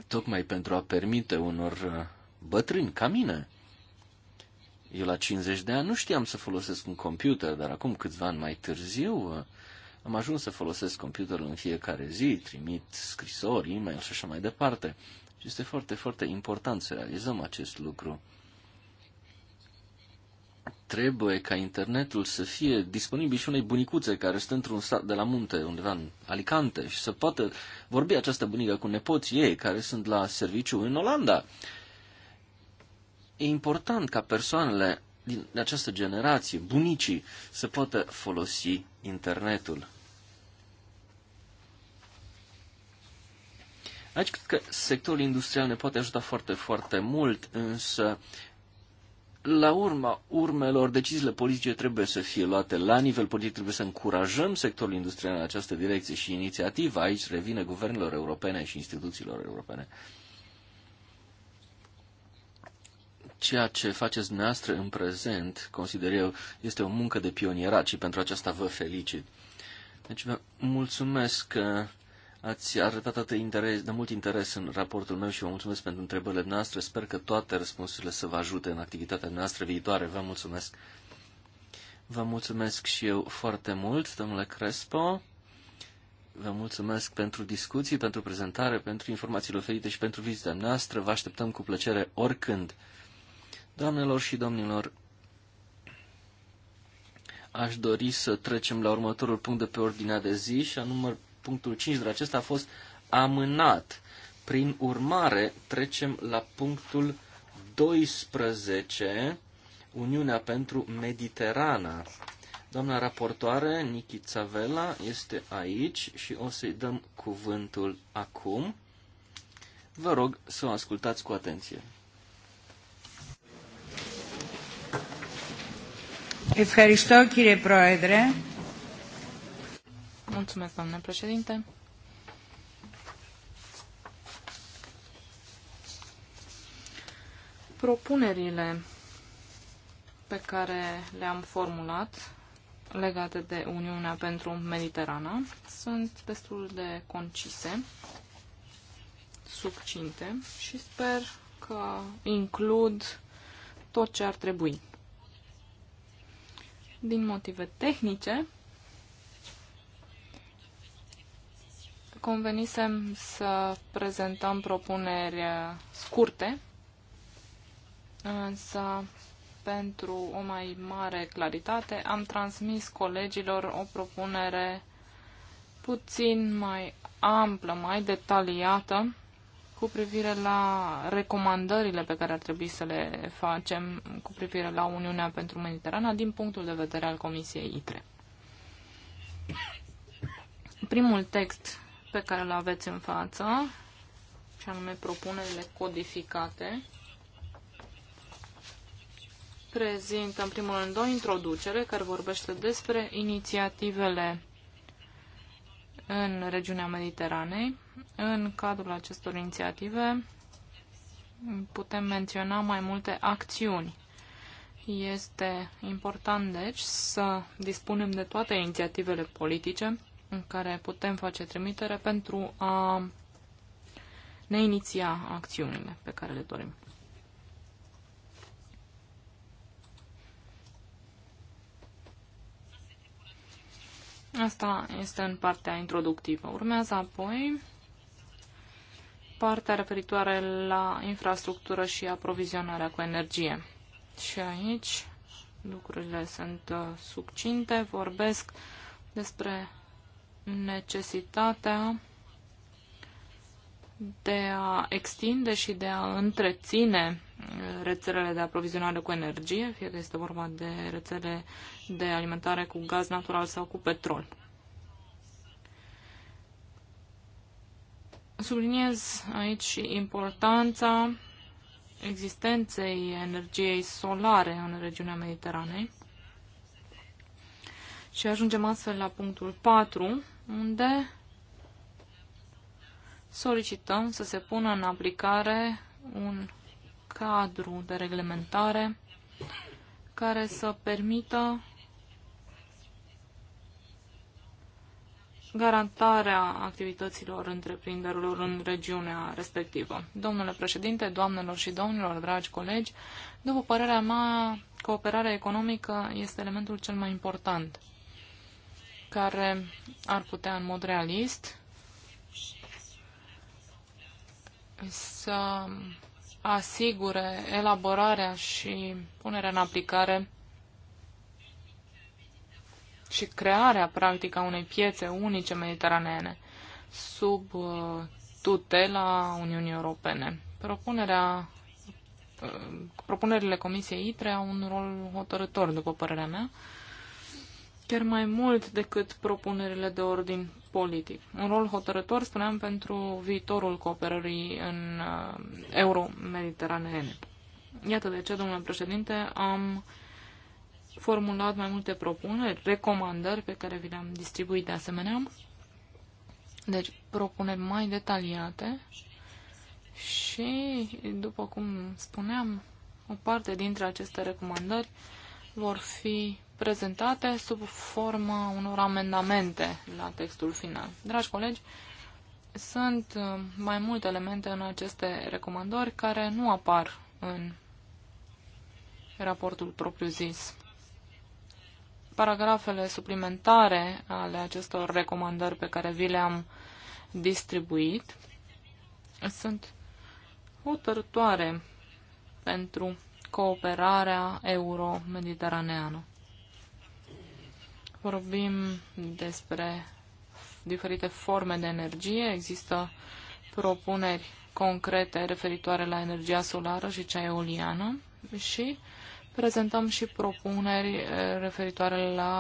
tocmai pentru a permite unor uh, bătrâni ca mine. Eu la 50 de ani nu știam să folosesc un computer, dar acum câțiva ani mai târziu uh, am ajuns să folosesc computerul în fiecare zi, trimit scrisori, e-mail și așa mai departe. Și este foarte, foarte important să realizăm acest lucru trebuie ca internetul să fie disponibil și unei bunicuțe care stă într-un sat de la munte, undeva în Alicante, și să poată vorbi această bunică cu nepoții ei care sunt la serviciu în Olanda. E important ca persoanele din această generație, bunicii, să poată folosi internetul. Aici cred că sectorul industrial ne poate ajuta foarte, foarte mult, însă la urma urmelor, deciziile politice trebuie să fie luate la nivel politic, trebuie să încurajăm sectorul industrial în această direcție și inițiativa aici revine guvernelor europene și instituțiilor europene. Ceea ce faceți noastră în prezent, consider eu, este o muncă de pionierat și pentru aceasta vă felicit. Deci vă mulțumesc Ați arătat atât interes, de mult interes în raportul meu și vă mulțumesc pentru întrebările noastre. Sper că toate răspunsurile să vă ajute în activitatea noastră viitoare. Vă mulțumesc. Vă mulțumesc și eu foarte mult, domnule Crespo. Vă mulțumesc pentru discuții, pentru prezentare, pentru informațiile oferite și pentru vizita noastră. Vă așteptăm cu plăcere oricând. Doamnelor și domnilor, aș dori să trecem la următorul punct de pe ordinea de zi și anume punctul 5, dar acesta a fost amânat. Prin urmare, trecem la punctul 12, Uniunea pentru Mediterana. Doamna raportoare, Niki Țavela, este aici și o să-i dăm cuvântul acum. Vă rog să o ascultați cu atenție. Ευχαριστώ κύριε Πρόεδρε. Mulțumesc, doamne președinte. Propunerile pe care le-am formulat legate de Uniunea pentru Mediterana sunt destul de concise, subcinte și sper că includ tot ce ar trebui. Din motive tehnice, convenisem să prezentăm propuneri eh, scurte, însă pentru o mai mare claritate am transmis colegilor o propunere puțin mai amplă, mai detaliată cu privire la recomandările pe care ar trebui să le facem cu privire la Uniunea pentru Mediterana din punctul de vedere al Comisiei ITRE. Primul text pe care îl aveți în față, și anume propunerile codificate, prezintă în primul rând o introducere care vorbește despre inițiativele în regiunea Mediteranei. În cadrul acestor inițiative putem menționa mai multe acțiuni. Este important, deci, să dispunem de toate inițiativele politice în care putem face trimitere pentru a ne iniția acțiunile pe care le dorim. Asta este în partea introductivă. Urmează apoi partea referitoare la infrastructură și aprovizionarea cu energie. Și aici lucrurile sunt uh, succinte, vorbesc despre necesitatea de a extinde și de a întreține rețelele de aprovizionare cu energie, fie că este vorba de rețele de alimentare cu gaz natural sau cu petrol. Subliniez aici și importanța existenței energiei solare în regiunea Mediteranei. Și ajungem astfel la punctul 4, unde solicităm să se pună în aplicare un cadru de reglementare care să permită garantarea activităților întreprinderilor în regiunea respectivă. Domnule președinte, doamnelor și domnilor, dragi colegi, după părerea mea, cooperarea economică este elementul cel mai important care ar putea în mod realist să asigure elaborarea și punerea în aplicare și crearea practică a unei piețe unice mediteraneene sub uh, tutela Uniunii Europene. Propunerea, uh, propunerile Comisiei ITRE au un rol hotărător, după părerea mea, chiar mai mult decât propunerile de ordin politic. Un rol hotărător, spuneam, pentru viitorul cooperării în uh, euro-mediteraneene. Iată de ce, domnule președinte, am formulat mai multe propuneri, recomandări pe care vi le-am distribuit de asemenea. Deci, propuneri mai detaliate și, după cum spuneam, o parte dintre aceste recomandări vor fi prezentate sub forma unor amendamente la textul final. Dragi colegi, sunt uh, mai multe elemente în aceste recomandări care nu apar în raportul propriu-zis. Paragrafele suplimentare ale acestor recomandări pe care vi le-am distribuit sunt hotărătoare pentru cooperarea euro-mediteraneană. Vorbim despre diferite forme de energie. Există propuneri concrete referitoare la energia solară și cea eoliană și prezentăm și propuneri eh, referitoare la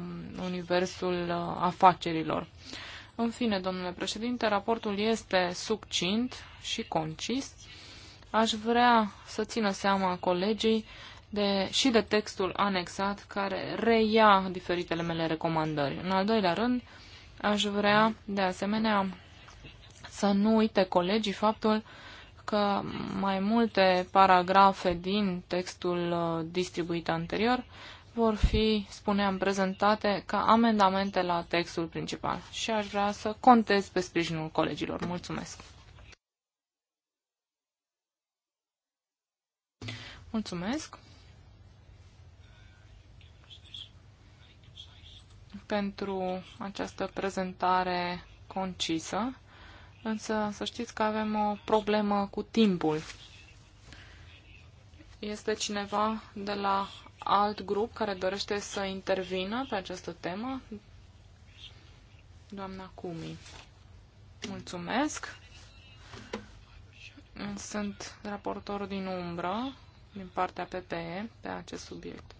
mm, universul eh, afacerilor. În fine, domnule președinte, raportul este succint și concis. Aș vrea să țină seama colegii de, și de textul anexat care reia diferitele mele recomandări. În al doilea rând, aș vrea de asemenea să nu uite colegii faptul că mai multe paragrafe din textul uh, distribuit anterior vor fi, spuneam, prezentate ca amendamente la textul principal și aș vrea să contez pe sprijinul colegilor. Mulțumesc! Mulțumesc! pentru această prezentare concisă, însă să știți că avem o problemă cu timpul. Este cineva de la alt grup care dorește să intervină pe această temă? Doamna Cumi. Mulțumesc. Sunt raportor din umbră din partea PPE pe acest subiect.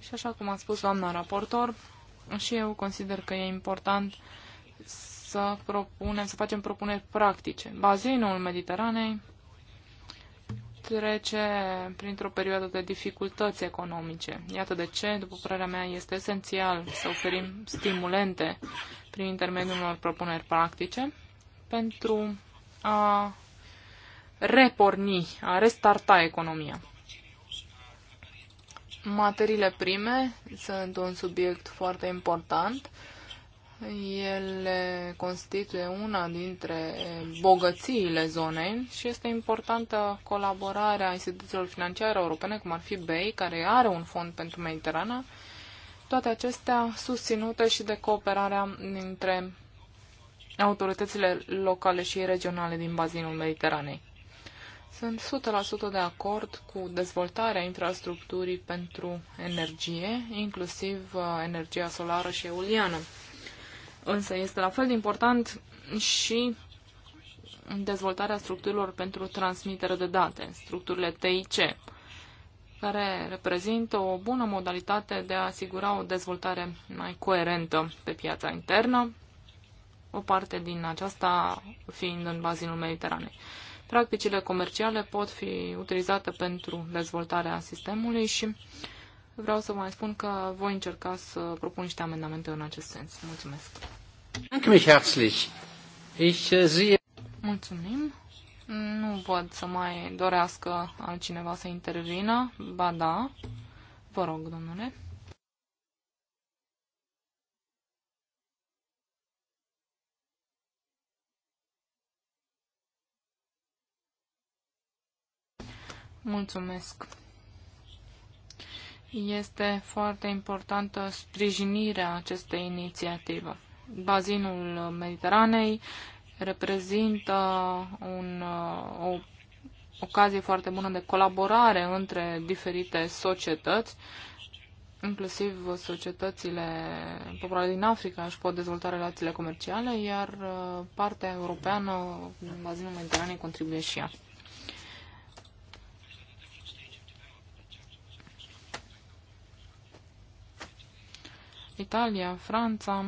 Și așa cum a spus doamna raportor, și eu consider că e important să propunem, să facem propuneri practice. Bazinul Mediteranei trece printr-o perioadă de dificultăți economice. Iată de ce, după părerea mea, este esențial să oferim stimulente prin intermediul unor propuneri practice pentru a reporni, a restarta economia. Materiile prime sunt un subiect foarte important. Ele constituie una dintre bogățiile zonei și este importantă colaborarea instituțiilor financiare europene, cum ar fi BEI, care are un fond pentru Mediterana, toate acestea susținute și de cooperarea dintre autoritățile locale și regionale din bazinul Mediteranei. Sunt 100% de acord cu dezvoltarea infrastructurii pentru energie, inclusiv uh, energia solară și eoliană. Însă este la fel de important și dezvoltarea structurilor pentru transmitere de date, structurile TIC, care reprezintă o bună modalitate de a asigura o dezvoltare mai coerentă pe piața internă, o parte din aceasta fiind în bazinul Mediteranei. Practicile comerciale pot fi utilizate pentru dezvoltarea sistemului și vreau să mai spun că voi încerca să propun niște amendamente în acest sens. Mulțumesc. Äh, Mulțumim. Nu văd să mai dorească altcineva să intervină. Ba da. Vă rog, domnule. Mulțumesc. Este foarte importantă sprijinirea acestei inițiative. Bazinul Mediteranei reprezintă un, o ocazie foarte bună de colaborare între diferite societăți, inclusiv societățile populare din Africa își pot dezvolta relațiile comerciale, iar uh, partea europeană, bazinul Mediteranei, contribuie și ea. Italia, Franța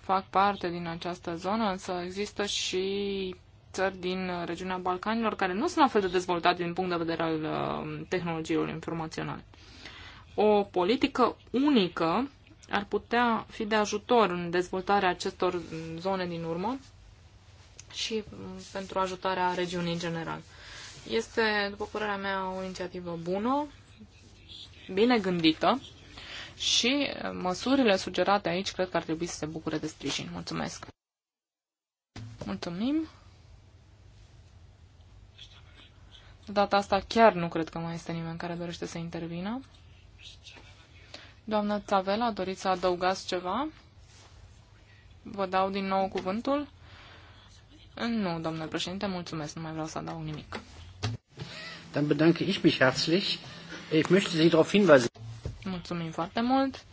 fac parte din această zonă, însă există și țări din regiunea Balcanilor care nu sunt la fel de dezvoltate din punct de vedere al um, tehnologiilor informaționale. O politică unică ar putea fi de ajutor în dezvoltarea acestor zone din urmă și um, pentru ajutarea regiunii în general. Este, după părerea mea, o inițiativă bună bine gândită și măsurile sugerate aici cred că ar trebui să se bucure de sprijin. Mulțumesc! Mulțumim! De data asta chiar nu cred că mai este nimeni care dorește să intervină. Doamna Tavela, doriți să adăugați ceva? Vă dau din nou cuvântul? Nu, domnule președinte, mulțumesc, nu mai vreau să adaug nimic. Dann bedanke ich mich herzlich. Ich möchte Sie darauf hinweisen. Mulțumim foarte mult.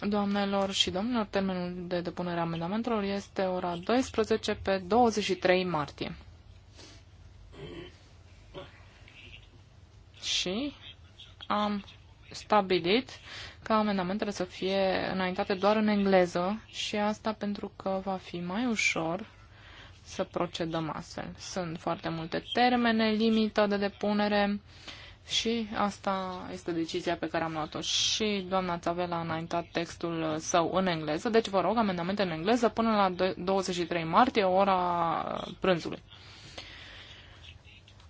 Doamnelor și domnilor, termenul de depunere a amendamentelor este ora 12 pe 23 martie. Și am stabilit ca amendamentele să fie înaintate doar în engleză și asta pentru că va fi mai ușor să procedăm astfel. Sunt foarte multe termene, limită de depunere și asta este decizia pe care am luat-o. Și doamna Țavela a înaintat textul său în engleză, deci vă rog amendamente în engleză până la 23 martie, ora prânzului.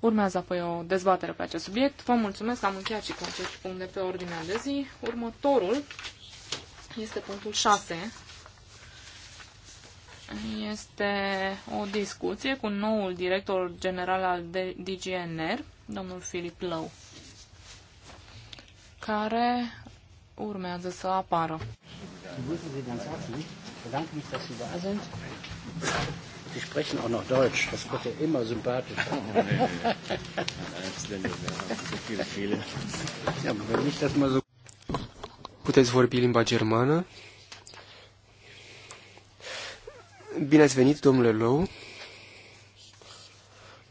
Urmează apoi o dezbatere pe acest subiect. Vă mulțumesc, am încheiat și cu acest punct de pe ordinea de zi. Următorul este punctul 6, este o discuție cu noul director general al DGNR, domnul Filip Lău, care urmează să apară. Sie sprechen auch noch Deutsch, das wird ja immer sympathisch. (laughs) Ja, aber wenn ich das mal so... Puteți vorbi limba germană? Bine ați venit, domnule Lou.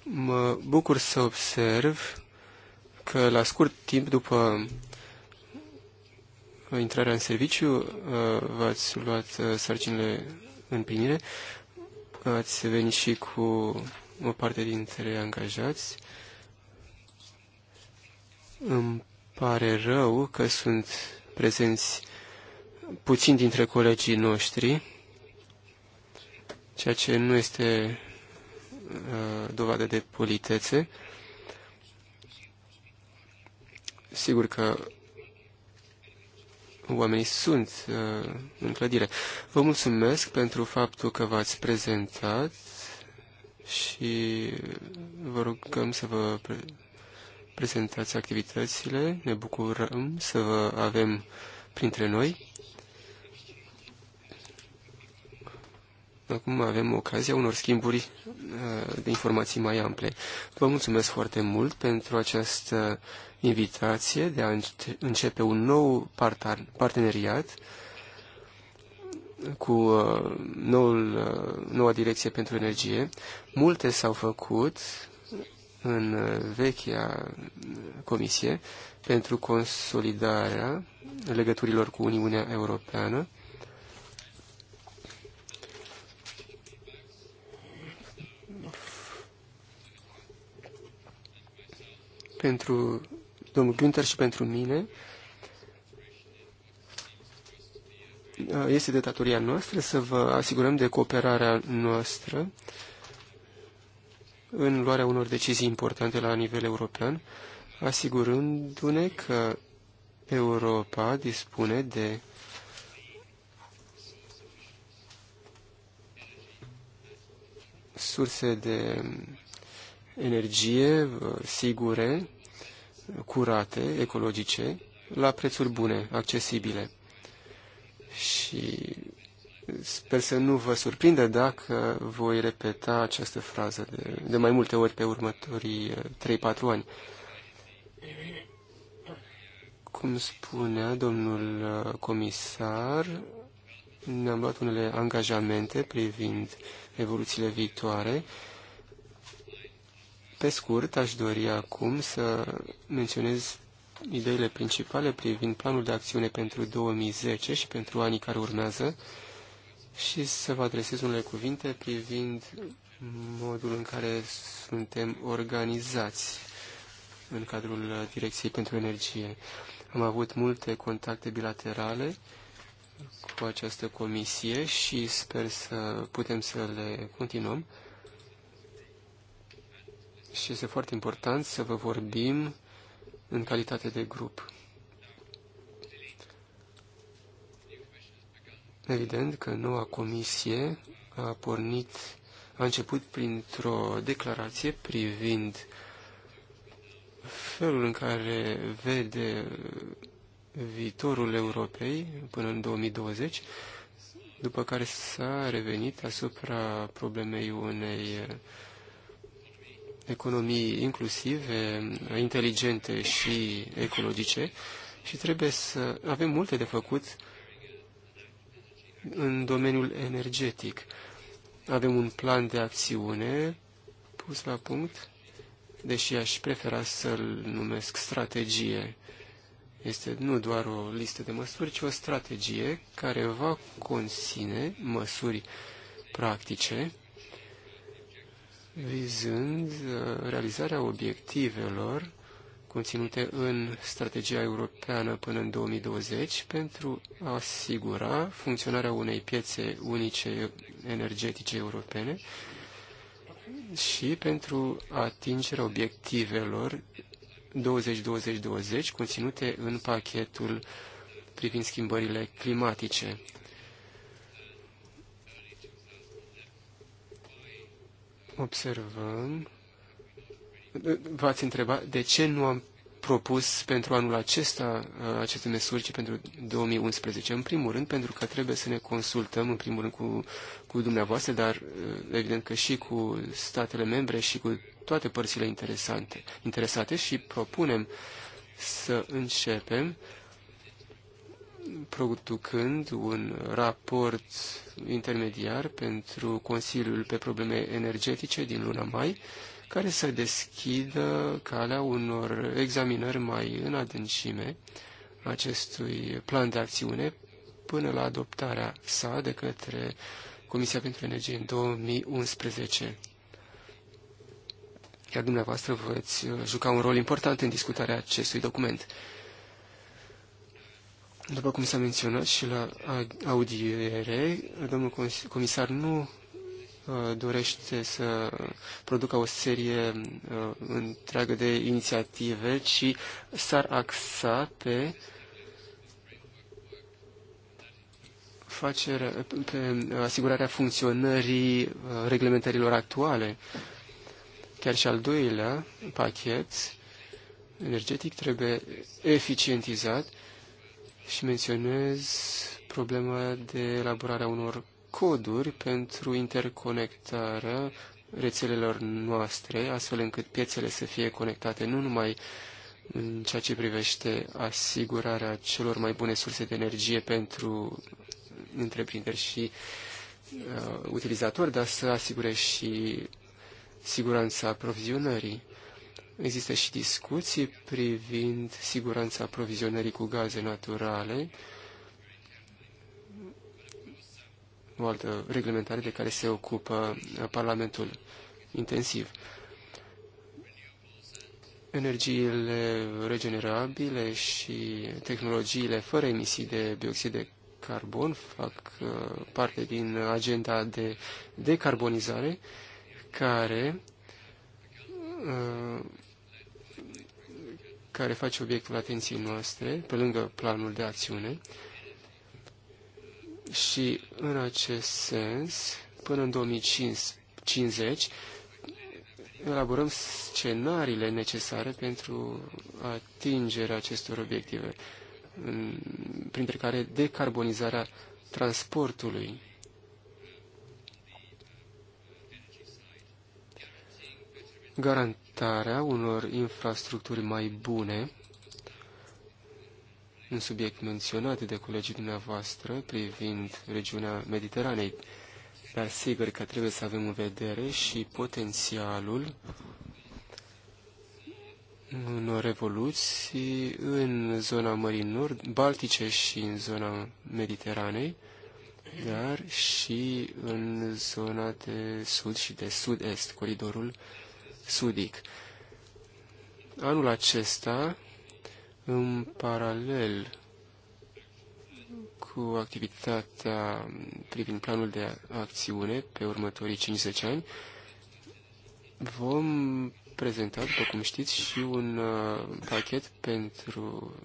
Mă bucur să observ că la scurt timp după intrarea în serviciu uh, v-ați luat uh, sarcinile în primire, ați venit și cu o parte dintre angajați. Îmi pare rău că sunt prezenți puțin dintre colegii noștri ceea ce nu este uh, dovadă de politețe. Sigur că oamenii sunt uh, în clădire. Vă mulțumesc pentru faptul că v-ați prezentat și vă rugăm să vă pre prezentați activitățile. Ne bucurăm să vă avem printre noi. Acum avem ocazia unor schimburi uh, de informații mai ample. Vă mulțumesc foarte mult pentru această invitație de a începe un nou parteneriat cu uh, noul, uh, noua direcție pentru energie. Multe s-au făcut în vechea comisie pentru consolidarea legăturilor cu Uniunea Europeană pentru domnul Günther și pentru mine este de datoria noastră să vă asigurăm de cooperarea noastră în luarea unor decizii importante la nivel european, asigurându-ne că Europa dispune de surse de energie sigure, curate, ecologice, la prețuri bune, accesibile. Și sper să nu vă surprindă dacă voi repeta această frază de, de mai multe ori pe următorii 3-4 eh, ani. Cum spunea domnul eh, comisar, ne-am luat unele angajamente privind evoluțiile viitoare pe scurt, aș dori acum să menționez ideile principale privind planul de acțiune pentru 2010 și pentru anii care urmează și să vă adresez unele cuvinte privind modul în care suntem organizați în cadrul Direcției pentru Energie. Am avut multe contacte bilaterale cu această comisie și sper să putem să le continuăm și este foarte important să vă vorbim în calitate de grup. Evident că noua comisie a pornit, a început printr-o declarație privind felul în care vede viitorul Europei până în 2020, după care s-a revenit asupra problemei unei economii inclusive, inteligente și ecologice și trebuie să avem multe de făcut în domeniul energetic. Avem un plan de acțiune pus la punct, deși aș prefera să-l numesc strategie. Este nu doar o listă de măsuri, ci o strategie care va conține măsuri practice vizând uh, realizarea obiectivelor conținute în strategia europeană până în 2020 pentru a asigura funcționarea unei piețe unice energetice europene și pentru atingerea obiectivelor 20-20-20 conținute în pachetul privind schimbările climatice. observăm, v-ați întrebat de ce nu am propus pentru anul acesta uh, aceste măsuri, ci pentru 2011. În primul rând, pentru că trebuie să ne consultăm, în primul rând, cu, cu dumneavoastră, dar uh, evident că și cu statele membre și cu toate părțile interesante, interesate și propunem să începem producând un raport intermediar pentru Consiliul pe probleme energetice din luna mai, care să deschidă calea unor examinări mai în adâncime acestui plan de acțiune până la adoptarea sa de către Comisia pentru Energie în 2011. Iar dumneavoastră vă juca un rol important în discutarea acestui document. După cum s-a menționat și la audiere, domnul comisar nu uh, dorește să producă o serie uh, întreagă de inițiative, ci s-ar axa pe facerea, pe asigurarea funcționării uh, reglementărilor actuale. Chiar și al doilea pachet energetic trebuie eficientizat și menționez problema de elaborarea unor coduri pentru interconectarea rețelelor noastre, astfel încât piețele să fie conectate nu numai în ceea ce privește asigurarea celor mai bune surse de energie pentru întreprinderi și uh, utilizatori, dar să asigure și siguranța aprovizionării. Există și discuții privind siguranța aprovizionării cu gaze naturale, o altă reglementare de care se ocupă Parlamentul intensiv. Energiile regenerabile și tehnologiile fără emisii de bioxid de carbon fac uh, parte din agenda de decarbonizare care uh, care face obiectul atenției noastre, pe lângă planul de acțiune. Și în acest sens, până în 2050, elaborăm scenariile necesare pentru atingerea acestor obiective, printre care decarbonizarea transportului. Garant dezvoltarea unor infrastructuri mai bune, un subiect menționat de colegii dumneavoastră privind regiunea Mediteranei, dar sigur că trebuie să avem în vedere și potențialul unor revoluții în zona Mării Nord, Baltice și în zona Mediteranei, dar și în zona de sud și de sud-est, coridorul sudic. Anul acesta, în paralel cu activitatea privind planul de acțiune pe următorii 50 ani, vom prezenta, după cum știți, și un uh, pachet pentru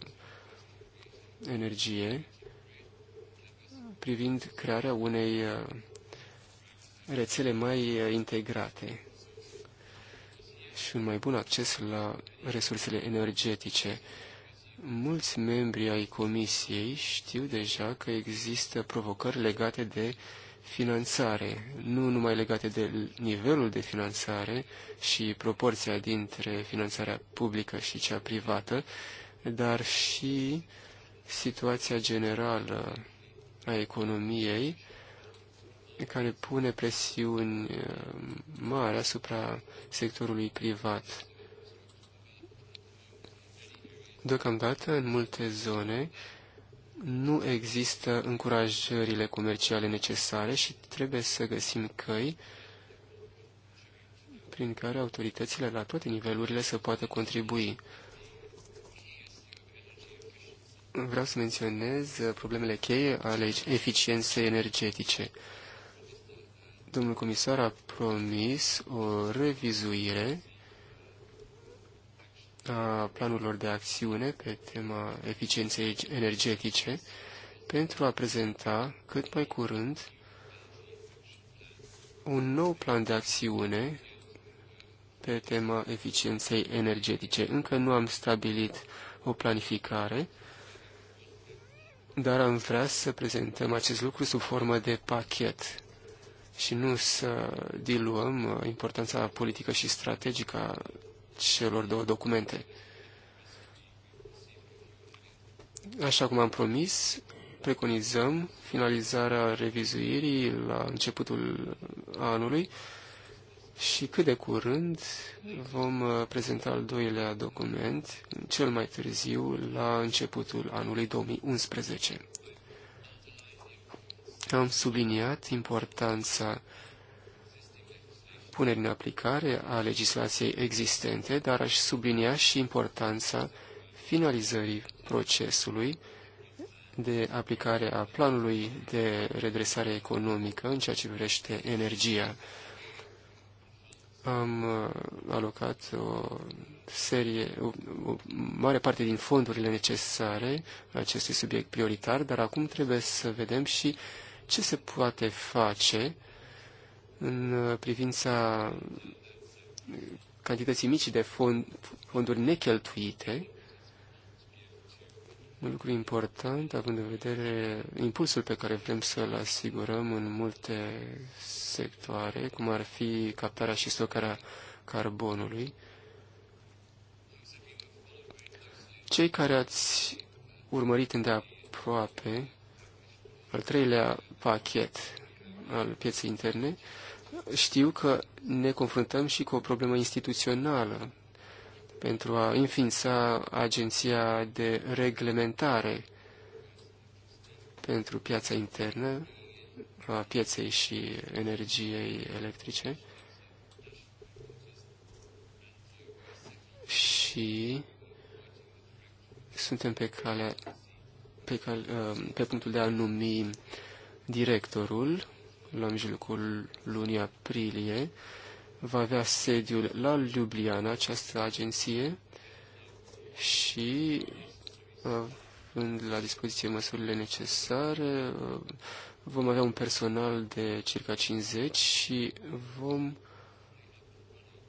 energie privind crearea unei uh, rețele mai uh, integrate și un mai bun acces la resursele energetice. Mulți membri ai comisiei știu deja că există provocări legate de finanțare, nu numai legate de nivelul de finanțare și proporția dintre finanțarea publică și cea privată, dar și situația generală a economiei care pune presiuni eh, mari asupra sectorului privat. Deocamdată, în multe zone, nu există încurajările comerciale necesare și trebuie să găsim căi prin care autoritățile la toate nivelurile să poată contribui. Vreau să menționez problemele cheie ale eficienței energetice domnul comisar a promis o revizuire a planurilor de acțiune pe tema eficienței energetice pentru a prezenta cât mai curând un nou plan de acțiune pe tema eficienței energetice. Încă nu am stabilit o planificare, dar am vrea să prezentăm acest lucru sub formă de pachet și nu să diluăm uh, importanța politică și strategică a celor două documente. Așa cum am promis, preconizăm finalizarea revizuirii la începutul anului și cât de curând vom uh, prezenta al doilea document, cel mai târziu, la începutul anului 2011 am subliniat importanța punerii în aplicare a legislației existente, dar aș sublinia și importanța finalizării procesului de aplicare a planului de redresare economică în ceea ce privește energia. Am uh, alocat o serie, o, o mare parte din fondurile necesare acestui subiect prioritar, dar acum trebuie să vedem și uh, ce se poate face în privința cantității mici de fond, fonduri necheltuite, un lucru important, având în vedere impulsul pe care vrem să-l asigurăm în multe sectoare, cum ar fi captarea și stocarea carbonului. Cei care ați urmărit îndeaproape al treilea pachet al pieței interne, știu că ne confruntăm și cu o problemă instituțională pentru a înființa agenția de reglementare pentru piața internă a pieței și energiei electrice și suntem pe calea pe, cal, pe punctul de a numi Directorul, la mijlocul lunii aprilie, va avea sediul la Ljubljana, această agenție, și având la dispoziție măsurile necesare, vom avea un personal de circa 50 și vom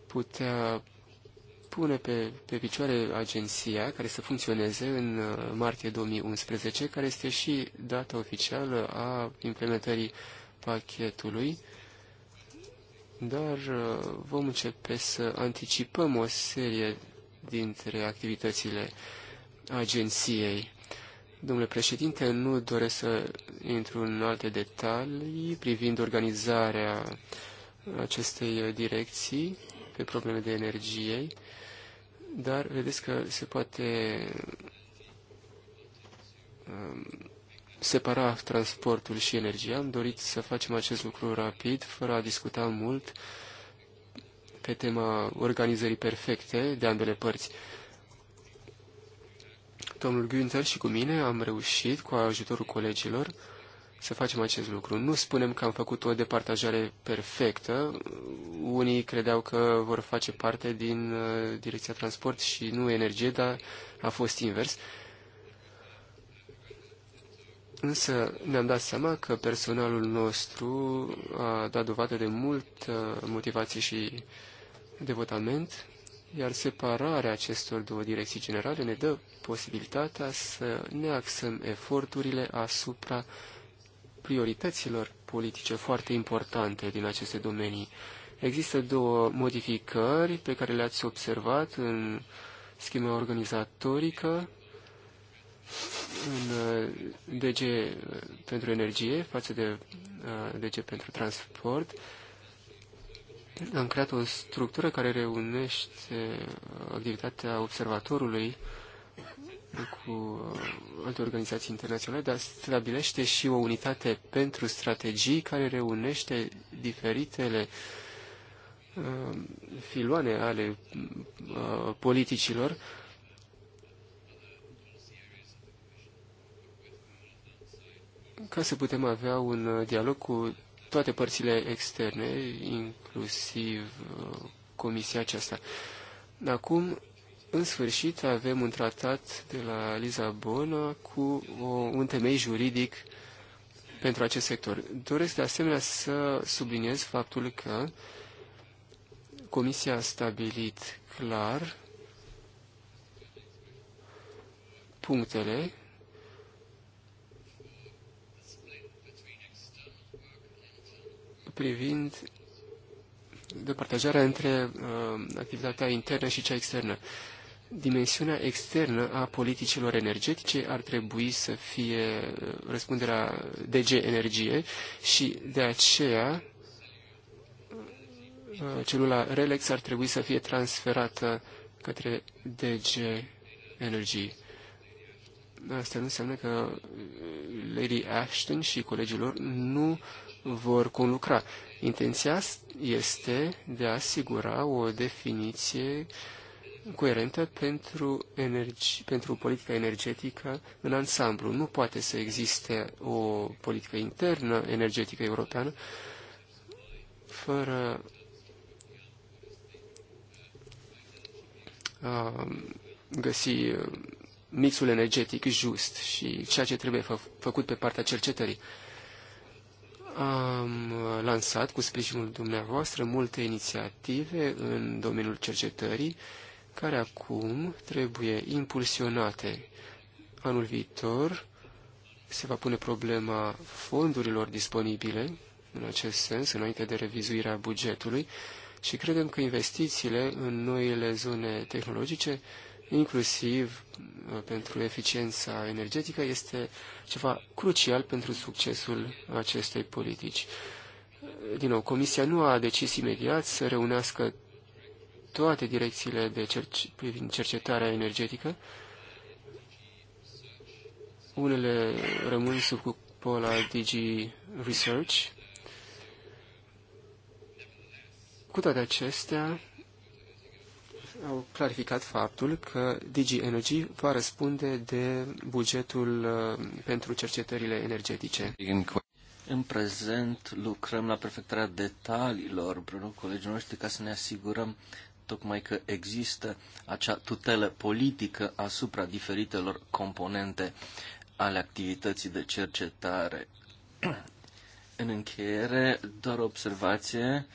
putea pune pe, pe picioare agenția care să funcționeze în uh, martie 2011, care este și data oficială a implementării pachetului, dar uh, vom începe să anticipăm o serie dintre activitățile agenției. Domnule președinte, nu doresc să intru în alte detalii privind organizarea acestei uh, direcții pe probleme de energie. Dar vedeți că se poate um, separa transportul și energia. Am dorit să facem acest lucru rapid, fără a discuta mult pe tema organizării perfecte de ambele părți. Domnul Günther și cu mine am reușit, cu ajutorul colegilor, să facem acest lucru. Nu spunem că am făcut o departajare perfectă. Unii credeau că vor face parte din uh, direcția transport și nu energie, dar a fost invers. Însă ne-am dat seama că personalul nostru a dat dovadă de mult motivație și devotament, iar separarea acestor două direcții generale ne dă posibilitatea să ne axăm eforturile asupra uh, priorităților politice foarte importante din aceste domenii. Există două modificări pe care le-ați observat în schema organizatorică, în uh, DG uh, pentru energie față de uh, DG pentru transport. Am creat o structură care reunește activitatea observatorului cu uh, alte organizații internaționale, dar stabilește și o unitate pentru strategii care reunește diferitele uh, filoane ale uh, politicilor ca să putem avea un uh, dialog cu toate părțile externe, inclusiv uh, comisia aceasta. Acum în sfârșit avem un tratat de la Lisabona cu o, un temei juridic pentru acest sector. Doresc de asemenea să subliniez faptul că Comisia a stabilit clar punctele privind departajarea între uh, activitatea internă și cea externă. Uh, dimensiunea externă a politicilor energetice ar trebui să fie uh, răspunderea DG Energie și de aceea uh, celula Relex ar trebui să fie transferată către DG Energie. Asta nu înseamnă că uh, Lady Ashton și colegii lor nu vor conlucra. Intenția este de a asigura o definiție uh, coerentă pentru, energi, pentru politica energetică în ansamblu. Nu poate să existe o politică internă energetică europeană fără a um, găsi uh, mixul energetic just și ceea ce trebuie fă, făcut pe partea cercetării. Am uh, lansat cu sprijinul dumneavoastră multe inițiative în domeniul cercetării, care acum trebuie impulsionate. Anul viitor se va pune problema fondurilor disponibile, în acest sens, înainte de revizuirea bugetului, și credem că investițiile în noile zone tehnologice, inclusiv uh, pentru eficiența energetică, este ceva crucial pentru succesul acestei politici. Din nou, Comisia nu a decis imediat să reunească toate direcțiile de cerc privind cercetarea energetică. Unele rămân sub cupola DG Research. Cu toate acestea, au clarificat faptul că DG Energy va răspunde de bugetul uh, pentru cercetările energetice. În prezent lucrăm la perfectarea detaliilor împreună cu colegii noștri ca să ne asigurăm tocmai că există acea tutelă politică asupra diferitelor componente ale activității de cercetare. (clears throat) În încheiere, doar observație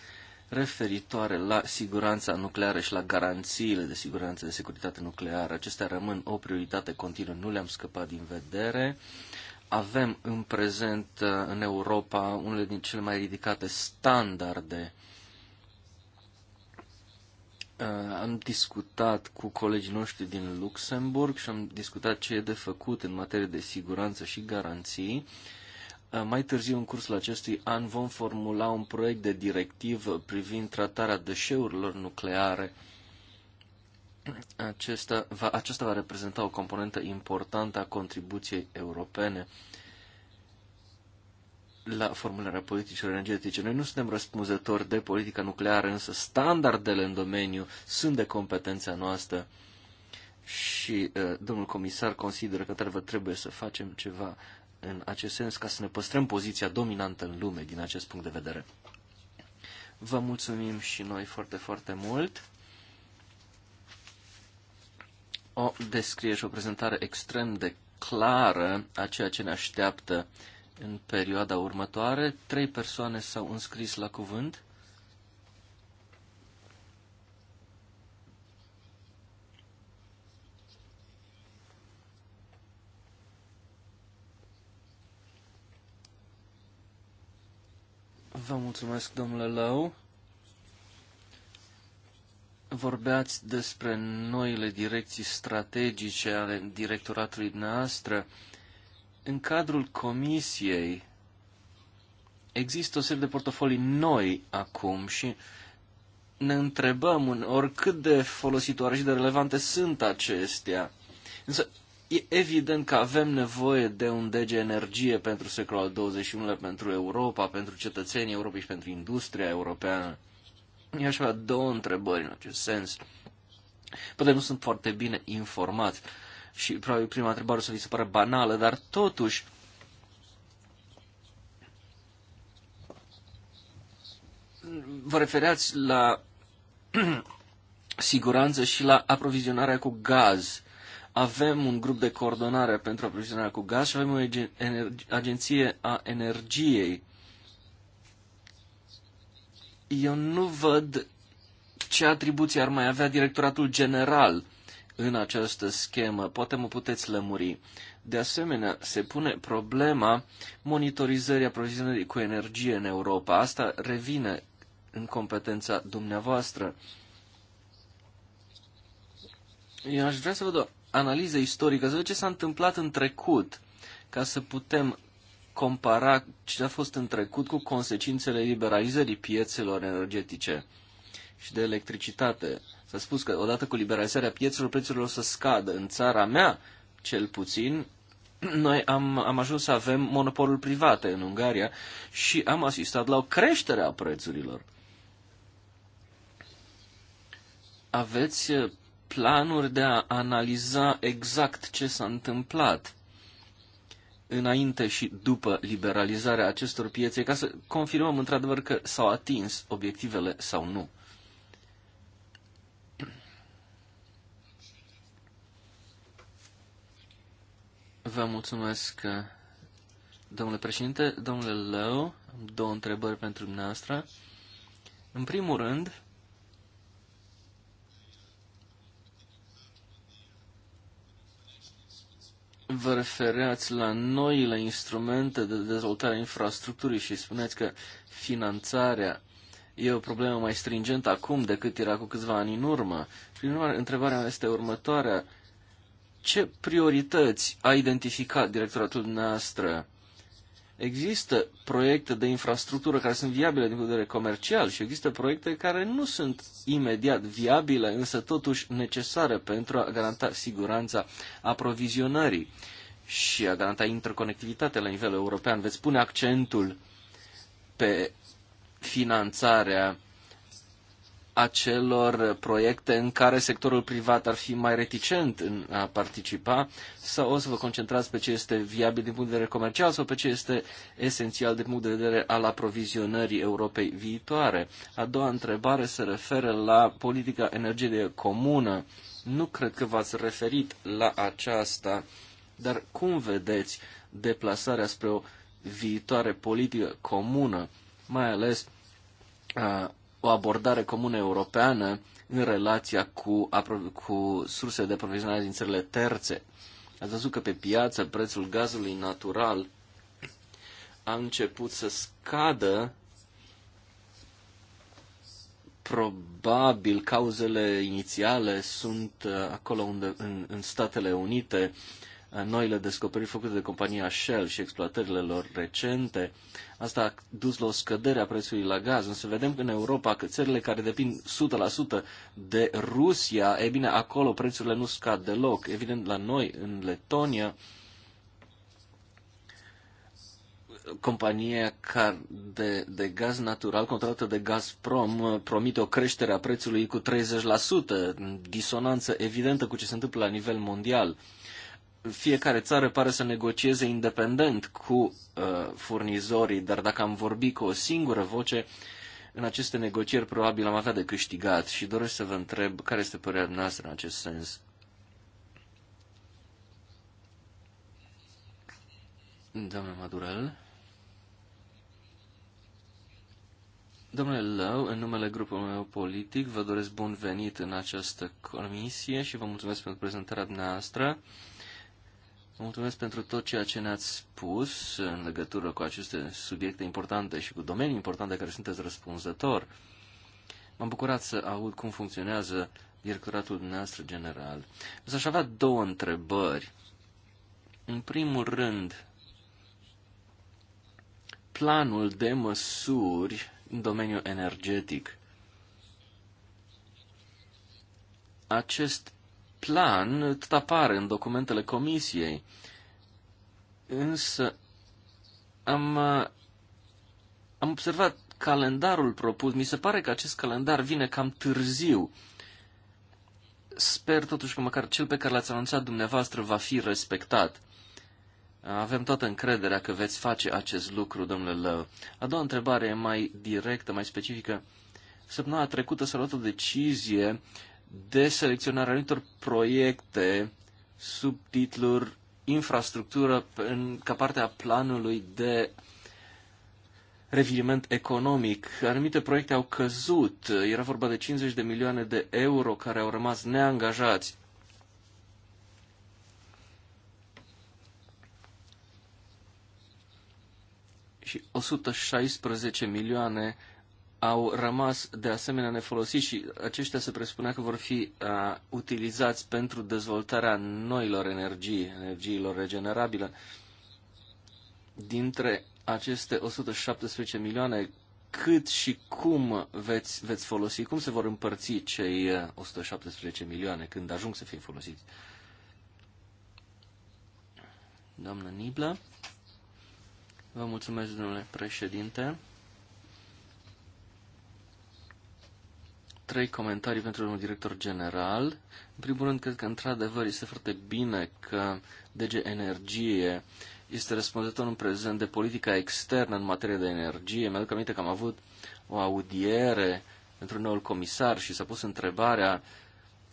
referitoare la siguranța nucleară și la garanțiile de siguranță de securitate nucleară. Acestea rămân o prioritate continuă, nu le-am scăpat din vedere. Avem în prezent uh, în Europa unele din cele mai ridicate standarde Eh, am discutat cu colegii noștri din Luxemburg și am discutat ce e de făcut în materie de siguranță și garanții. Eh, mai târziu, în cursul acestui an, vom formula un proiect de directivă privind tratarea deșeurilor nucleare. Acesta va, aceasta va reprezenta o componentă importantă a contribuției europene la formularea politicilor energetice. Noi nu suntem răspunzători de politica nucleară, însă standardele în domeniu sunt de competența noastră și uh, domnul comisar consideră că trebuie să facem ceva în acest sens ca să ne păstrăm poziția dominantă în lume din acest punct de vedere. Vă mulțumim și noi foarte, foarte mult. O descriere și o prezentare extrem de clară a ceea ce ne așteaptă în perioada următoare, trei persoane s-au înscris la cuvânt. Vă mulțumesc, domnule Lau. Vorbeați despre noile direcții strategice ale directoratului noastră în cadrul comisiei există o serie de portofolii noi acum și ne întrebăm în cât de folositoare și de relevante sunt acestea. Însă e evident că avem nevoie de un DG energie pentru secolul al xxi pentru Europa, pentru cetățenii Europei și pentru industria europeană. E așa două întrebări în acest sens. Poate nu sunt foarte bine informați și probabil prima întrebare o să vi se pară banală, dar totuși vă refereați la (clears throat) siguranță și la aprovizionarea cu gaz. Avem un grup de coordonare pentru aprovizionarea cu gaz și avem o agenție a energiei. Eu nu văd ce atribuții ar mai avea directoratul general în această schemă? Poate mă puteți lămuri. De asemenea, se pune problema monitorizării aprovizionării cu energie în Europa. Asta revine în competența dumneavoastră. Eu aș vrea să văd o analiză istorică, să văd ce s-a întâmplat în trecut, ca să putem compara ce a fost în trecut cu consecințele liberalizării piețelor energetice și de electricitate. S-a spus că odată cu liberalizarea piețelor, prețurile o să scadă. În țara mea, cel puțin, (clears throat) noi am, am ajuns să avem monopolul private în Ungaria și am asistat la o creștere a prețurilor. Aveți uh, planuri de a analiza exact ce s-a întâmplat înainte și după liberalizarea acestor piețe ca să confirmăm într-adevăr că s-au atins obiectivele sau nu. Vă mulțumesc, domnule președinte. Domnule Leu, am două întrebări pentru dumneavoastră. În primul rând, vă refereați la noile instrumente de dezvoltare a infrastructurii și spuneți că finanțarea e o problemă mai stringentă acum decât era cu câțiva ani în urmă. Prin urmare, întrebarea este următoarea. Ce priorități a identificat directoratul dumneavoastră? Există proiecte de infrastructură care sunt viabile din punct de vedere comercial și există proiecte care nu sunt imediat viabile, însă totuși necesare pentru a garanta siguranța aprovizionării și a garanta interconectivitatea la nivel european. Veți pune accentul pe finanțarea acelor proiecte în care sectorul privat ar fi mai reticent în a participa sau o să vă concentrați pe ce este viabil din punct de vedere comercial sau pe ce este esențial din punct de vedere al aprovizionării Europei viitoare. A doua întrebare se referă la politica energetică comună. Nu cred că v-ați referit la aceasta, dar cum vedeți deplasarea spre o viitoare politică comună, mai ales a, o abordare comună europeană în relația cu, cu sursele de aprovizionare din țările terțe. Ați văzut că pe piață prețul gazului natural a început să scadă probabil cauzele inițiale sunt uh, acolo unde, în, în Statele Unite, uh, noile descoperiri făcute de compania Shell și exploatările lor recente. Asta a dus la o scădere a prețului la gaz, însă vedem că în Europa că țările care depind 100% de Rusia, e bine, acolo prețurile nu scad deloc. Evident, la noi, în Letonia, compania de, de gaz natural contractă de Gazprom promite o creștere a prețului cu 30%, disonanță evidentă cu ce se întâmplă la nivel mondial fiecare țară pare să negocieze independent cu uh, furnizorii, dar dacă am vorbi cu o singură voce, în aceste negocieri probabil am avea de câștigat și doresc să vă întreb care este părerea noastră în acest sens. Doamna Madurel. Domnule Lău, în numele grupului meu politic, vă doresc bun venit în această comisie și vă mulțumesc pentru prezentarea dumneavoastră mulțumesc pentru tot ceea ce ne-ați spus în legătură cu aceste subiecte importante și cu domenii importante care sunteți răspunzător. M-am bucurat să aud cum funcționează directoratul dumneavoastră general. Însă aș avea două întrebări. În primul rând, planul de măsuri în domeniul energetic. Acest plan tot apare în documentele comisiei. Însă am, am observat calendarul propus. Mi se pare că acest calendar vine cam târziu. Sper totuși că măcar cel pe care l-ați anunțat dumneavoastră va fi respectat. Avem toată încrederea că veți face acest lucru, domnule Lău. A doua întrebare e mai directă, mai specifică. Săptămâna trecută s-a luat o decizie de selecționarea anumitor proiecte sub titluri infrastructură în, ca parte a planului de reviriment economic. Anumite proiecte au căzut. Era vorba de 50 de milioane de euro care au rămas neangajați. Și 116 milioane au rămas de asemenea nefolosiți și aceștia se presupunea că vor fi uh, utilizați pentru dezvoltarea noilor energii, energiilor regenerabile. Dintre aceste 117 milioane, cât și cum veți, veți folosi, cum se vor împărți cei 117 uh, milioane când ajung să fie folosiți? Doamnă Nibla, vă mulțumesc, domnule președinte. trei comentarii pentru un director general. În primul rând, cred că într-adevăr este foarte bine că DG Energie este răspunzător în prezent de politica externă în materie de energie. Mi-aduc aminte că am avut o audiere pentru noul comisar și s-a pus întrebarea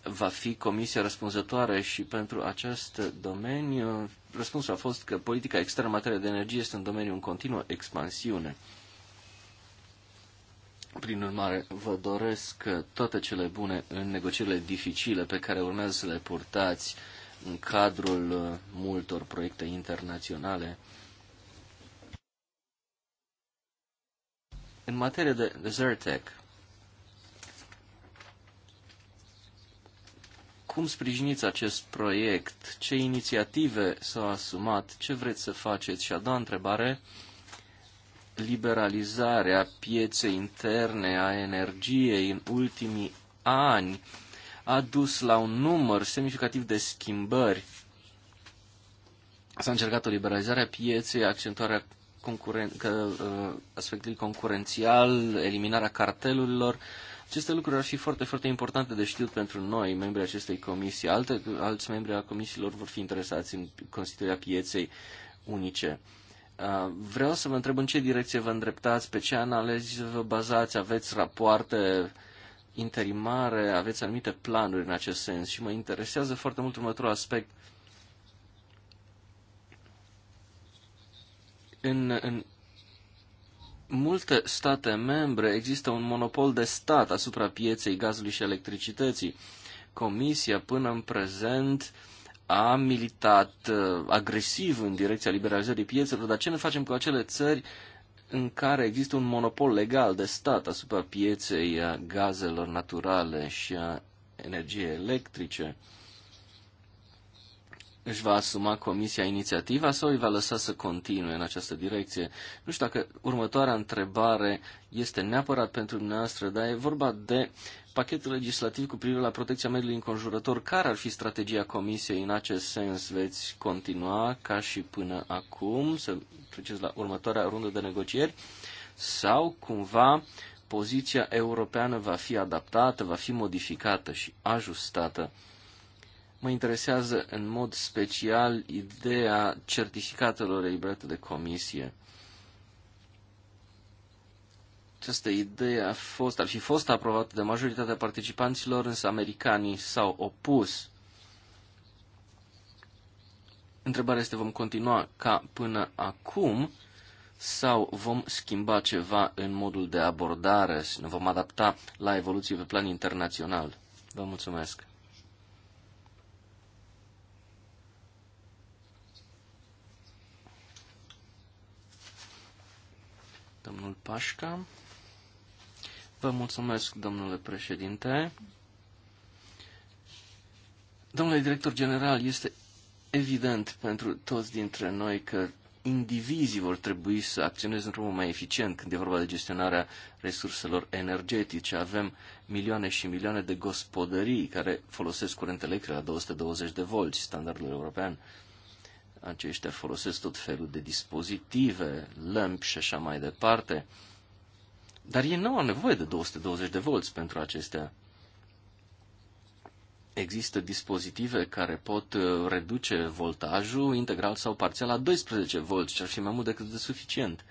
va fi comisia răspunzătoare și pentru acest domeniu. Răspunsul a fost că politica externă în materie de energie este un domeniu în continuă expansiune. Prin urmare, vă doresc toate cele bune în negocierile dificile pe care urmează să le purtați în cadrul uh, multor proiecte internaționale. În materie de Zertec, cum sprijiniți acest proiect? Ce inițiative s-au asumat? Ce vreți să faceți? Și a doua întrebare, uh, liberalizarea pieței interne a energiei în ultimii ani a dus la un număr semnificativ de schimbări. S-a încercat o liberalizare a pieței, accentuarea concuren- că, uh, aspectului concurențial, eliminarea cartelurilor. Aceste lucruri ar fi foarte, foarte importante de știut pentru noi, membrii acestei comisii. Alte, alți membri a comisiilor vor fi interesați în constituirea pieței unice. Uh, vreau să vă întreb în ce direcție vă îndreptați, pe ce analizi vă bazați, aveți rapoarte interimare, aveți anumite planuri în acest sens și mă interesează foarte mult următorul aspect. În, în multe state membre există un monopol de stat asupra pieței gazului și electricității. Comisia până în prezent uh, a militat uh, agresiv în direcția liberalizării piețelor, dar ce ne facem cu acele țări în care există un monopol legal de stat asupra pieței a gazelor naturale și a energiei electrice? Își va asuma Comisia inițiativa sau îi va lăsa să continue în această direcție? Nu știu dacă următoarea întrebare este neapărat pentru dumneavoastră, dar e vorba de pachet legislativ cu privire la protecția mediului înconjurător, care ar fi strategia Comisiei în acest sens? Veți continua ca și până acum să treceți la următoarea rundă de negocieri? Sau cumva poziția europeană va fi adaptată, va fi modificată și ajustată? Mă interesează în mod special ideea certificatelor eliberate de comisie. Această idee a fost, ar fi fost aprobată de majoritatea participanților, însă americanii s-au opus. Întrebarea este, vom continua ca până acum sau vom schimba ceva în modul de abordare, ne vom adapta la evoluție pe plan internațional? Vă mulțumesc! Domnul Pașca. Vă mulțumesc, domnule președinte. Domnule director general, este evident pentru toți dintre noi că indivizii vor trebui să acționeze într-un mod mai eficient când e vorba de gestionarea resurselor energetice. Avem milioane și milioane de gospodării care folosesc curent electric la 220 de volți, standardul european. Aceștia folosesc tot felul de dispozitive, lămpi și așa mai departe. Dar ei nu au nevoie de 220 de volți pentru acestea. Există dispozitive care pot uh, reduce voltajul integral sau parțial la 12 volți, ce ar fi mai mult decât de suficient.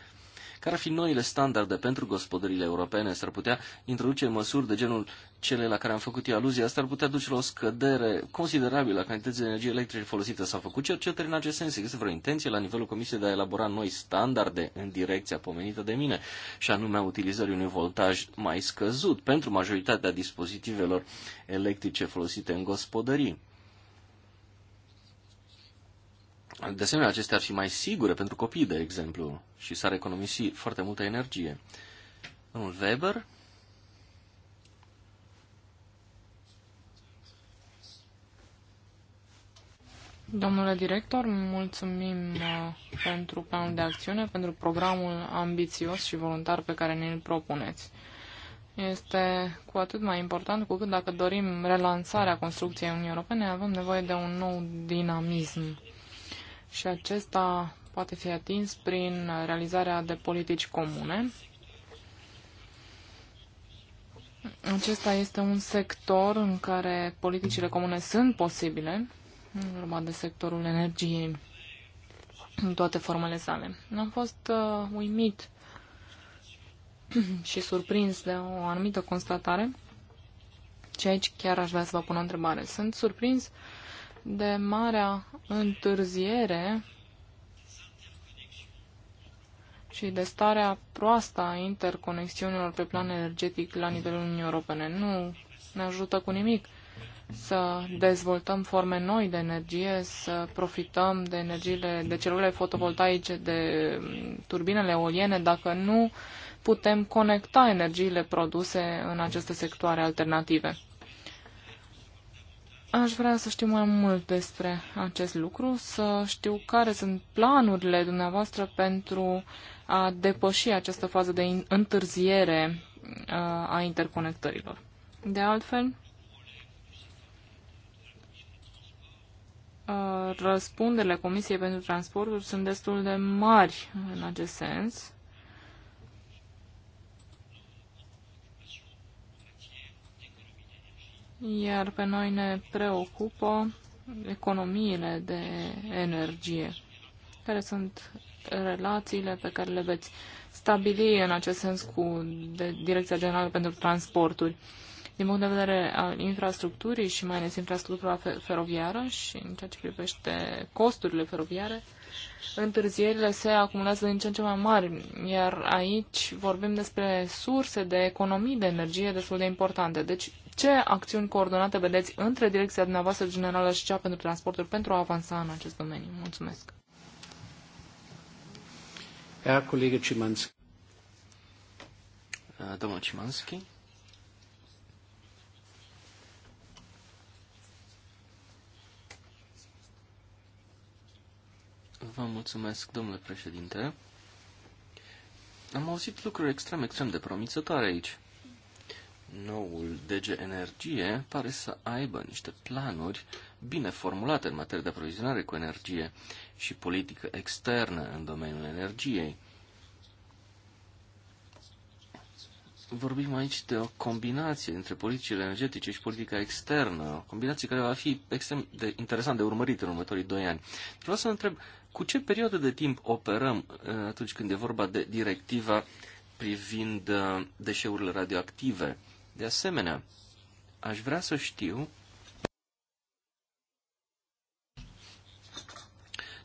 Care ar fi noile standarde pentru gospodările europene? S-ar putea introduce măsuri de genul cele la care am făcut eu aluzie. Asta ar putea duce la o scădere considerabilă a cantității de energie electrică folosită. S-au făcut cercetări în acest sens. Există vreo intenție la nivelul Comisiei de a elabora noi standarde în direcția pomenită de mine, și anume a utilizării unui voltaj mai scăzut pentru majoritatea dispozitivelor electrice folosite în gospodării. De asemenea, acestea ar fi mai sigure pentru copii, de exemplu, și s-ar economisi foarte multă energie. Domnul Weber? Domnule director, mulțumim uh, pentru planul de acțiune, pentru programul ambițios și voluntar pe care ne-l propuneți. Este cu atât mai important cu cât dacă dorim relansarea construcției Uniunii Europene, avem nevoie de un nou dinamism și acesta poate fi atins prin realizarea de politici comune. Acesta este un sector în care politicile comune sunt posibile, în urma de sectorul energiei în toate formele sale. Am fost uh, uimit și surprins de o anumită constatare și aici chiar aș vrea să vă pun o întrebare. Sunt surprins uh, de marea întârziere și de starea proastă a interconexiunilor pe plan energetic la nivelul Uniunii Europene. Nu ne ajută cu nimic să dezvoltăm forme noi de energie, să profităm de energiile, de celulele fotovoltaice, de mm, turbinele eoliene, dacă nu putem conecta energiile produse în aceste sectoare alternative. Aș vrea să știu mai mult despre acest lucru, să știu care sunt planurile dumneavoastră pentru a depăși această fază de întârziere uh, a interconectărilor. De altfel, uh, răspunderile Comisiei pentru Transporturi sunt destul de mari în acest sens iar pe noi ne preocupă economiile de energie, care sunt relațiile pe care le veți stabili în acest sens cu Direcția Generală pentru Transporturi. Din punct de vedere al infrastructurii și mai ales infrastructura feroviară și în ceea ce privește costurile feroviare, întârzierile se acumulează din ce în ce mai mari, iar aici vorbim despre surse de economii de energie destul de importante. Deci, ce acțiuni coordonate vedeți între direcția dumneavoastră generală și cea pentru transporturi pentru a avansa în acest domeniu? Mulțumesc. Herr Kollege Cimanski. Domnul Cimanski. Vă mulțumesc, domnule președinte. Am auzit lucruri extrem, extrem de promițătoare aici. Noul DG Energie pare să aibă niște planuri bine formulate în materie de aprovizionare cu energie și politică externă în domeniul energiei. Vorbim aici de o combinație între politicile energetice și politica externă, o combinație care va fi extrem de interesant de urmărit în următorii doi ani. Vreau să întreb, cu ce perioadă de timp operăm uh, atunci când e vorba de directiva privind uh, deșeurile radioactive? De asemenea, aș vrea să știu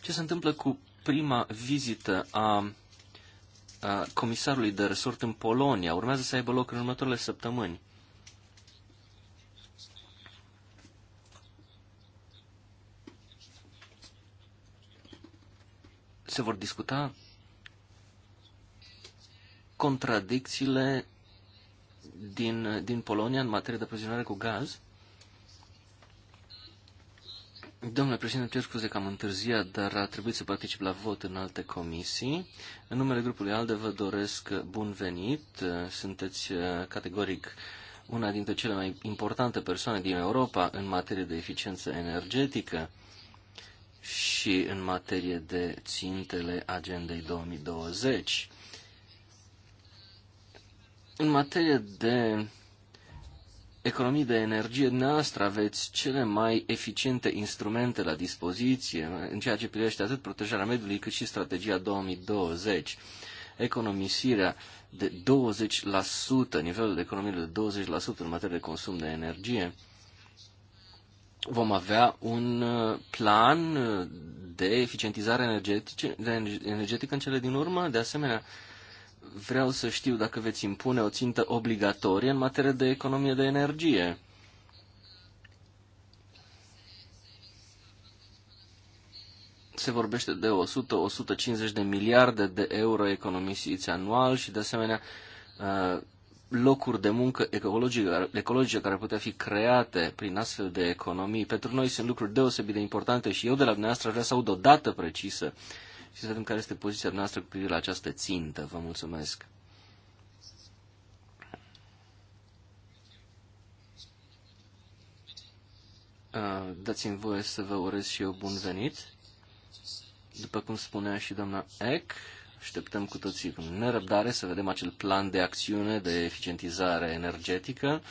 ce se întâmplă cu prima vizită a, comisarului de resort în Polonia. Urmează să aibă loc în următoarele săptămâni. se vor discuta contradicțiile din, din Polonia în materie de aprovizionare cu gaz. Domnule președinte, cer scuze că am întârziat, dar a trebuit să particip la vot în alte comisii. În numele grupului ALDE vă doresc bun venit. Sunteți uh, categoric una dintre cele mai importante persoane din Europa în materie de eficiență energetică și în materie de țintele agendei 2020. În materie de economii de energie, noastră aveți cele mai eficiente instrumente la dispoziție în ceea ce privește atât protejarea mediului cât și strategia 2020. Economisirea de 20%, nivelul de economie de 20% în materie de consum de energie, vom avea un uh, plan uh, de eficientizare energetică, de energetică în cele din urmă. De asemenea, vreau să știu dacă veți impune o țintă obligatorie în materie de economie de energie. Se vorbește de 100-150 de miliarde de euro economisiți anual și, de asemenea, uh, locuri de muncă ecologice, ecologice care putea fi create prin astfel de economii. Pentru noi sunt lucruri deosebit de importante și eu de la dumneavoastră vreau să aud o dată precisă și să vedem care este poziția noastră cu privire la această țintă. Vă mulțumesc. Uh, dați-mi voie să vă urez și eu bun venit. După cum spunea și doamna Eck, Așteptăm cu toții cu nerăbdare să vedem acel plan de acțiune de eficientizare energetică,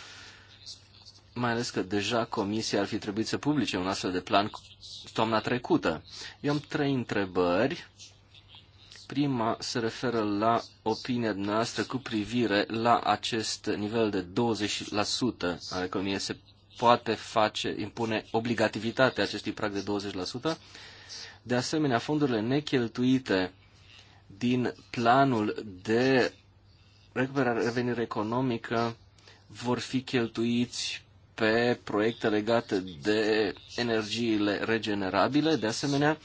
mai ales că deja Comisia ar fi trebuit să publice un astfel de plan toamna trecută. Eu am trei întrebări. Prima se referă la opinia noastră cu privire la acest nivel de 20% al economiei. Se poate face, impune obligativitatea acestui prag de 20%. De asemenea, fondurile necheltuite din planul de recuperare revenire economică vor fi cheltuiți pe proiecte legate de energiile regenerabile. De asemenea,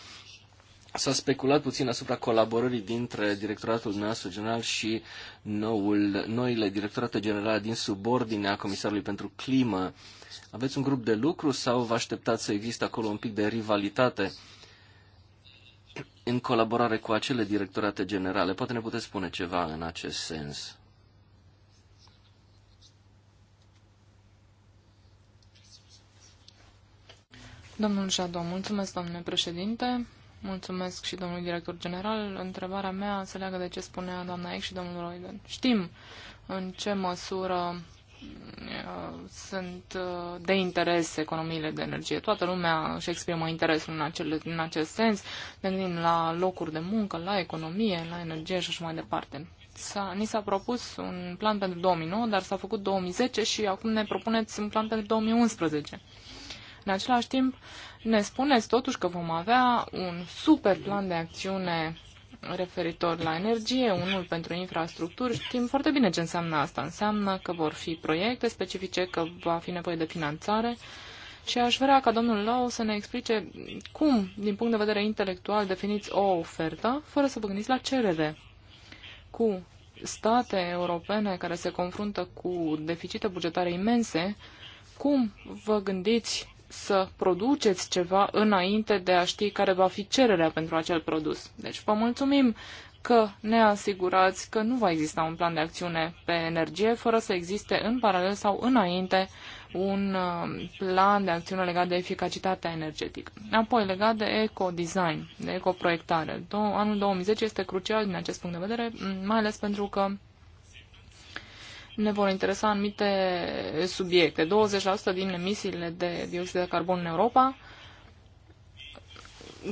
s-a speculat puțin asupra colaborării dintre directoratul nostru general și noul, noile directorate generale din subordinea Comisarului pentru Climă. Aveți un grup de lucru sau vă așteptați să există acolo un pic de rivalitate? în colaborare cu acele directorate generale. Poate ne puteți spune ceva în acest sens. Domnul Jadot, mulțumesc, domnule președinte. Mulțumesc și domnului director general. Întrebarea mea se leagă de ce spunea doamna ex și domnul Roiden. Știm în ce măsură Uh, sunt uh, de interes economiile de energie. Toată lumea își exprimă interesul în, acel, în acest sens. Ne gândim la locuri de muncă, la economie, la energie și așa mai departe. S-a, ni s-a propus un plan pentru 2009, dar s-a făcut 2010 și acum ne propuneți un plan pentru 2011. În același timp, ne spuneți totuși că vom avea un super plan de acțiune referitor la energie, unul pentru infrastructuri. Știm foarte bine ce înseamnă asta. Înseamnă că vor fi proiecte specifice, că va fi nevoie de finanțare și aș vrea ca domnul Lau să ne explice cum, din punct de vedere intelectual, definiți o ofertă fără să vă gândiți la cerere. Cu state europene care se confruntă cu deficite bugetare imense, cum vă gândiți să produceți ceva înainte de a ști care va fi cererea pentru acel produs. Deci vă mulțumim că ne asigurați că nu va exista un plan de acțiune pe energie fără să existe în paralel sau înainte un um, plan de acțiune legat de eficacitatea energetică. Apoi, legat de eco-design, de eco-proiectare. Anul 2010 este crucial din acest punct de vedere, mai ales pentru că ne vor interesa anumite subiecte. 20% din emisiile de dioxid de carbon în Europa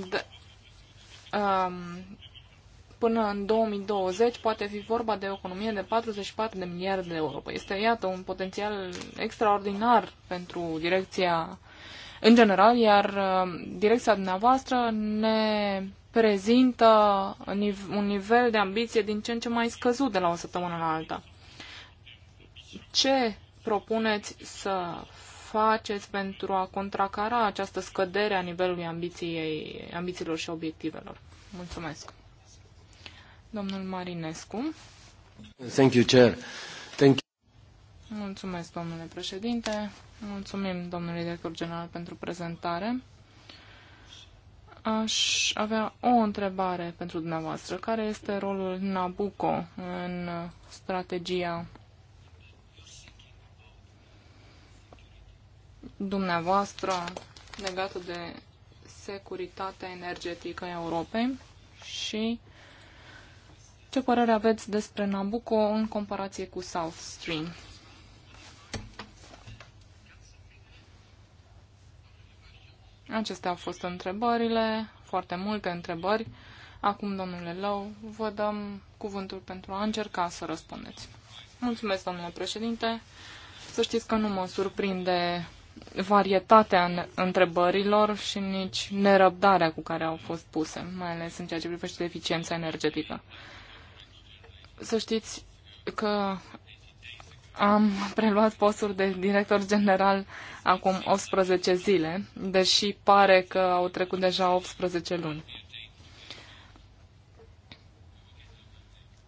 de, da. um, până în 2020 poate fi vorba de o economie de 44 de miliarde de euro. Păi este, iată, un potențial extraordinar pentru direcția în general, iar uh, direcția dumneavoastră ne prezintă un nivel de ambiție din ce în ce mai scăzut de la o săptămână la alta ce propuneți să faceți pentru a contracara această scădere a nivelului ambiției, ambițiilor și obiectivelor? Mulțumesc. Domnul Marinescu. Thank you, Chair. Thank you. Mulțumesc, domnule președinte. Mulțumim, domnule director general, pentru prezentare. Aș avea o întrebare pentru dumneavoastră. Care este rolul Nabucco în strategia dumneavoastră legată de securitatea energetică a Europei și ce părere aveți despre Nabucco în comparație cu South Stream? Acestea au fost întrebările, foarte multe întrebări. Acum, domnule Lau, vă dăm cuvântul pentru a încerca să răspundeți. Mulțumesc, domnule președinte. Să știți că nu mă surprinde varietatea în întrebărilor și nici nerăbdarea cu care au fost puse, mai ales în ceea ce privește eficiența energetică. Să știți că am preluat postul de director general acum 18 zile, deși pare că au trecut deja 18 luni.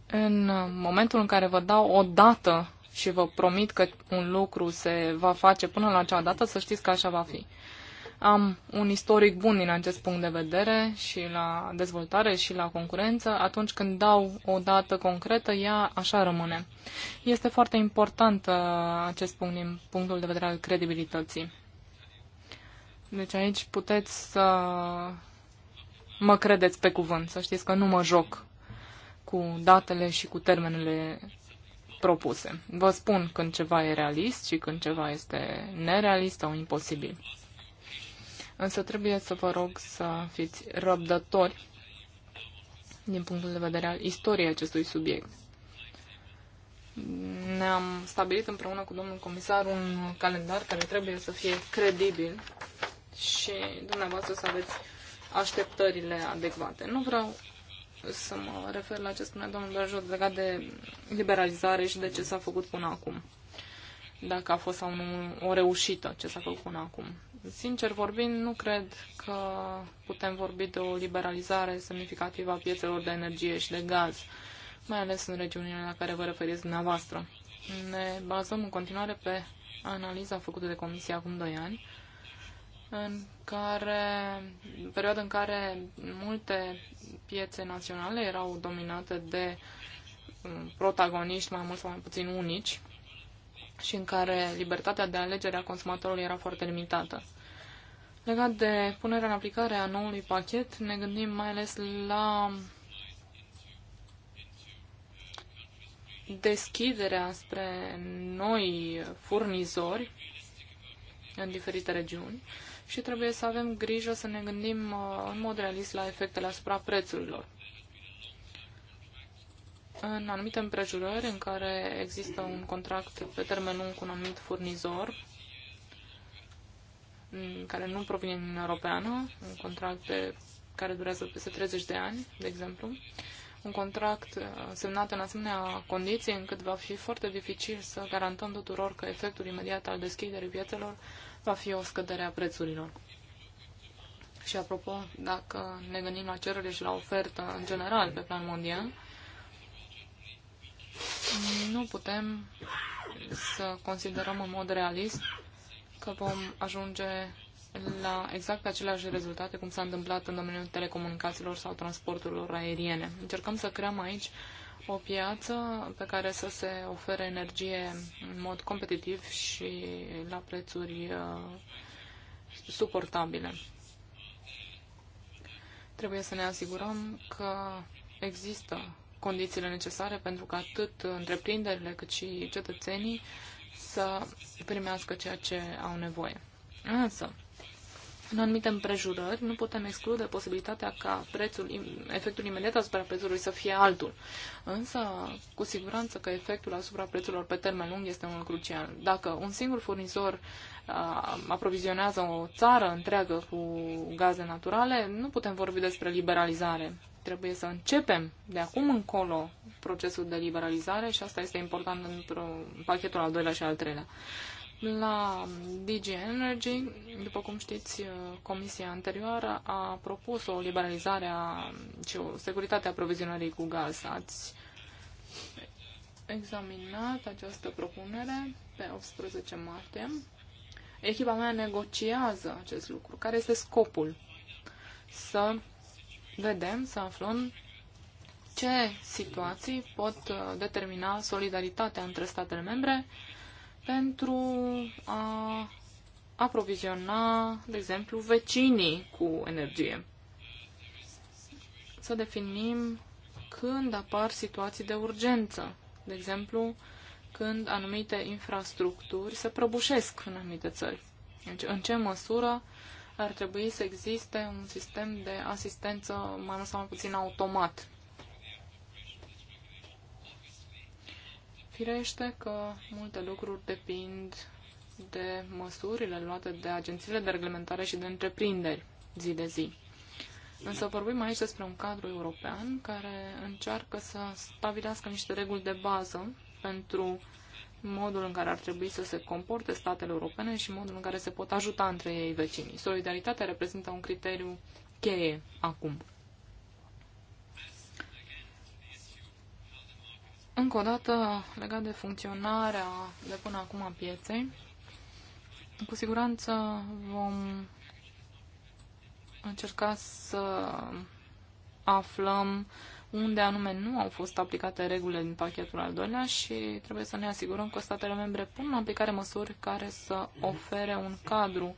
În momentul în care vă dau o dată și vă promit că un lucru se va face până la acea dată, să știți că așa va fi. Am un istoric bun din acest punct de vedere și la dezvoltare și la concurență. Atunci când dau o dată concretă, ea așa rămâne. Este foarte important uh, acest punct din punctul de vedere al credibilității. Deci aici puteți să mă credeți pe cuvânt, să știți că nu mă joc cu datele și cu termenele propuse. Vă spun când ceva e realist și când ceva este nerealist sau imposibil. Însă trebuie să vă rog să fiți răbdători din punctul de vedere al istoriei acestui subiect. Ne-am stabilit împreună cu domnul comisar un calendar care trebuie să fie credibil și dumneavoastră să aveți așteptările adecvate. Nu vreau să mă refer la ce spunea domnul Berjot legat de liberalizare și de ce s-a făcut până acum. Dacă a fost sau nu o reușită ce s-a făcut până acum. Sincer vorbind, nu cred că putem vorbi de o liberalizare semnificativă a piețelor de energie și de gaz, mai ales în regiunile la care vă referiți dumneavoastră. Ne bazăm în continuare pe analiza făcută de comisia acum 2 ani, în care, în perioada în care multe piețe naționale erau dominate de um, protagoniști mai mult sau mai puțin unici și în care libertatea de alegere a consumatorului era foarte limitată. Legat de punerea în aplicare a noului pachet, ne gândim mai ales la deschiderea spre noi furnizori în diferite regiuni și trebuie să avem grijă să ne gândim uh, în mod realist la efectele asupra prețurilor. În anumite împrejurări în care există un contract pe termen lung cu un anumit furnizor, care nu provine din Europeană, un contract de, care durează peste 30 de ani, de exemplu, un contract uh, semnat în asemenea condiții încât va fi foarte dificil să garantăm tuturor că efectul imediat al deschiderii piețelor va fi o scădere a prețurilor. Și apropo, dacă ne gândim la cerere și la ofertă în general pe plan mondial, nu putem să considerăm în mod realist că vom ajunge la exact aceleași rezultate cum s-a întâmplat în domeniul telecomunicațiilor sau transporturilor aeriene. Încercăm să creăm aici o piață pe care să se ofere energie în mod competitiv și la prețuri uh, suportabile. Trebuie să ne asigurăm că există condițiile necesare pentru că atât întreprinderile cât și cetățenii să primească ceea ce au nevoie. Însă, în anumite împrejurări, nu putem exclude posibilitatea ca prețul, efectul imediat asupra prețului să fie altul. Însă, cu siguranță că efectul asupra prețurilor pe termen lung este unul crucial. Dacă un singur furnizor aprovizionează o țară întreagă cu gaze naturale, nu putem vorbi despre liberalizare. Trebuie să începem de acum încolo procesul de liberalizare și asta este important în pachetul al doilea și al treilea. La DG Energy, după cum știți, comisia anterioară a propus o liberalizare a ce, o securitatea aprovizionării cu gaz. Ați examinat această propunere pe 18 martie. Echipa mea negociază acest lucru. Care este scopul? Să vedem, să aflăm ce situații pot determina solidaritatea între statele membre pentru a aproviziona, de exemplu, vecinii cu energie. Să definim când apar situații de urgență, de exemplu, când anumite infrastructuri se prăbușesc în anumite țări. Deci, în ce măsură ar trebui să existe un sistem de asistență mai mult sau mai puțin automat Firește că multe lucruri depind de măsurile luate de agențiile de reglementare și de întreprinderi zi de zi. Însă vorbim aici despre un cadru european care încearcă să stabilească niște reguli de bază pentru modul în care ar trebui să se comporte statele europene și modul în care se pot ajuta între ei vecinii. Solidaritatea reprezintă un criteriu cheie acum. Încă o dată, legat de funcționarea de până acum a pieței, cu siguranță vom încerca să aflăm unde anume nu au fost aplicate regulile din pachetul al doilea și trebuie să ne asigurăm că statele membre pun în aplicare măsuri care să ofere un cadru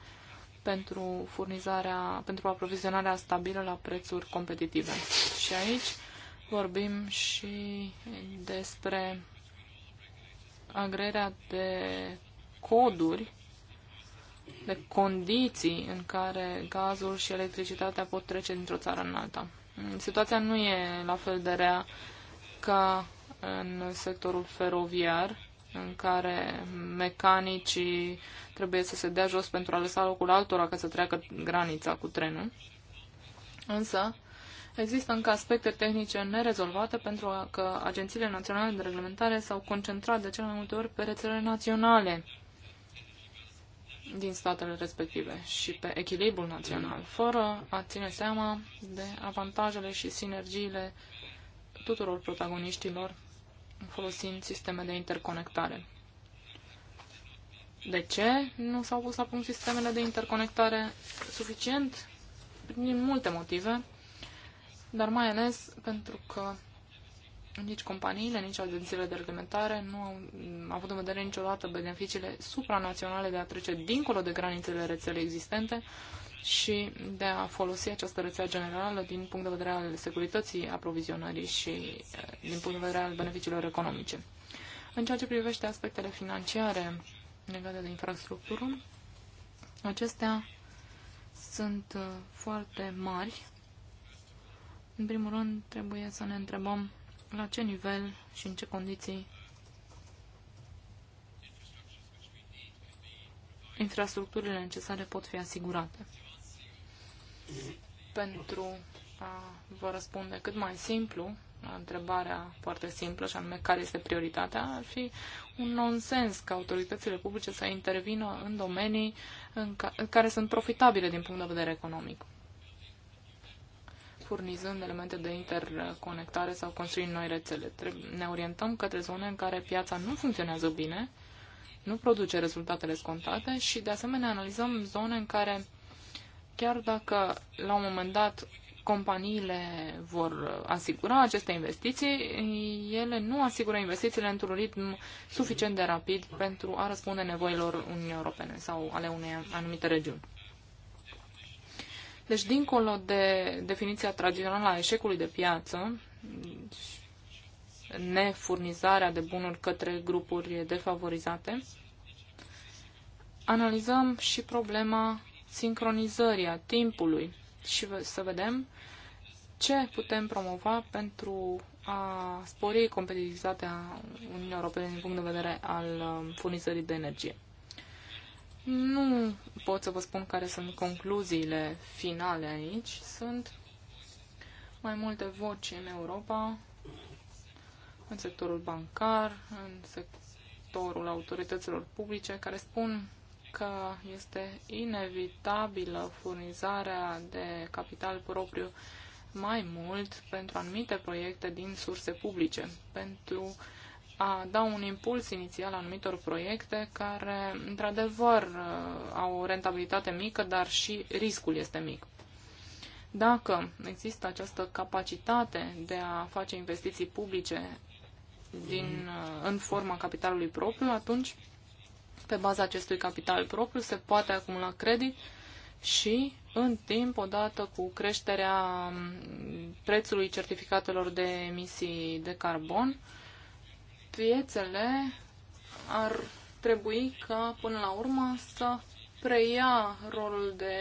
pentru furnizarea, pentru aprovizionarea stabilă la prețuri competitive. Și aici vorbim și despre agrerea de coduri, de condiții în care gazul și electricitatea pot trece dintr-o țară în alta. Situația nu e la fel de rea ca în sectorul feroviar, în care mecanicii trebuie să se dea jos pentru a lăsa locul altora ca să treacă granița cu trenul. Însă, Există încă aspecte tehnice nerezolvate pentru că agențiile naționale de reglementare s-au concentrat de cele mai multe ori pe rețelele naționale din statele respective și pe echilibrul național, fără a ține seama de avantajele și sinergiile tuturor protagoniștilor folosind sisteme de interconectare. De ce nu s-au pus la punct sistemele de interconectare suficient? Din multe motive dar mai ales pentru că nici companiile, nici agențiile de reglementare nu au mm, avut în vedere niciodată beneficiile supranaționale de a trece dincolo de granițele rețelei existente și de a folosi această rețea generală din punct de vedere al securității aprovizionării și eh, din punct de vedere al beneficiilor economice. În ceea ce privește aspectele financiare legate de infrastructură, acestea sunt eh, foarte mari în primul rând, trebuie să ne întrebăm la ce nivel și în ce condiții infrastructurile necesare pot fi asigurate. Pentru a vă răspunde cât mai simplu la întrebarea foarte simplă, și anume care este prioritatea, ar fi un nonsens ca autoritățile publice să intervină în domenii în care sunt profitabile din punct de vedere economic furnizând elemente de interconectare sau construind noi rețele. Ne orientăm către zone în care piața nu funcționează bine, nu produce rezultatele scontate și, de asemenea, analizăm zone în care, chiar dacă la un moment dat companiile vor asigura aceste investiții, ele nu asigură investițiile într-un ritm suficient de rapid pentru a răspunde nevoilor Uniunii Europene sau ale unei anumite regiuni. Deci, dincolo de definiția tradițională a eșecului de piață, nefurnizarea de bunuri către grupuri defavorizate, analizăm și problema sincronizării a timpului și să vedem ce putem promova pentru a spori competitivitatea Uniunii Europene din punct de vedere al um, furnizării de energie. Nu pot să vă spun care sunt concluziile finale aici. Sunt mai multe voci în Europa, în sectorul bancar, în sectorul autorităților publice, care spun că este inevitabilă furnizarea de capital propriu mai mult pentru anumite proiecte din surse publice, pentru uh, a da un impuls inițial anumitor proiecte care, într-adevăr, uh, au o rentabilitate mică, dar și riscul este mic. Dacă există această capacitate de a face investiții publice din, uh, în forma capitalului propriu, atunci, pe baza acestui capital propriu, se poate acumula credit și, în timp, odată cu creșterea um, prețului certificatelor de emisii de carbon, piețele ar trebui ca, până la urmă, să preia rolul de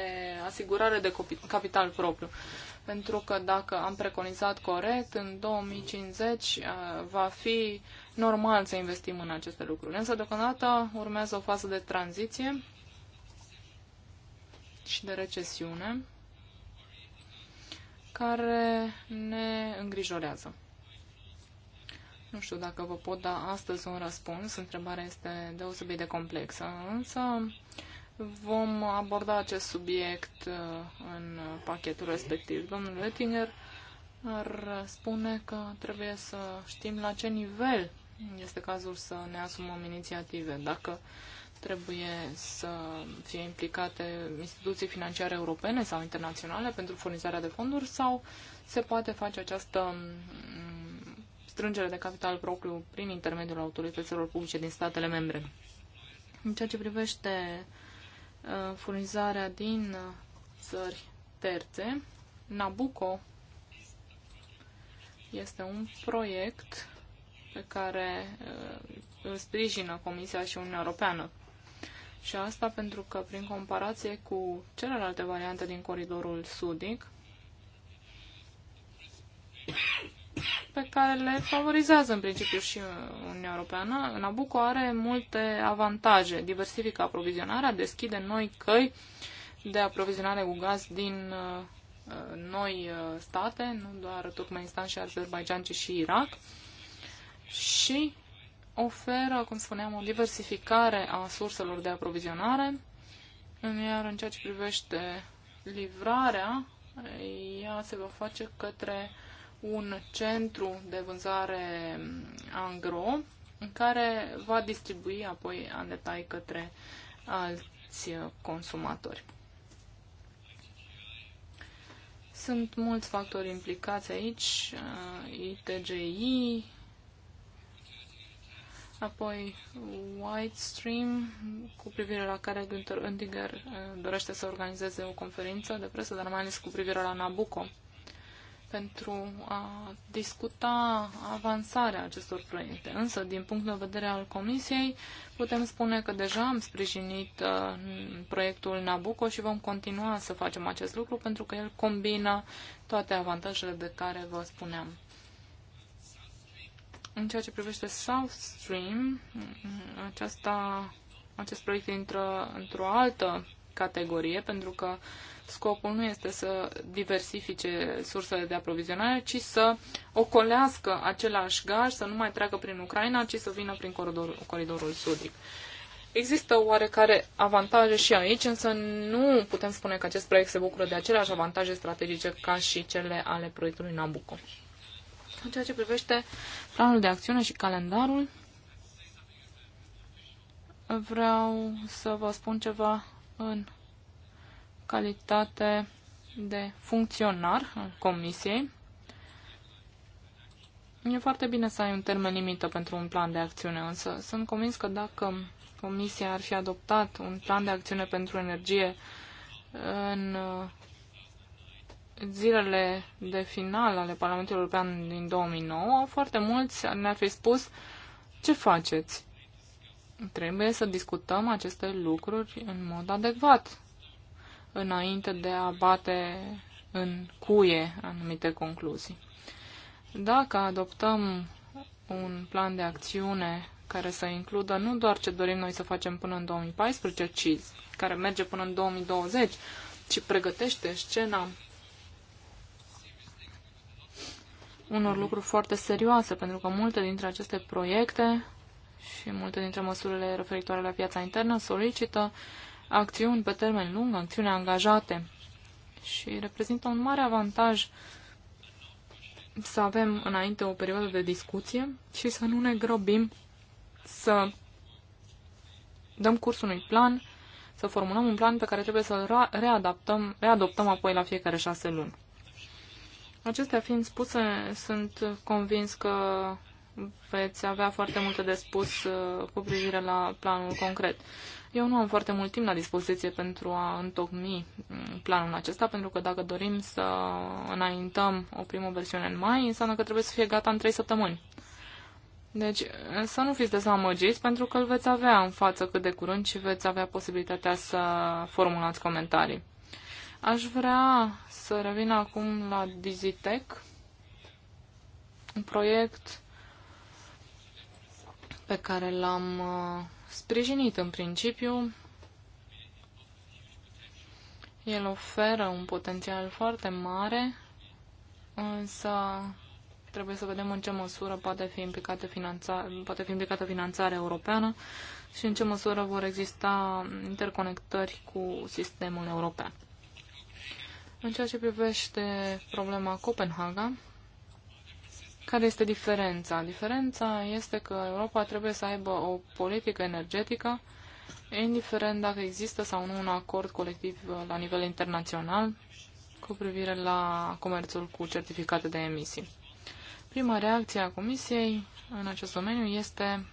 asigurare de capital propriu. Pentru că dacă am preconizat corect, în 2050 uh, va fi normal să investim în aceste lucruri. Însă, deocamdată, urmează o fază de tranziție și de recesiune care ne îngrijorează. Nu știu dacă vă pot da astăzi un răspuns. Întrebarea este deosebit de complexă, însă vom aborda acest subiect uh, în pachetul respectiv. Domnul Oettinger ar spune că trebuie să știm la ce nivel este cazul să ne asumăm inițiative. Dacă trebuie să fie implicate instituții financiare europene sau internaționale pentru furnizarea de fonduri sau se poate face această strângere de capital propriu prin intermediul autorităților publice din statele membre. În ceea ce privește uh, furnizarea din uh, țări terțe, Nabucco este un proiect pe care uh, îl sprijină Comisia și Uniunea Europeană. Și asta pentru că, prin comparație cu celelalte variante din coridorul sudic, pe care le favorizează în principiu și Uniunea Europeană. Nabucco are multe avantaje. Diversifică aprovizionarea, deschide noi căi de aprovizionare cu gaz din uh, noi uh, state, nu doar Turkmenistan și Azerbaijan, ci și Irak. Și oferă, cum spuneam, o diversificare a surselor de aprovizionare, iar în ceea ce privește livrarea, ea se va face către un centru de vânzare angro în care va distribui apoi în detai către alți consumatori. Sunt mulți factori implicați aici, ITGI, uh, apoi White Stream, cu privire la care Günther Oettinger uh, dorește să organizeze o conferință de presă, dar mai ales cu privire la Nabucco pentru a discuta avansarea acestor proiecte. Însă, din punct de vedere al Comisiei, putem spune că deja am sprijinit uh, proiectul Nabucco și vom continua să facem acest lucru pentru că el combină toate avantajele de care vă spuneam. În ceea ce privește South Stream, aceasta, acest proiect intră într-o altă categorie pentru că uh, Scopul nu este să diversifice sursele de aprovizionare, ci să ocolească același gaz, să nu mai treacă prin Ucraina, ci să vină prin coridorul, coridorul sudic. Există oarecare avantaje și aici, însă nu putem spune că acest proiect se bucură de aceleași avantaje strategice ca și cele ale proiectului Nabucco. În ceea ce privește planul de acțiune și calendarul, vreau să vă spun ceva în calitate de funcționar al Comisiei, e foarte bine să ai un termen limită pentru un plan de acțiune, însă sunt convins că dacă Comisia ar fi adoptat un plan de acțiune pentru energie în uh, zilele de final ale Parlamentului European din 2009, foarte mulți ne-ar fi spus ce faceți? Trebuie să discutăm aceste lucruri în mod adecvat înainte de a bate în cuie anumite concluzii. Dacă adoptăm un plan de acțiune care să includă nu doar ce dorim noi să facem până în 2014, ci care merge până în 2020, ci pregătește scena unor lucruri foarte serioase, pentru că multe dintre aceste proiecte și multe dintre măsurile referitoare la piața internă solicită uh, acțiuni pe termen lung, acțiuni angajate și reprezintă un mare avantaj să avem înainte o perioadă de discuție și să nu ne grăbim să dăm curs unui plan, să formulăm un plan pe care trebuie să-l readaptăm, readoptăm apoi la fiecare șase luni. Acestea fiind spuse, sunt convins că veți avea foarte multe de spus uh, cu privire la planul concret. Eu nu am foarte mult timp la dispoziție pentru a întocmi mm, planul acesta, pentru că dacă dorim să înaintăm o primă versiune în mai, înseamnă că trebuie să fie gata în 3 săptămâni. Deci eh, să nu fiți dezamăgiți, pentru că îl veți avea în față cât de curând și veți avea posibilitatea să formulați comentarii. Aș vrea să revin acum la Dizitec, un proiect pe care l-am eh, sprijinit în principiu. El oferă un potențial foarte mare, însă trebuie să vedem în ce măsură poate fi implicată, finanța, poate fi implicată finanțarea europeană și în ce măsură vor exista interconectări cu sistemul european. În ceea ce privește problema Copenhaga, care este diferența? Diferența este că Europa trebuie să aibă o politică energetică, indiferent dacă există sau nu un acord colectiv uh, la nivel internațional cu privire la comerțul cu certificate de emisii. Prima reacție a Comisiei în acest domeniu este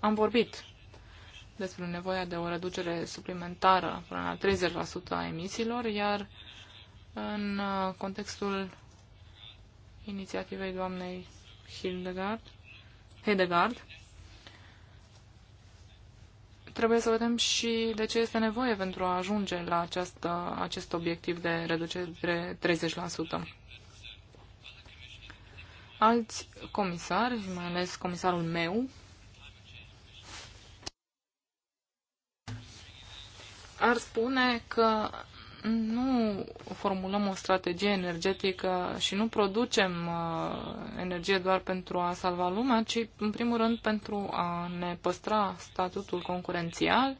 am vorbit despre nevoia de o reducere suplimentară până la 30% a emisiilor, iar în uh, contextul inițiativei doamnei Hildegard, Hedegard. Trebuie să vedem și de ce este nevoie pentru a ajunge la această, acest obiectiv de reducere de 30%. Alți comisari, mai ales comisarul meu, ar spune că nu formulăm o strategie energetică și nu producem uh, energie doar pentru a salva lumea, ci în primul rând pentru a ne păstra statutul concurențial,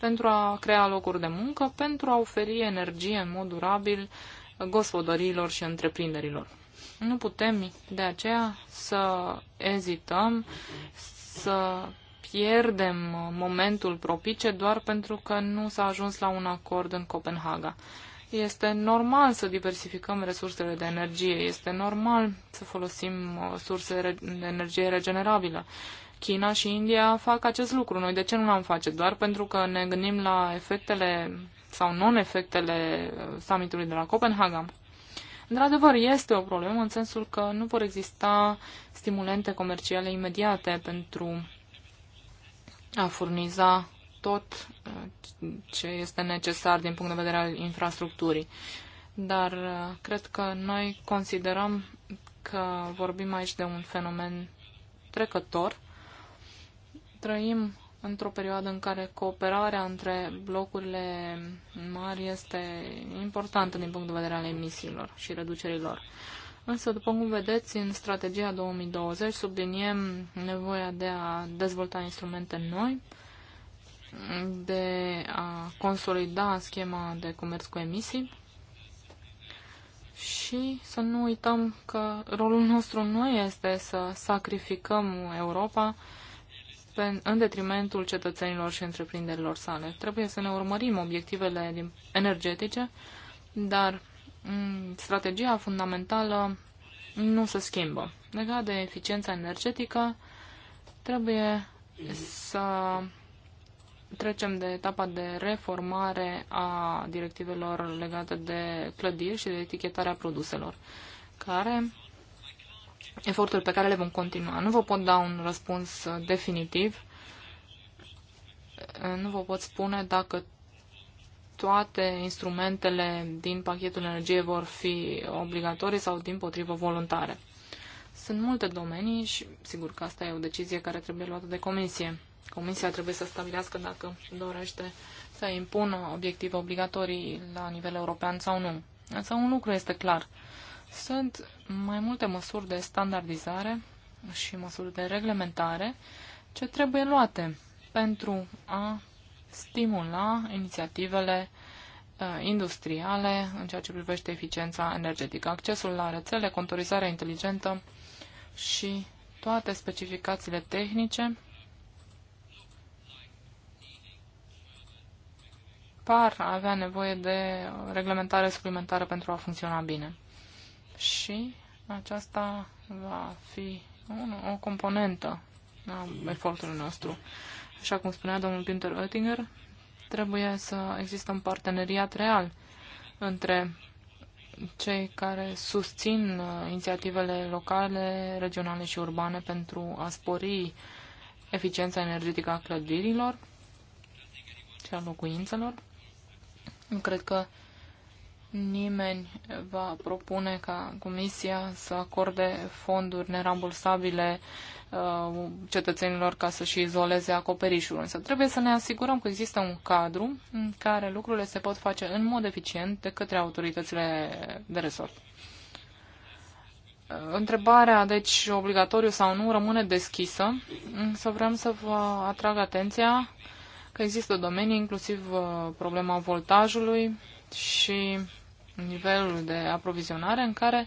pentru a crea locuri de muncă, pentru a oferi energie în mod durabil gospodăriilor și întreprinderilor. Nu putem de aceea să ezităm să pierdem momentul propice doar pentru că nu s-a ajuns la un acord în Copenhaga. Este normal să diversificăm resursele de energie, este normal să folosim uh, surse de energie regenerabilă. China și India fac acest lucru. Noi de ce nu l-am face? Doar pentru că ne gândim la efectele sau non-efectele uh, summitului de la Copenhaga. Într-adevăr, este o problemă în sensul că nu vor exista stimulente comerciale imediate pentru a furniza tot uh, ce este necesar din punct de vedere al infrastructurii. Dar uh, cred că noi considerăm că vorbim aici de un fenomen trecător. Trăim într-o perioadă în care cooperarea între blocurile mari este importantă din punct de vedere al emisiilor și reducerilor. lor. Însă, după cum vedeți, în strategia 2020 subliniem nevoia de a dezvolta instrumente noi, de a consolida schema de comerț cu emisii și să nu uităm că rolul nostru nu este să sacrificăm Europa în detrimentul cetățenilor și întreprinderilor sale. Trebuie să ne urmărim obiectivele energetice, dar Mm, strategia fundamentală nu se schimbă. Legat de eficiența energetică, trebuie să trecem de etapa de reformare a directivelor legate de clădiri și de etichetarea produselor, care eforturi pe care le vom continua. Nu vă pot da un răspuns definitiv, nu vă pot spune dacă toate instrumentele din pachetul energie vor fi obligatorii sau din potrivă voluntare. Sunt multe domenii și sigur că asta e o decizie care trebuie luată de comisie. Comisia trebuie să stabilească dacă dorește să impună obiective obligatorii la nivel european sau nu. Însă un lucru este clar. Sunt mai multe măsuri de standardizare și măsuri de reglementare ce trebuie luate pentru a stimula inițiativele uh, industriale în ceea ce privește eficiența energetică, accesul la rețele, contorizarea inteligentă și toate specificațiile tehnice par avea nevoie de reglementare suplimentară pentru a funcționa bine. Și aceasta va fi o componentă a efortului nostru așa cum spunea domnul Günther Oettinger, trebuie să există un parteneriat real între cei care susțin uh, inițiativele locale, regionale și urbane pentru a spori eficiența energetică a clădirilor și a locuințelor. Nu cred că nimeni va propune ca Comisia să acorde fonduri nerambursabile Uh, cetățenilor ca să-și izoleze acoperișul. Însă trebuie să ne asigurăm că există un cadru în care lucrurile se pot face în mod eficient de către autoritățile de resort. Uh, întrebarea, deci, obligatoriu sau nu, rămâne deschisă, Să vreau să vă atrag atenția că există domenii, inclusiv uh, problema voltajului și nivelul de aprovizionare, în care uh,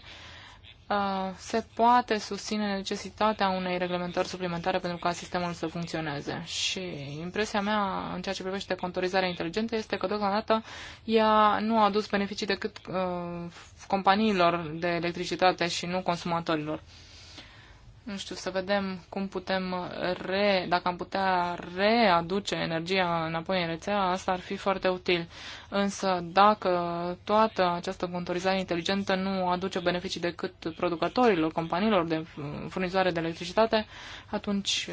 Uh, se poate susține necesitatea unei reglementări suplimentare pentru ca sistemul să funcționeze. Și impresia mea în ceea ce privește contorizarea inteligentă este că deocamdată ea nu a adus beneficii decât uh, companiilor de electricitate și nu consumatorilor nu știu, să vedem cum putem re, dacă am putea readuce energia înapoi în rețea, asta ar fi foarte util. Însă dacă toată această contorizare inteligentă nu aduce beneficii decât producătorilor, companiilor de furnizoare de electricitate, atunci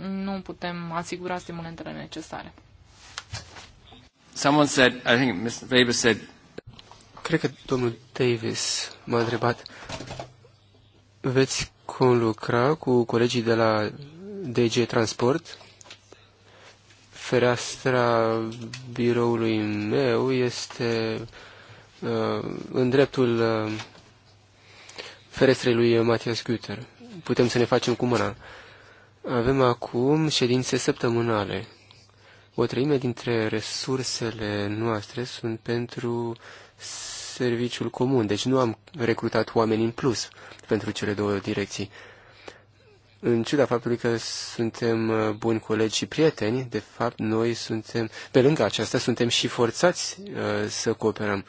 um, nu putem asigura stimulentele necesare. Someone said, I think Mr. Weber said... Cred că domnul Davis m-a întrebat veți conlucra cu colegii de la DG Transport. Fereastra biroului meu este uh, în dreptul uh, ferestrei lui Matias Guter. Putem să ne facem cu mâna. Avem acum ședințe săptămânale. O treime dintre resursele noastre sunt pentru serviciul comun, deci nu am recrutat oameni în plus pentru cele două direcții. În ciuda faptului că suntem uh, buni colegi și prieteni, de fapt noi suntem, pe lângă aceasta, suntem și forțați uh, să cooperăm.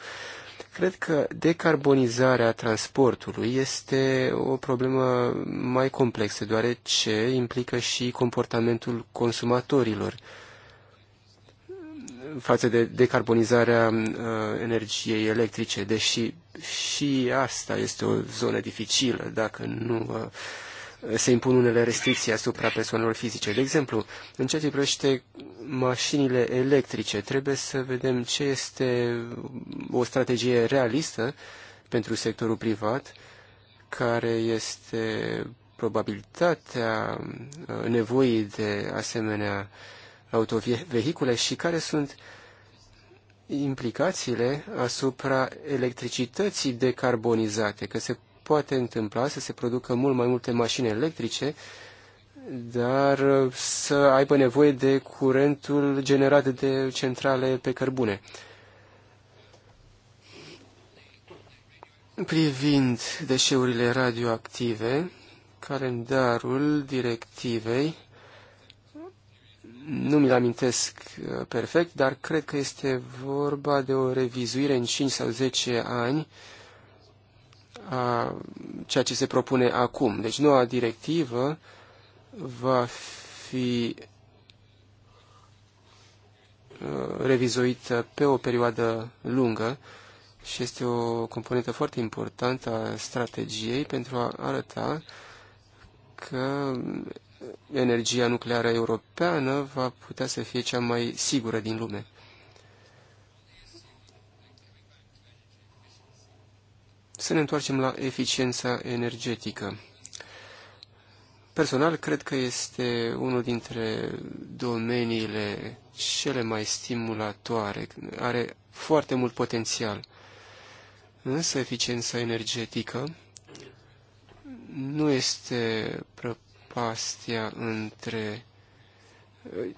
Cred că decarbonizarea transportului este o problemă mai complexă, deoarece implică și comportamentul consumatorilor. Uh, față de decarbonizarea uh, energiei electrice, deși și asta este o zonă dificilă dacă nu uh, se impun unele restricții asupra persoanelor fizice. De exemplu, în ceea ce privește mașinile electrice, trebuie să vedem ce este o strategie realistă pentru sectorul privat, care este probabilitatea uh, nevoii de asemenea uh, autovehicule și care sunt implicațiile asupra electricității decarbonizate, că se poate întâmpla să se producă mult mai multe mașini electrice, dar să aibă nevoie de curentul generat de centrale pe cărbune. Privind deșeurile radioactive, calendarul directivei nu mi-l amintesc uh, perfect, dar cred că este vorba de o revizuire în 5 sau 10 ani a ceea ce se propune acum. Deci noua directivă va fi uh, revizuită pe o perioadă lungă și este o componentă foarte importantă a strategiei pentru a arăta că energia nucleară europeană va putea să fie cea mai sigură din lume. Să ne întoarcem la eficiența energetică. Personal, cred că este unul dintre domeniile cele mai stimulatoare. Are foarte mult potențial. Însă eficiența energetică nu este prăpastia între uh,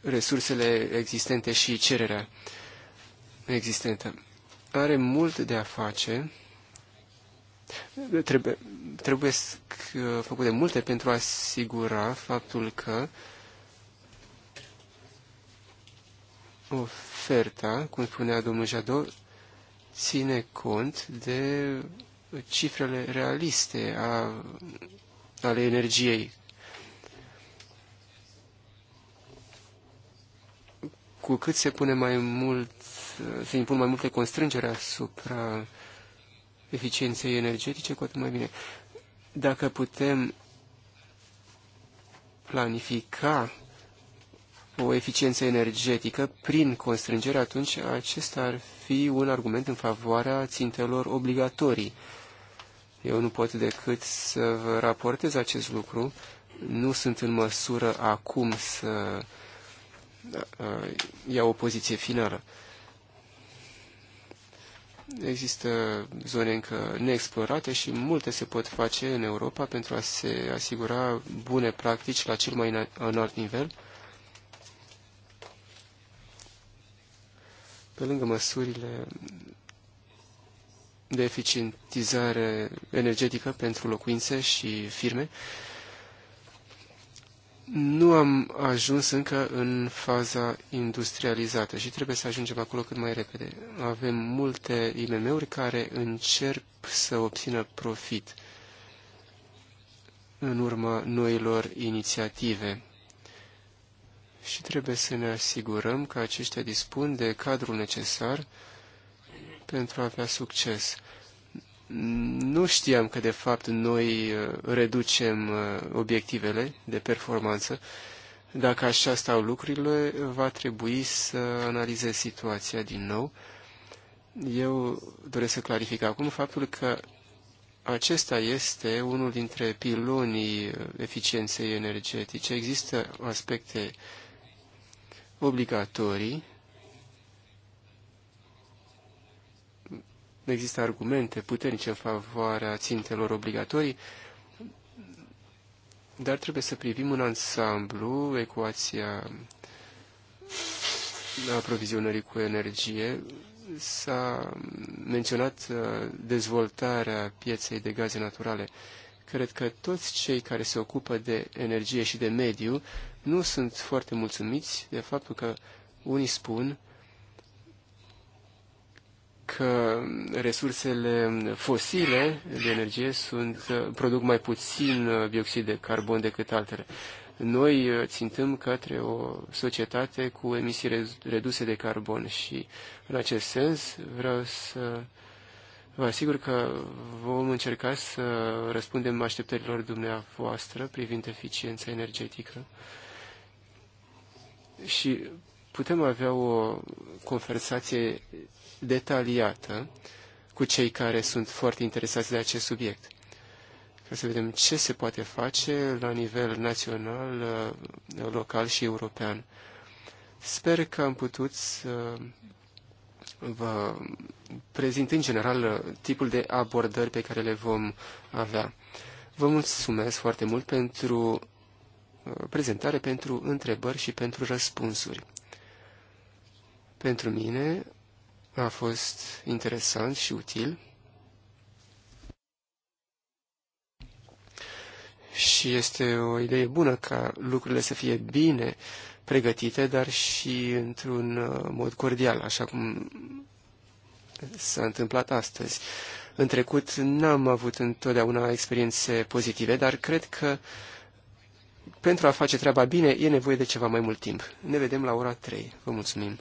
resursele existente și cererea existentă. Are mult de a face, trebuie, trebuie uh, făcute multe pentru a asigura faptul că oferta, cum spunea domnul Jadot, ține cont de cifrele realiste a ale energiei. Cu cât se pune mai mult, se impun mai multe constrângeri asupra eficienței energetice, cu atât mai bine. Dacă putem planifica o eficiență energetică prin constrângere, atunci acesta ar fi un argument în favoarea țintelor obligatorii. Eu nu pot decât să vă raportez acest lucru. Nu sunt în măsură acum să uh, uh, iau o poziție finală. Există zone încă neexplorate și multe se pot face în Europa pentru a se asigura bune practici la cel mai înalt nivel. Pe lângă măsurile de eficientizare energetică pentru locuințe și firme, nu am ajuns încă în faza industrializată și trebuie să ajungem acolo cât mai repede. Avem multe IMM-uri care încerc să obțină profit în urma noilor inițiative și trebuie să ne asigurăm că aceștia dispun de cadrul necesar pentru a avea succes. Nu știam că, de fapt, noi uh, reducem uh, obiectivele de performanță. Dacă așa stau lucrurile, va trebui să analizez situația din nou. Eu doresc să clarific acum faptul că acesta este unul dintre pilonii uh, eficienței energetice. Există aspecte obligatorii nu există argumente puternice în favoarea țintelor obligatorii, dar trebuie să privim în ansamblu ecuația aprovizionării cu energie. S-a menționat uh, dezvoltarea pieței de gaze naturale. Cred că toți cei care se ocupă de energie și de mediu nu sunt foarte mulțumiți de faptul că unii spun că resursele fosile de energie sunt, produc mai puțin dioxid de carbon decât altele. Noi țintăm către o societate cu emisii reduse de carbon și în acest sens vreau să vă asigur că vom încerca să răspundem așteptărilor dumneavoastră privind eficiența energetică și putem avea o conversație detaliată cu cei care sunt foarte interesați de acest subiect. Ca să vedem ce se poate face la nivel național, uh, local și european. Sper că am putut să vă prezint în general uh, tipul de abordări pe care le vom avea. Vă mulțumesc foarte mult pentru uh, prezentare, pentru întrebări și pentru răspunsuri. Pentru mine a fost interesant și util. Și este o idee bună ca lucrurile să fie bine pregătite, dar și într-un uh, mod cordial, așa cum s-a întâmplat astăzi. În trecut n-am avut întotdeauna experiențe pozitive, dar cred că pentru a face treaba bine e nevoie de ceva mai mult timp. Ne vedem la ora 3. Vă mulțumim!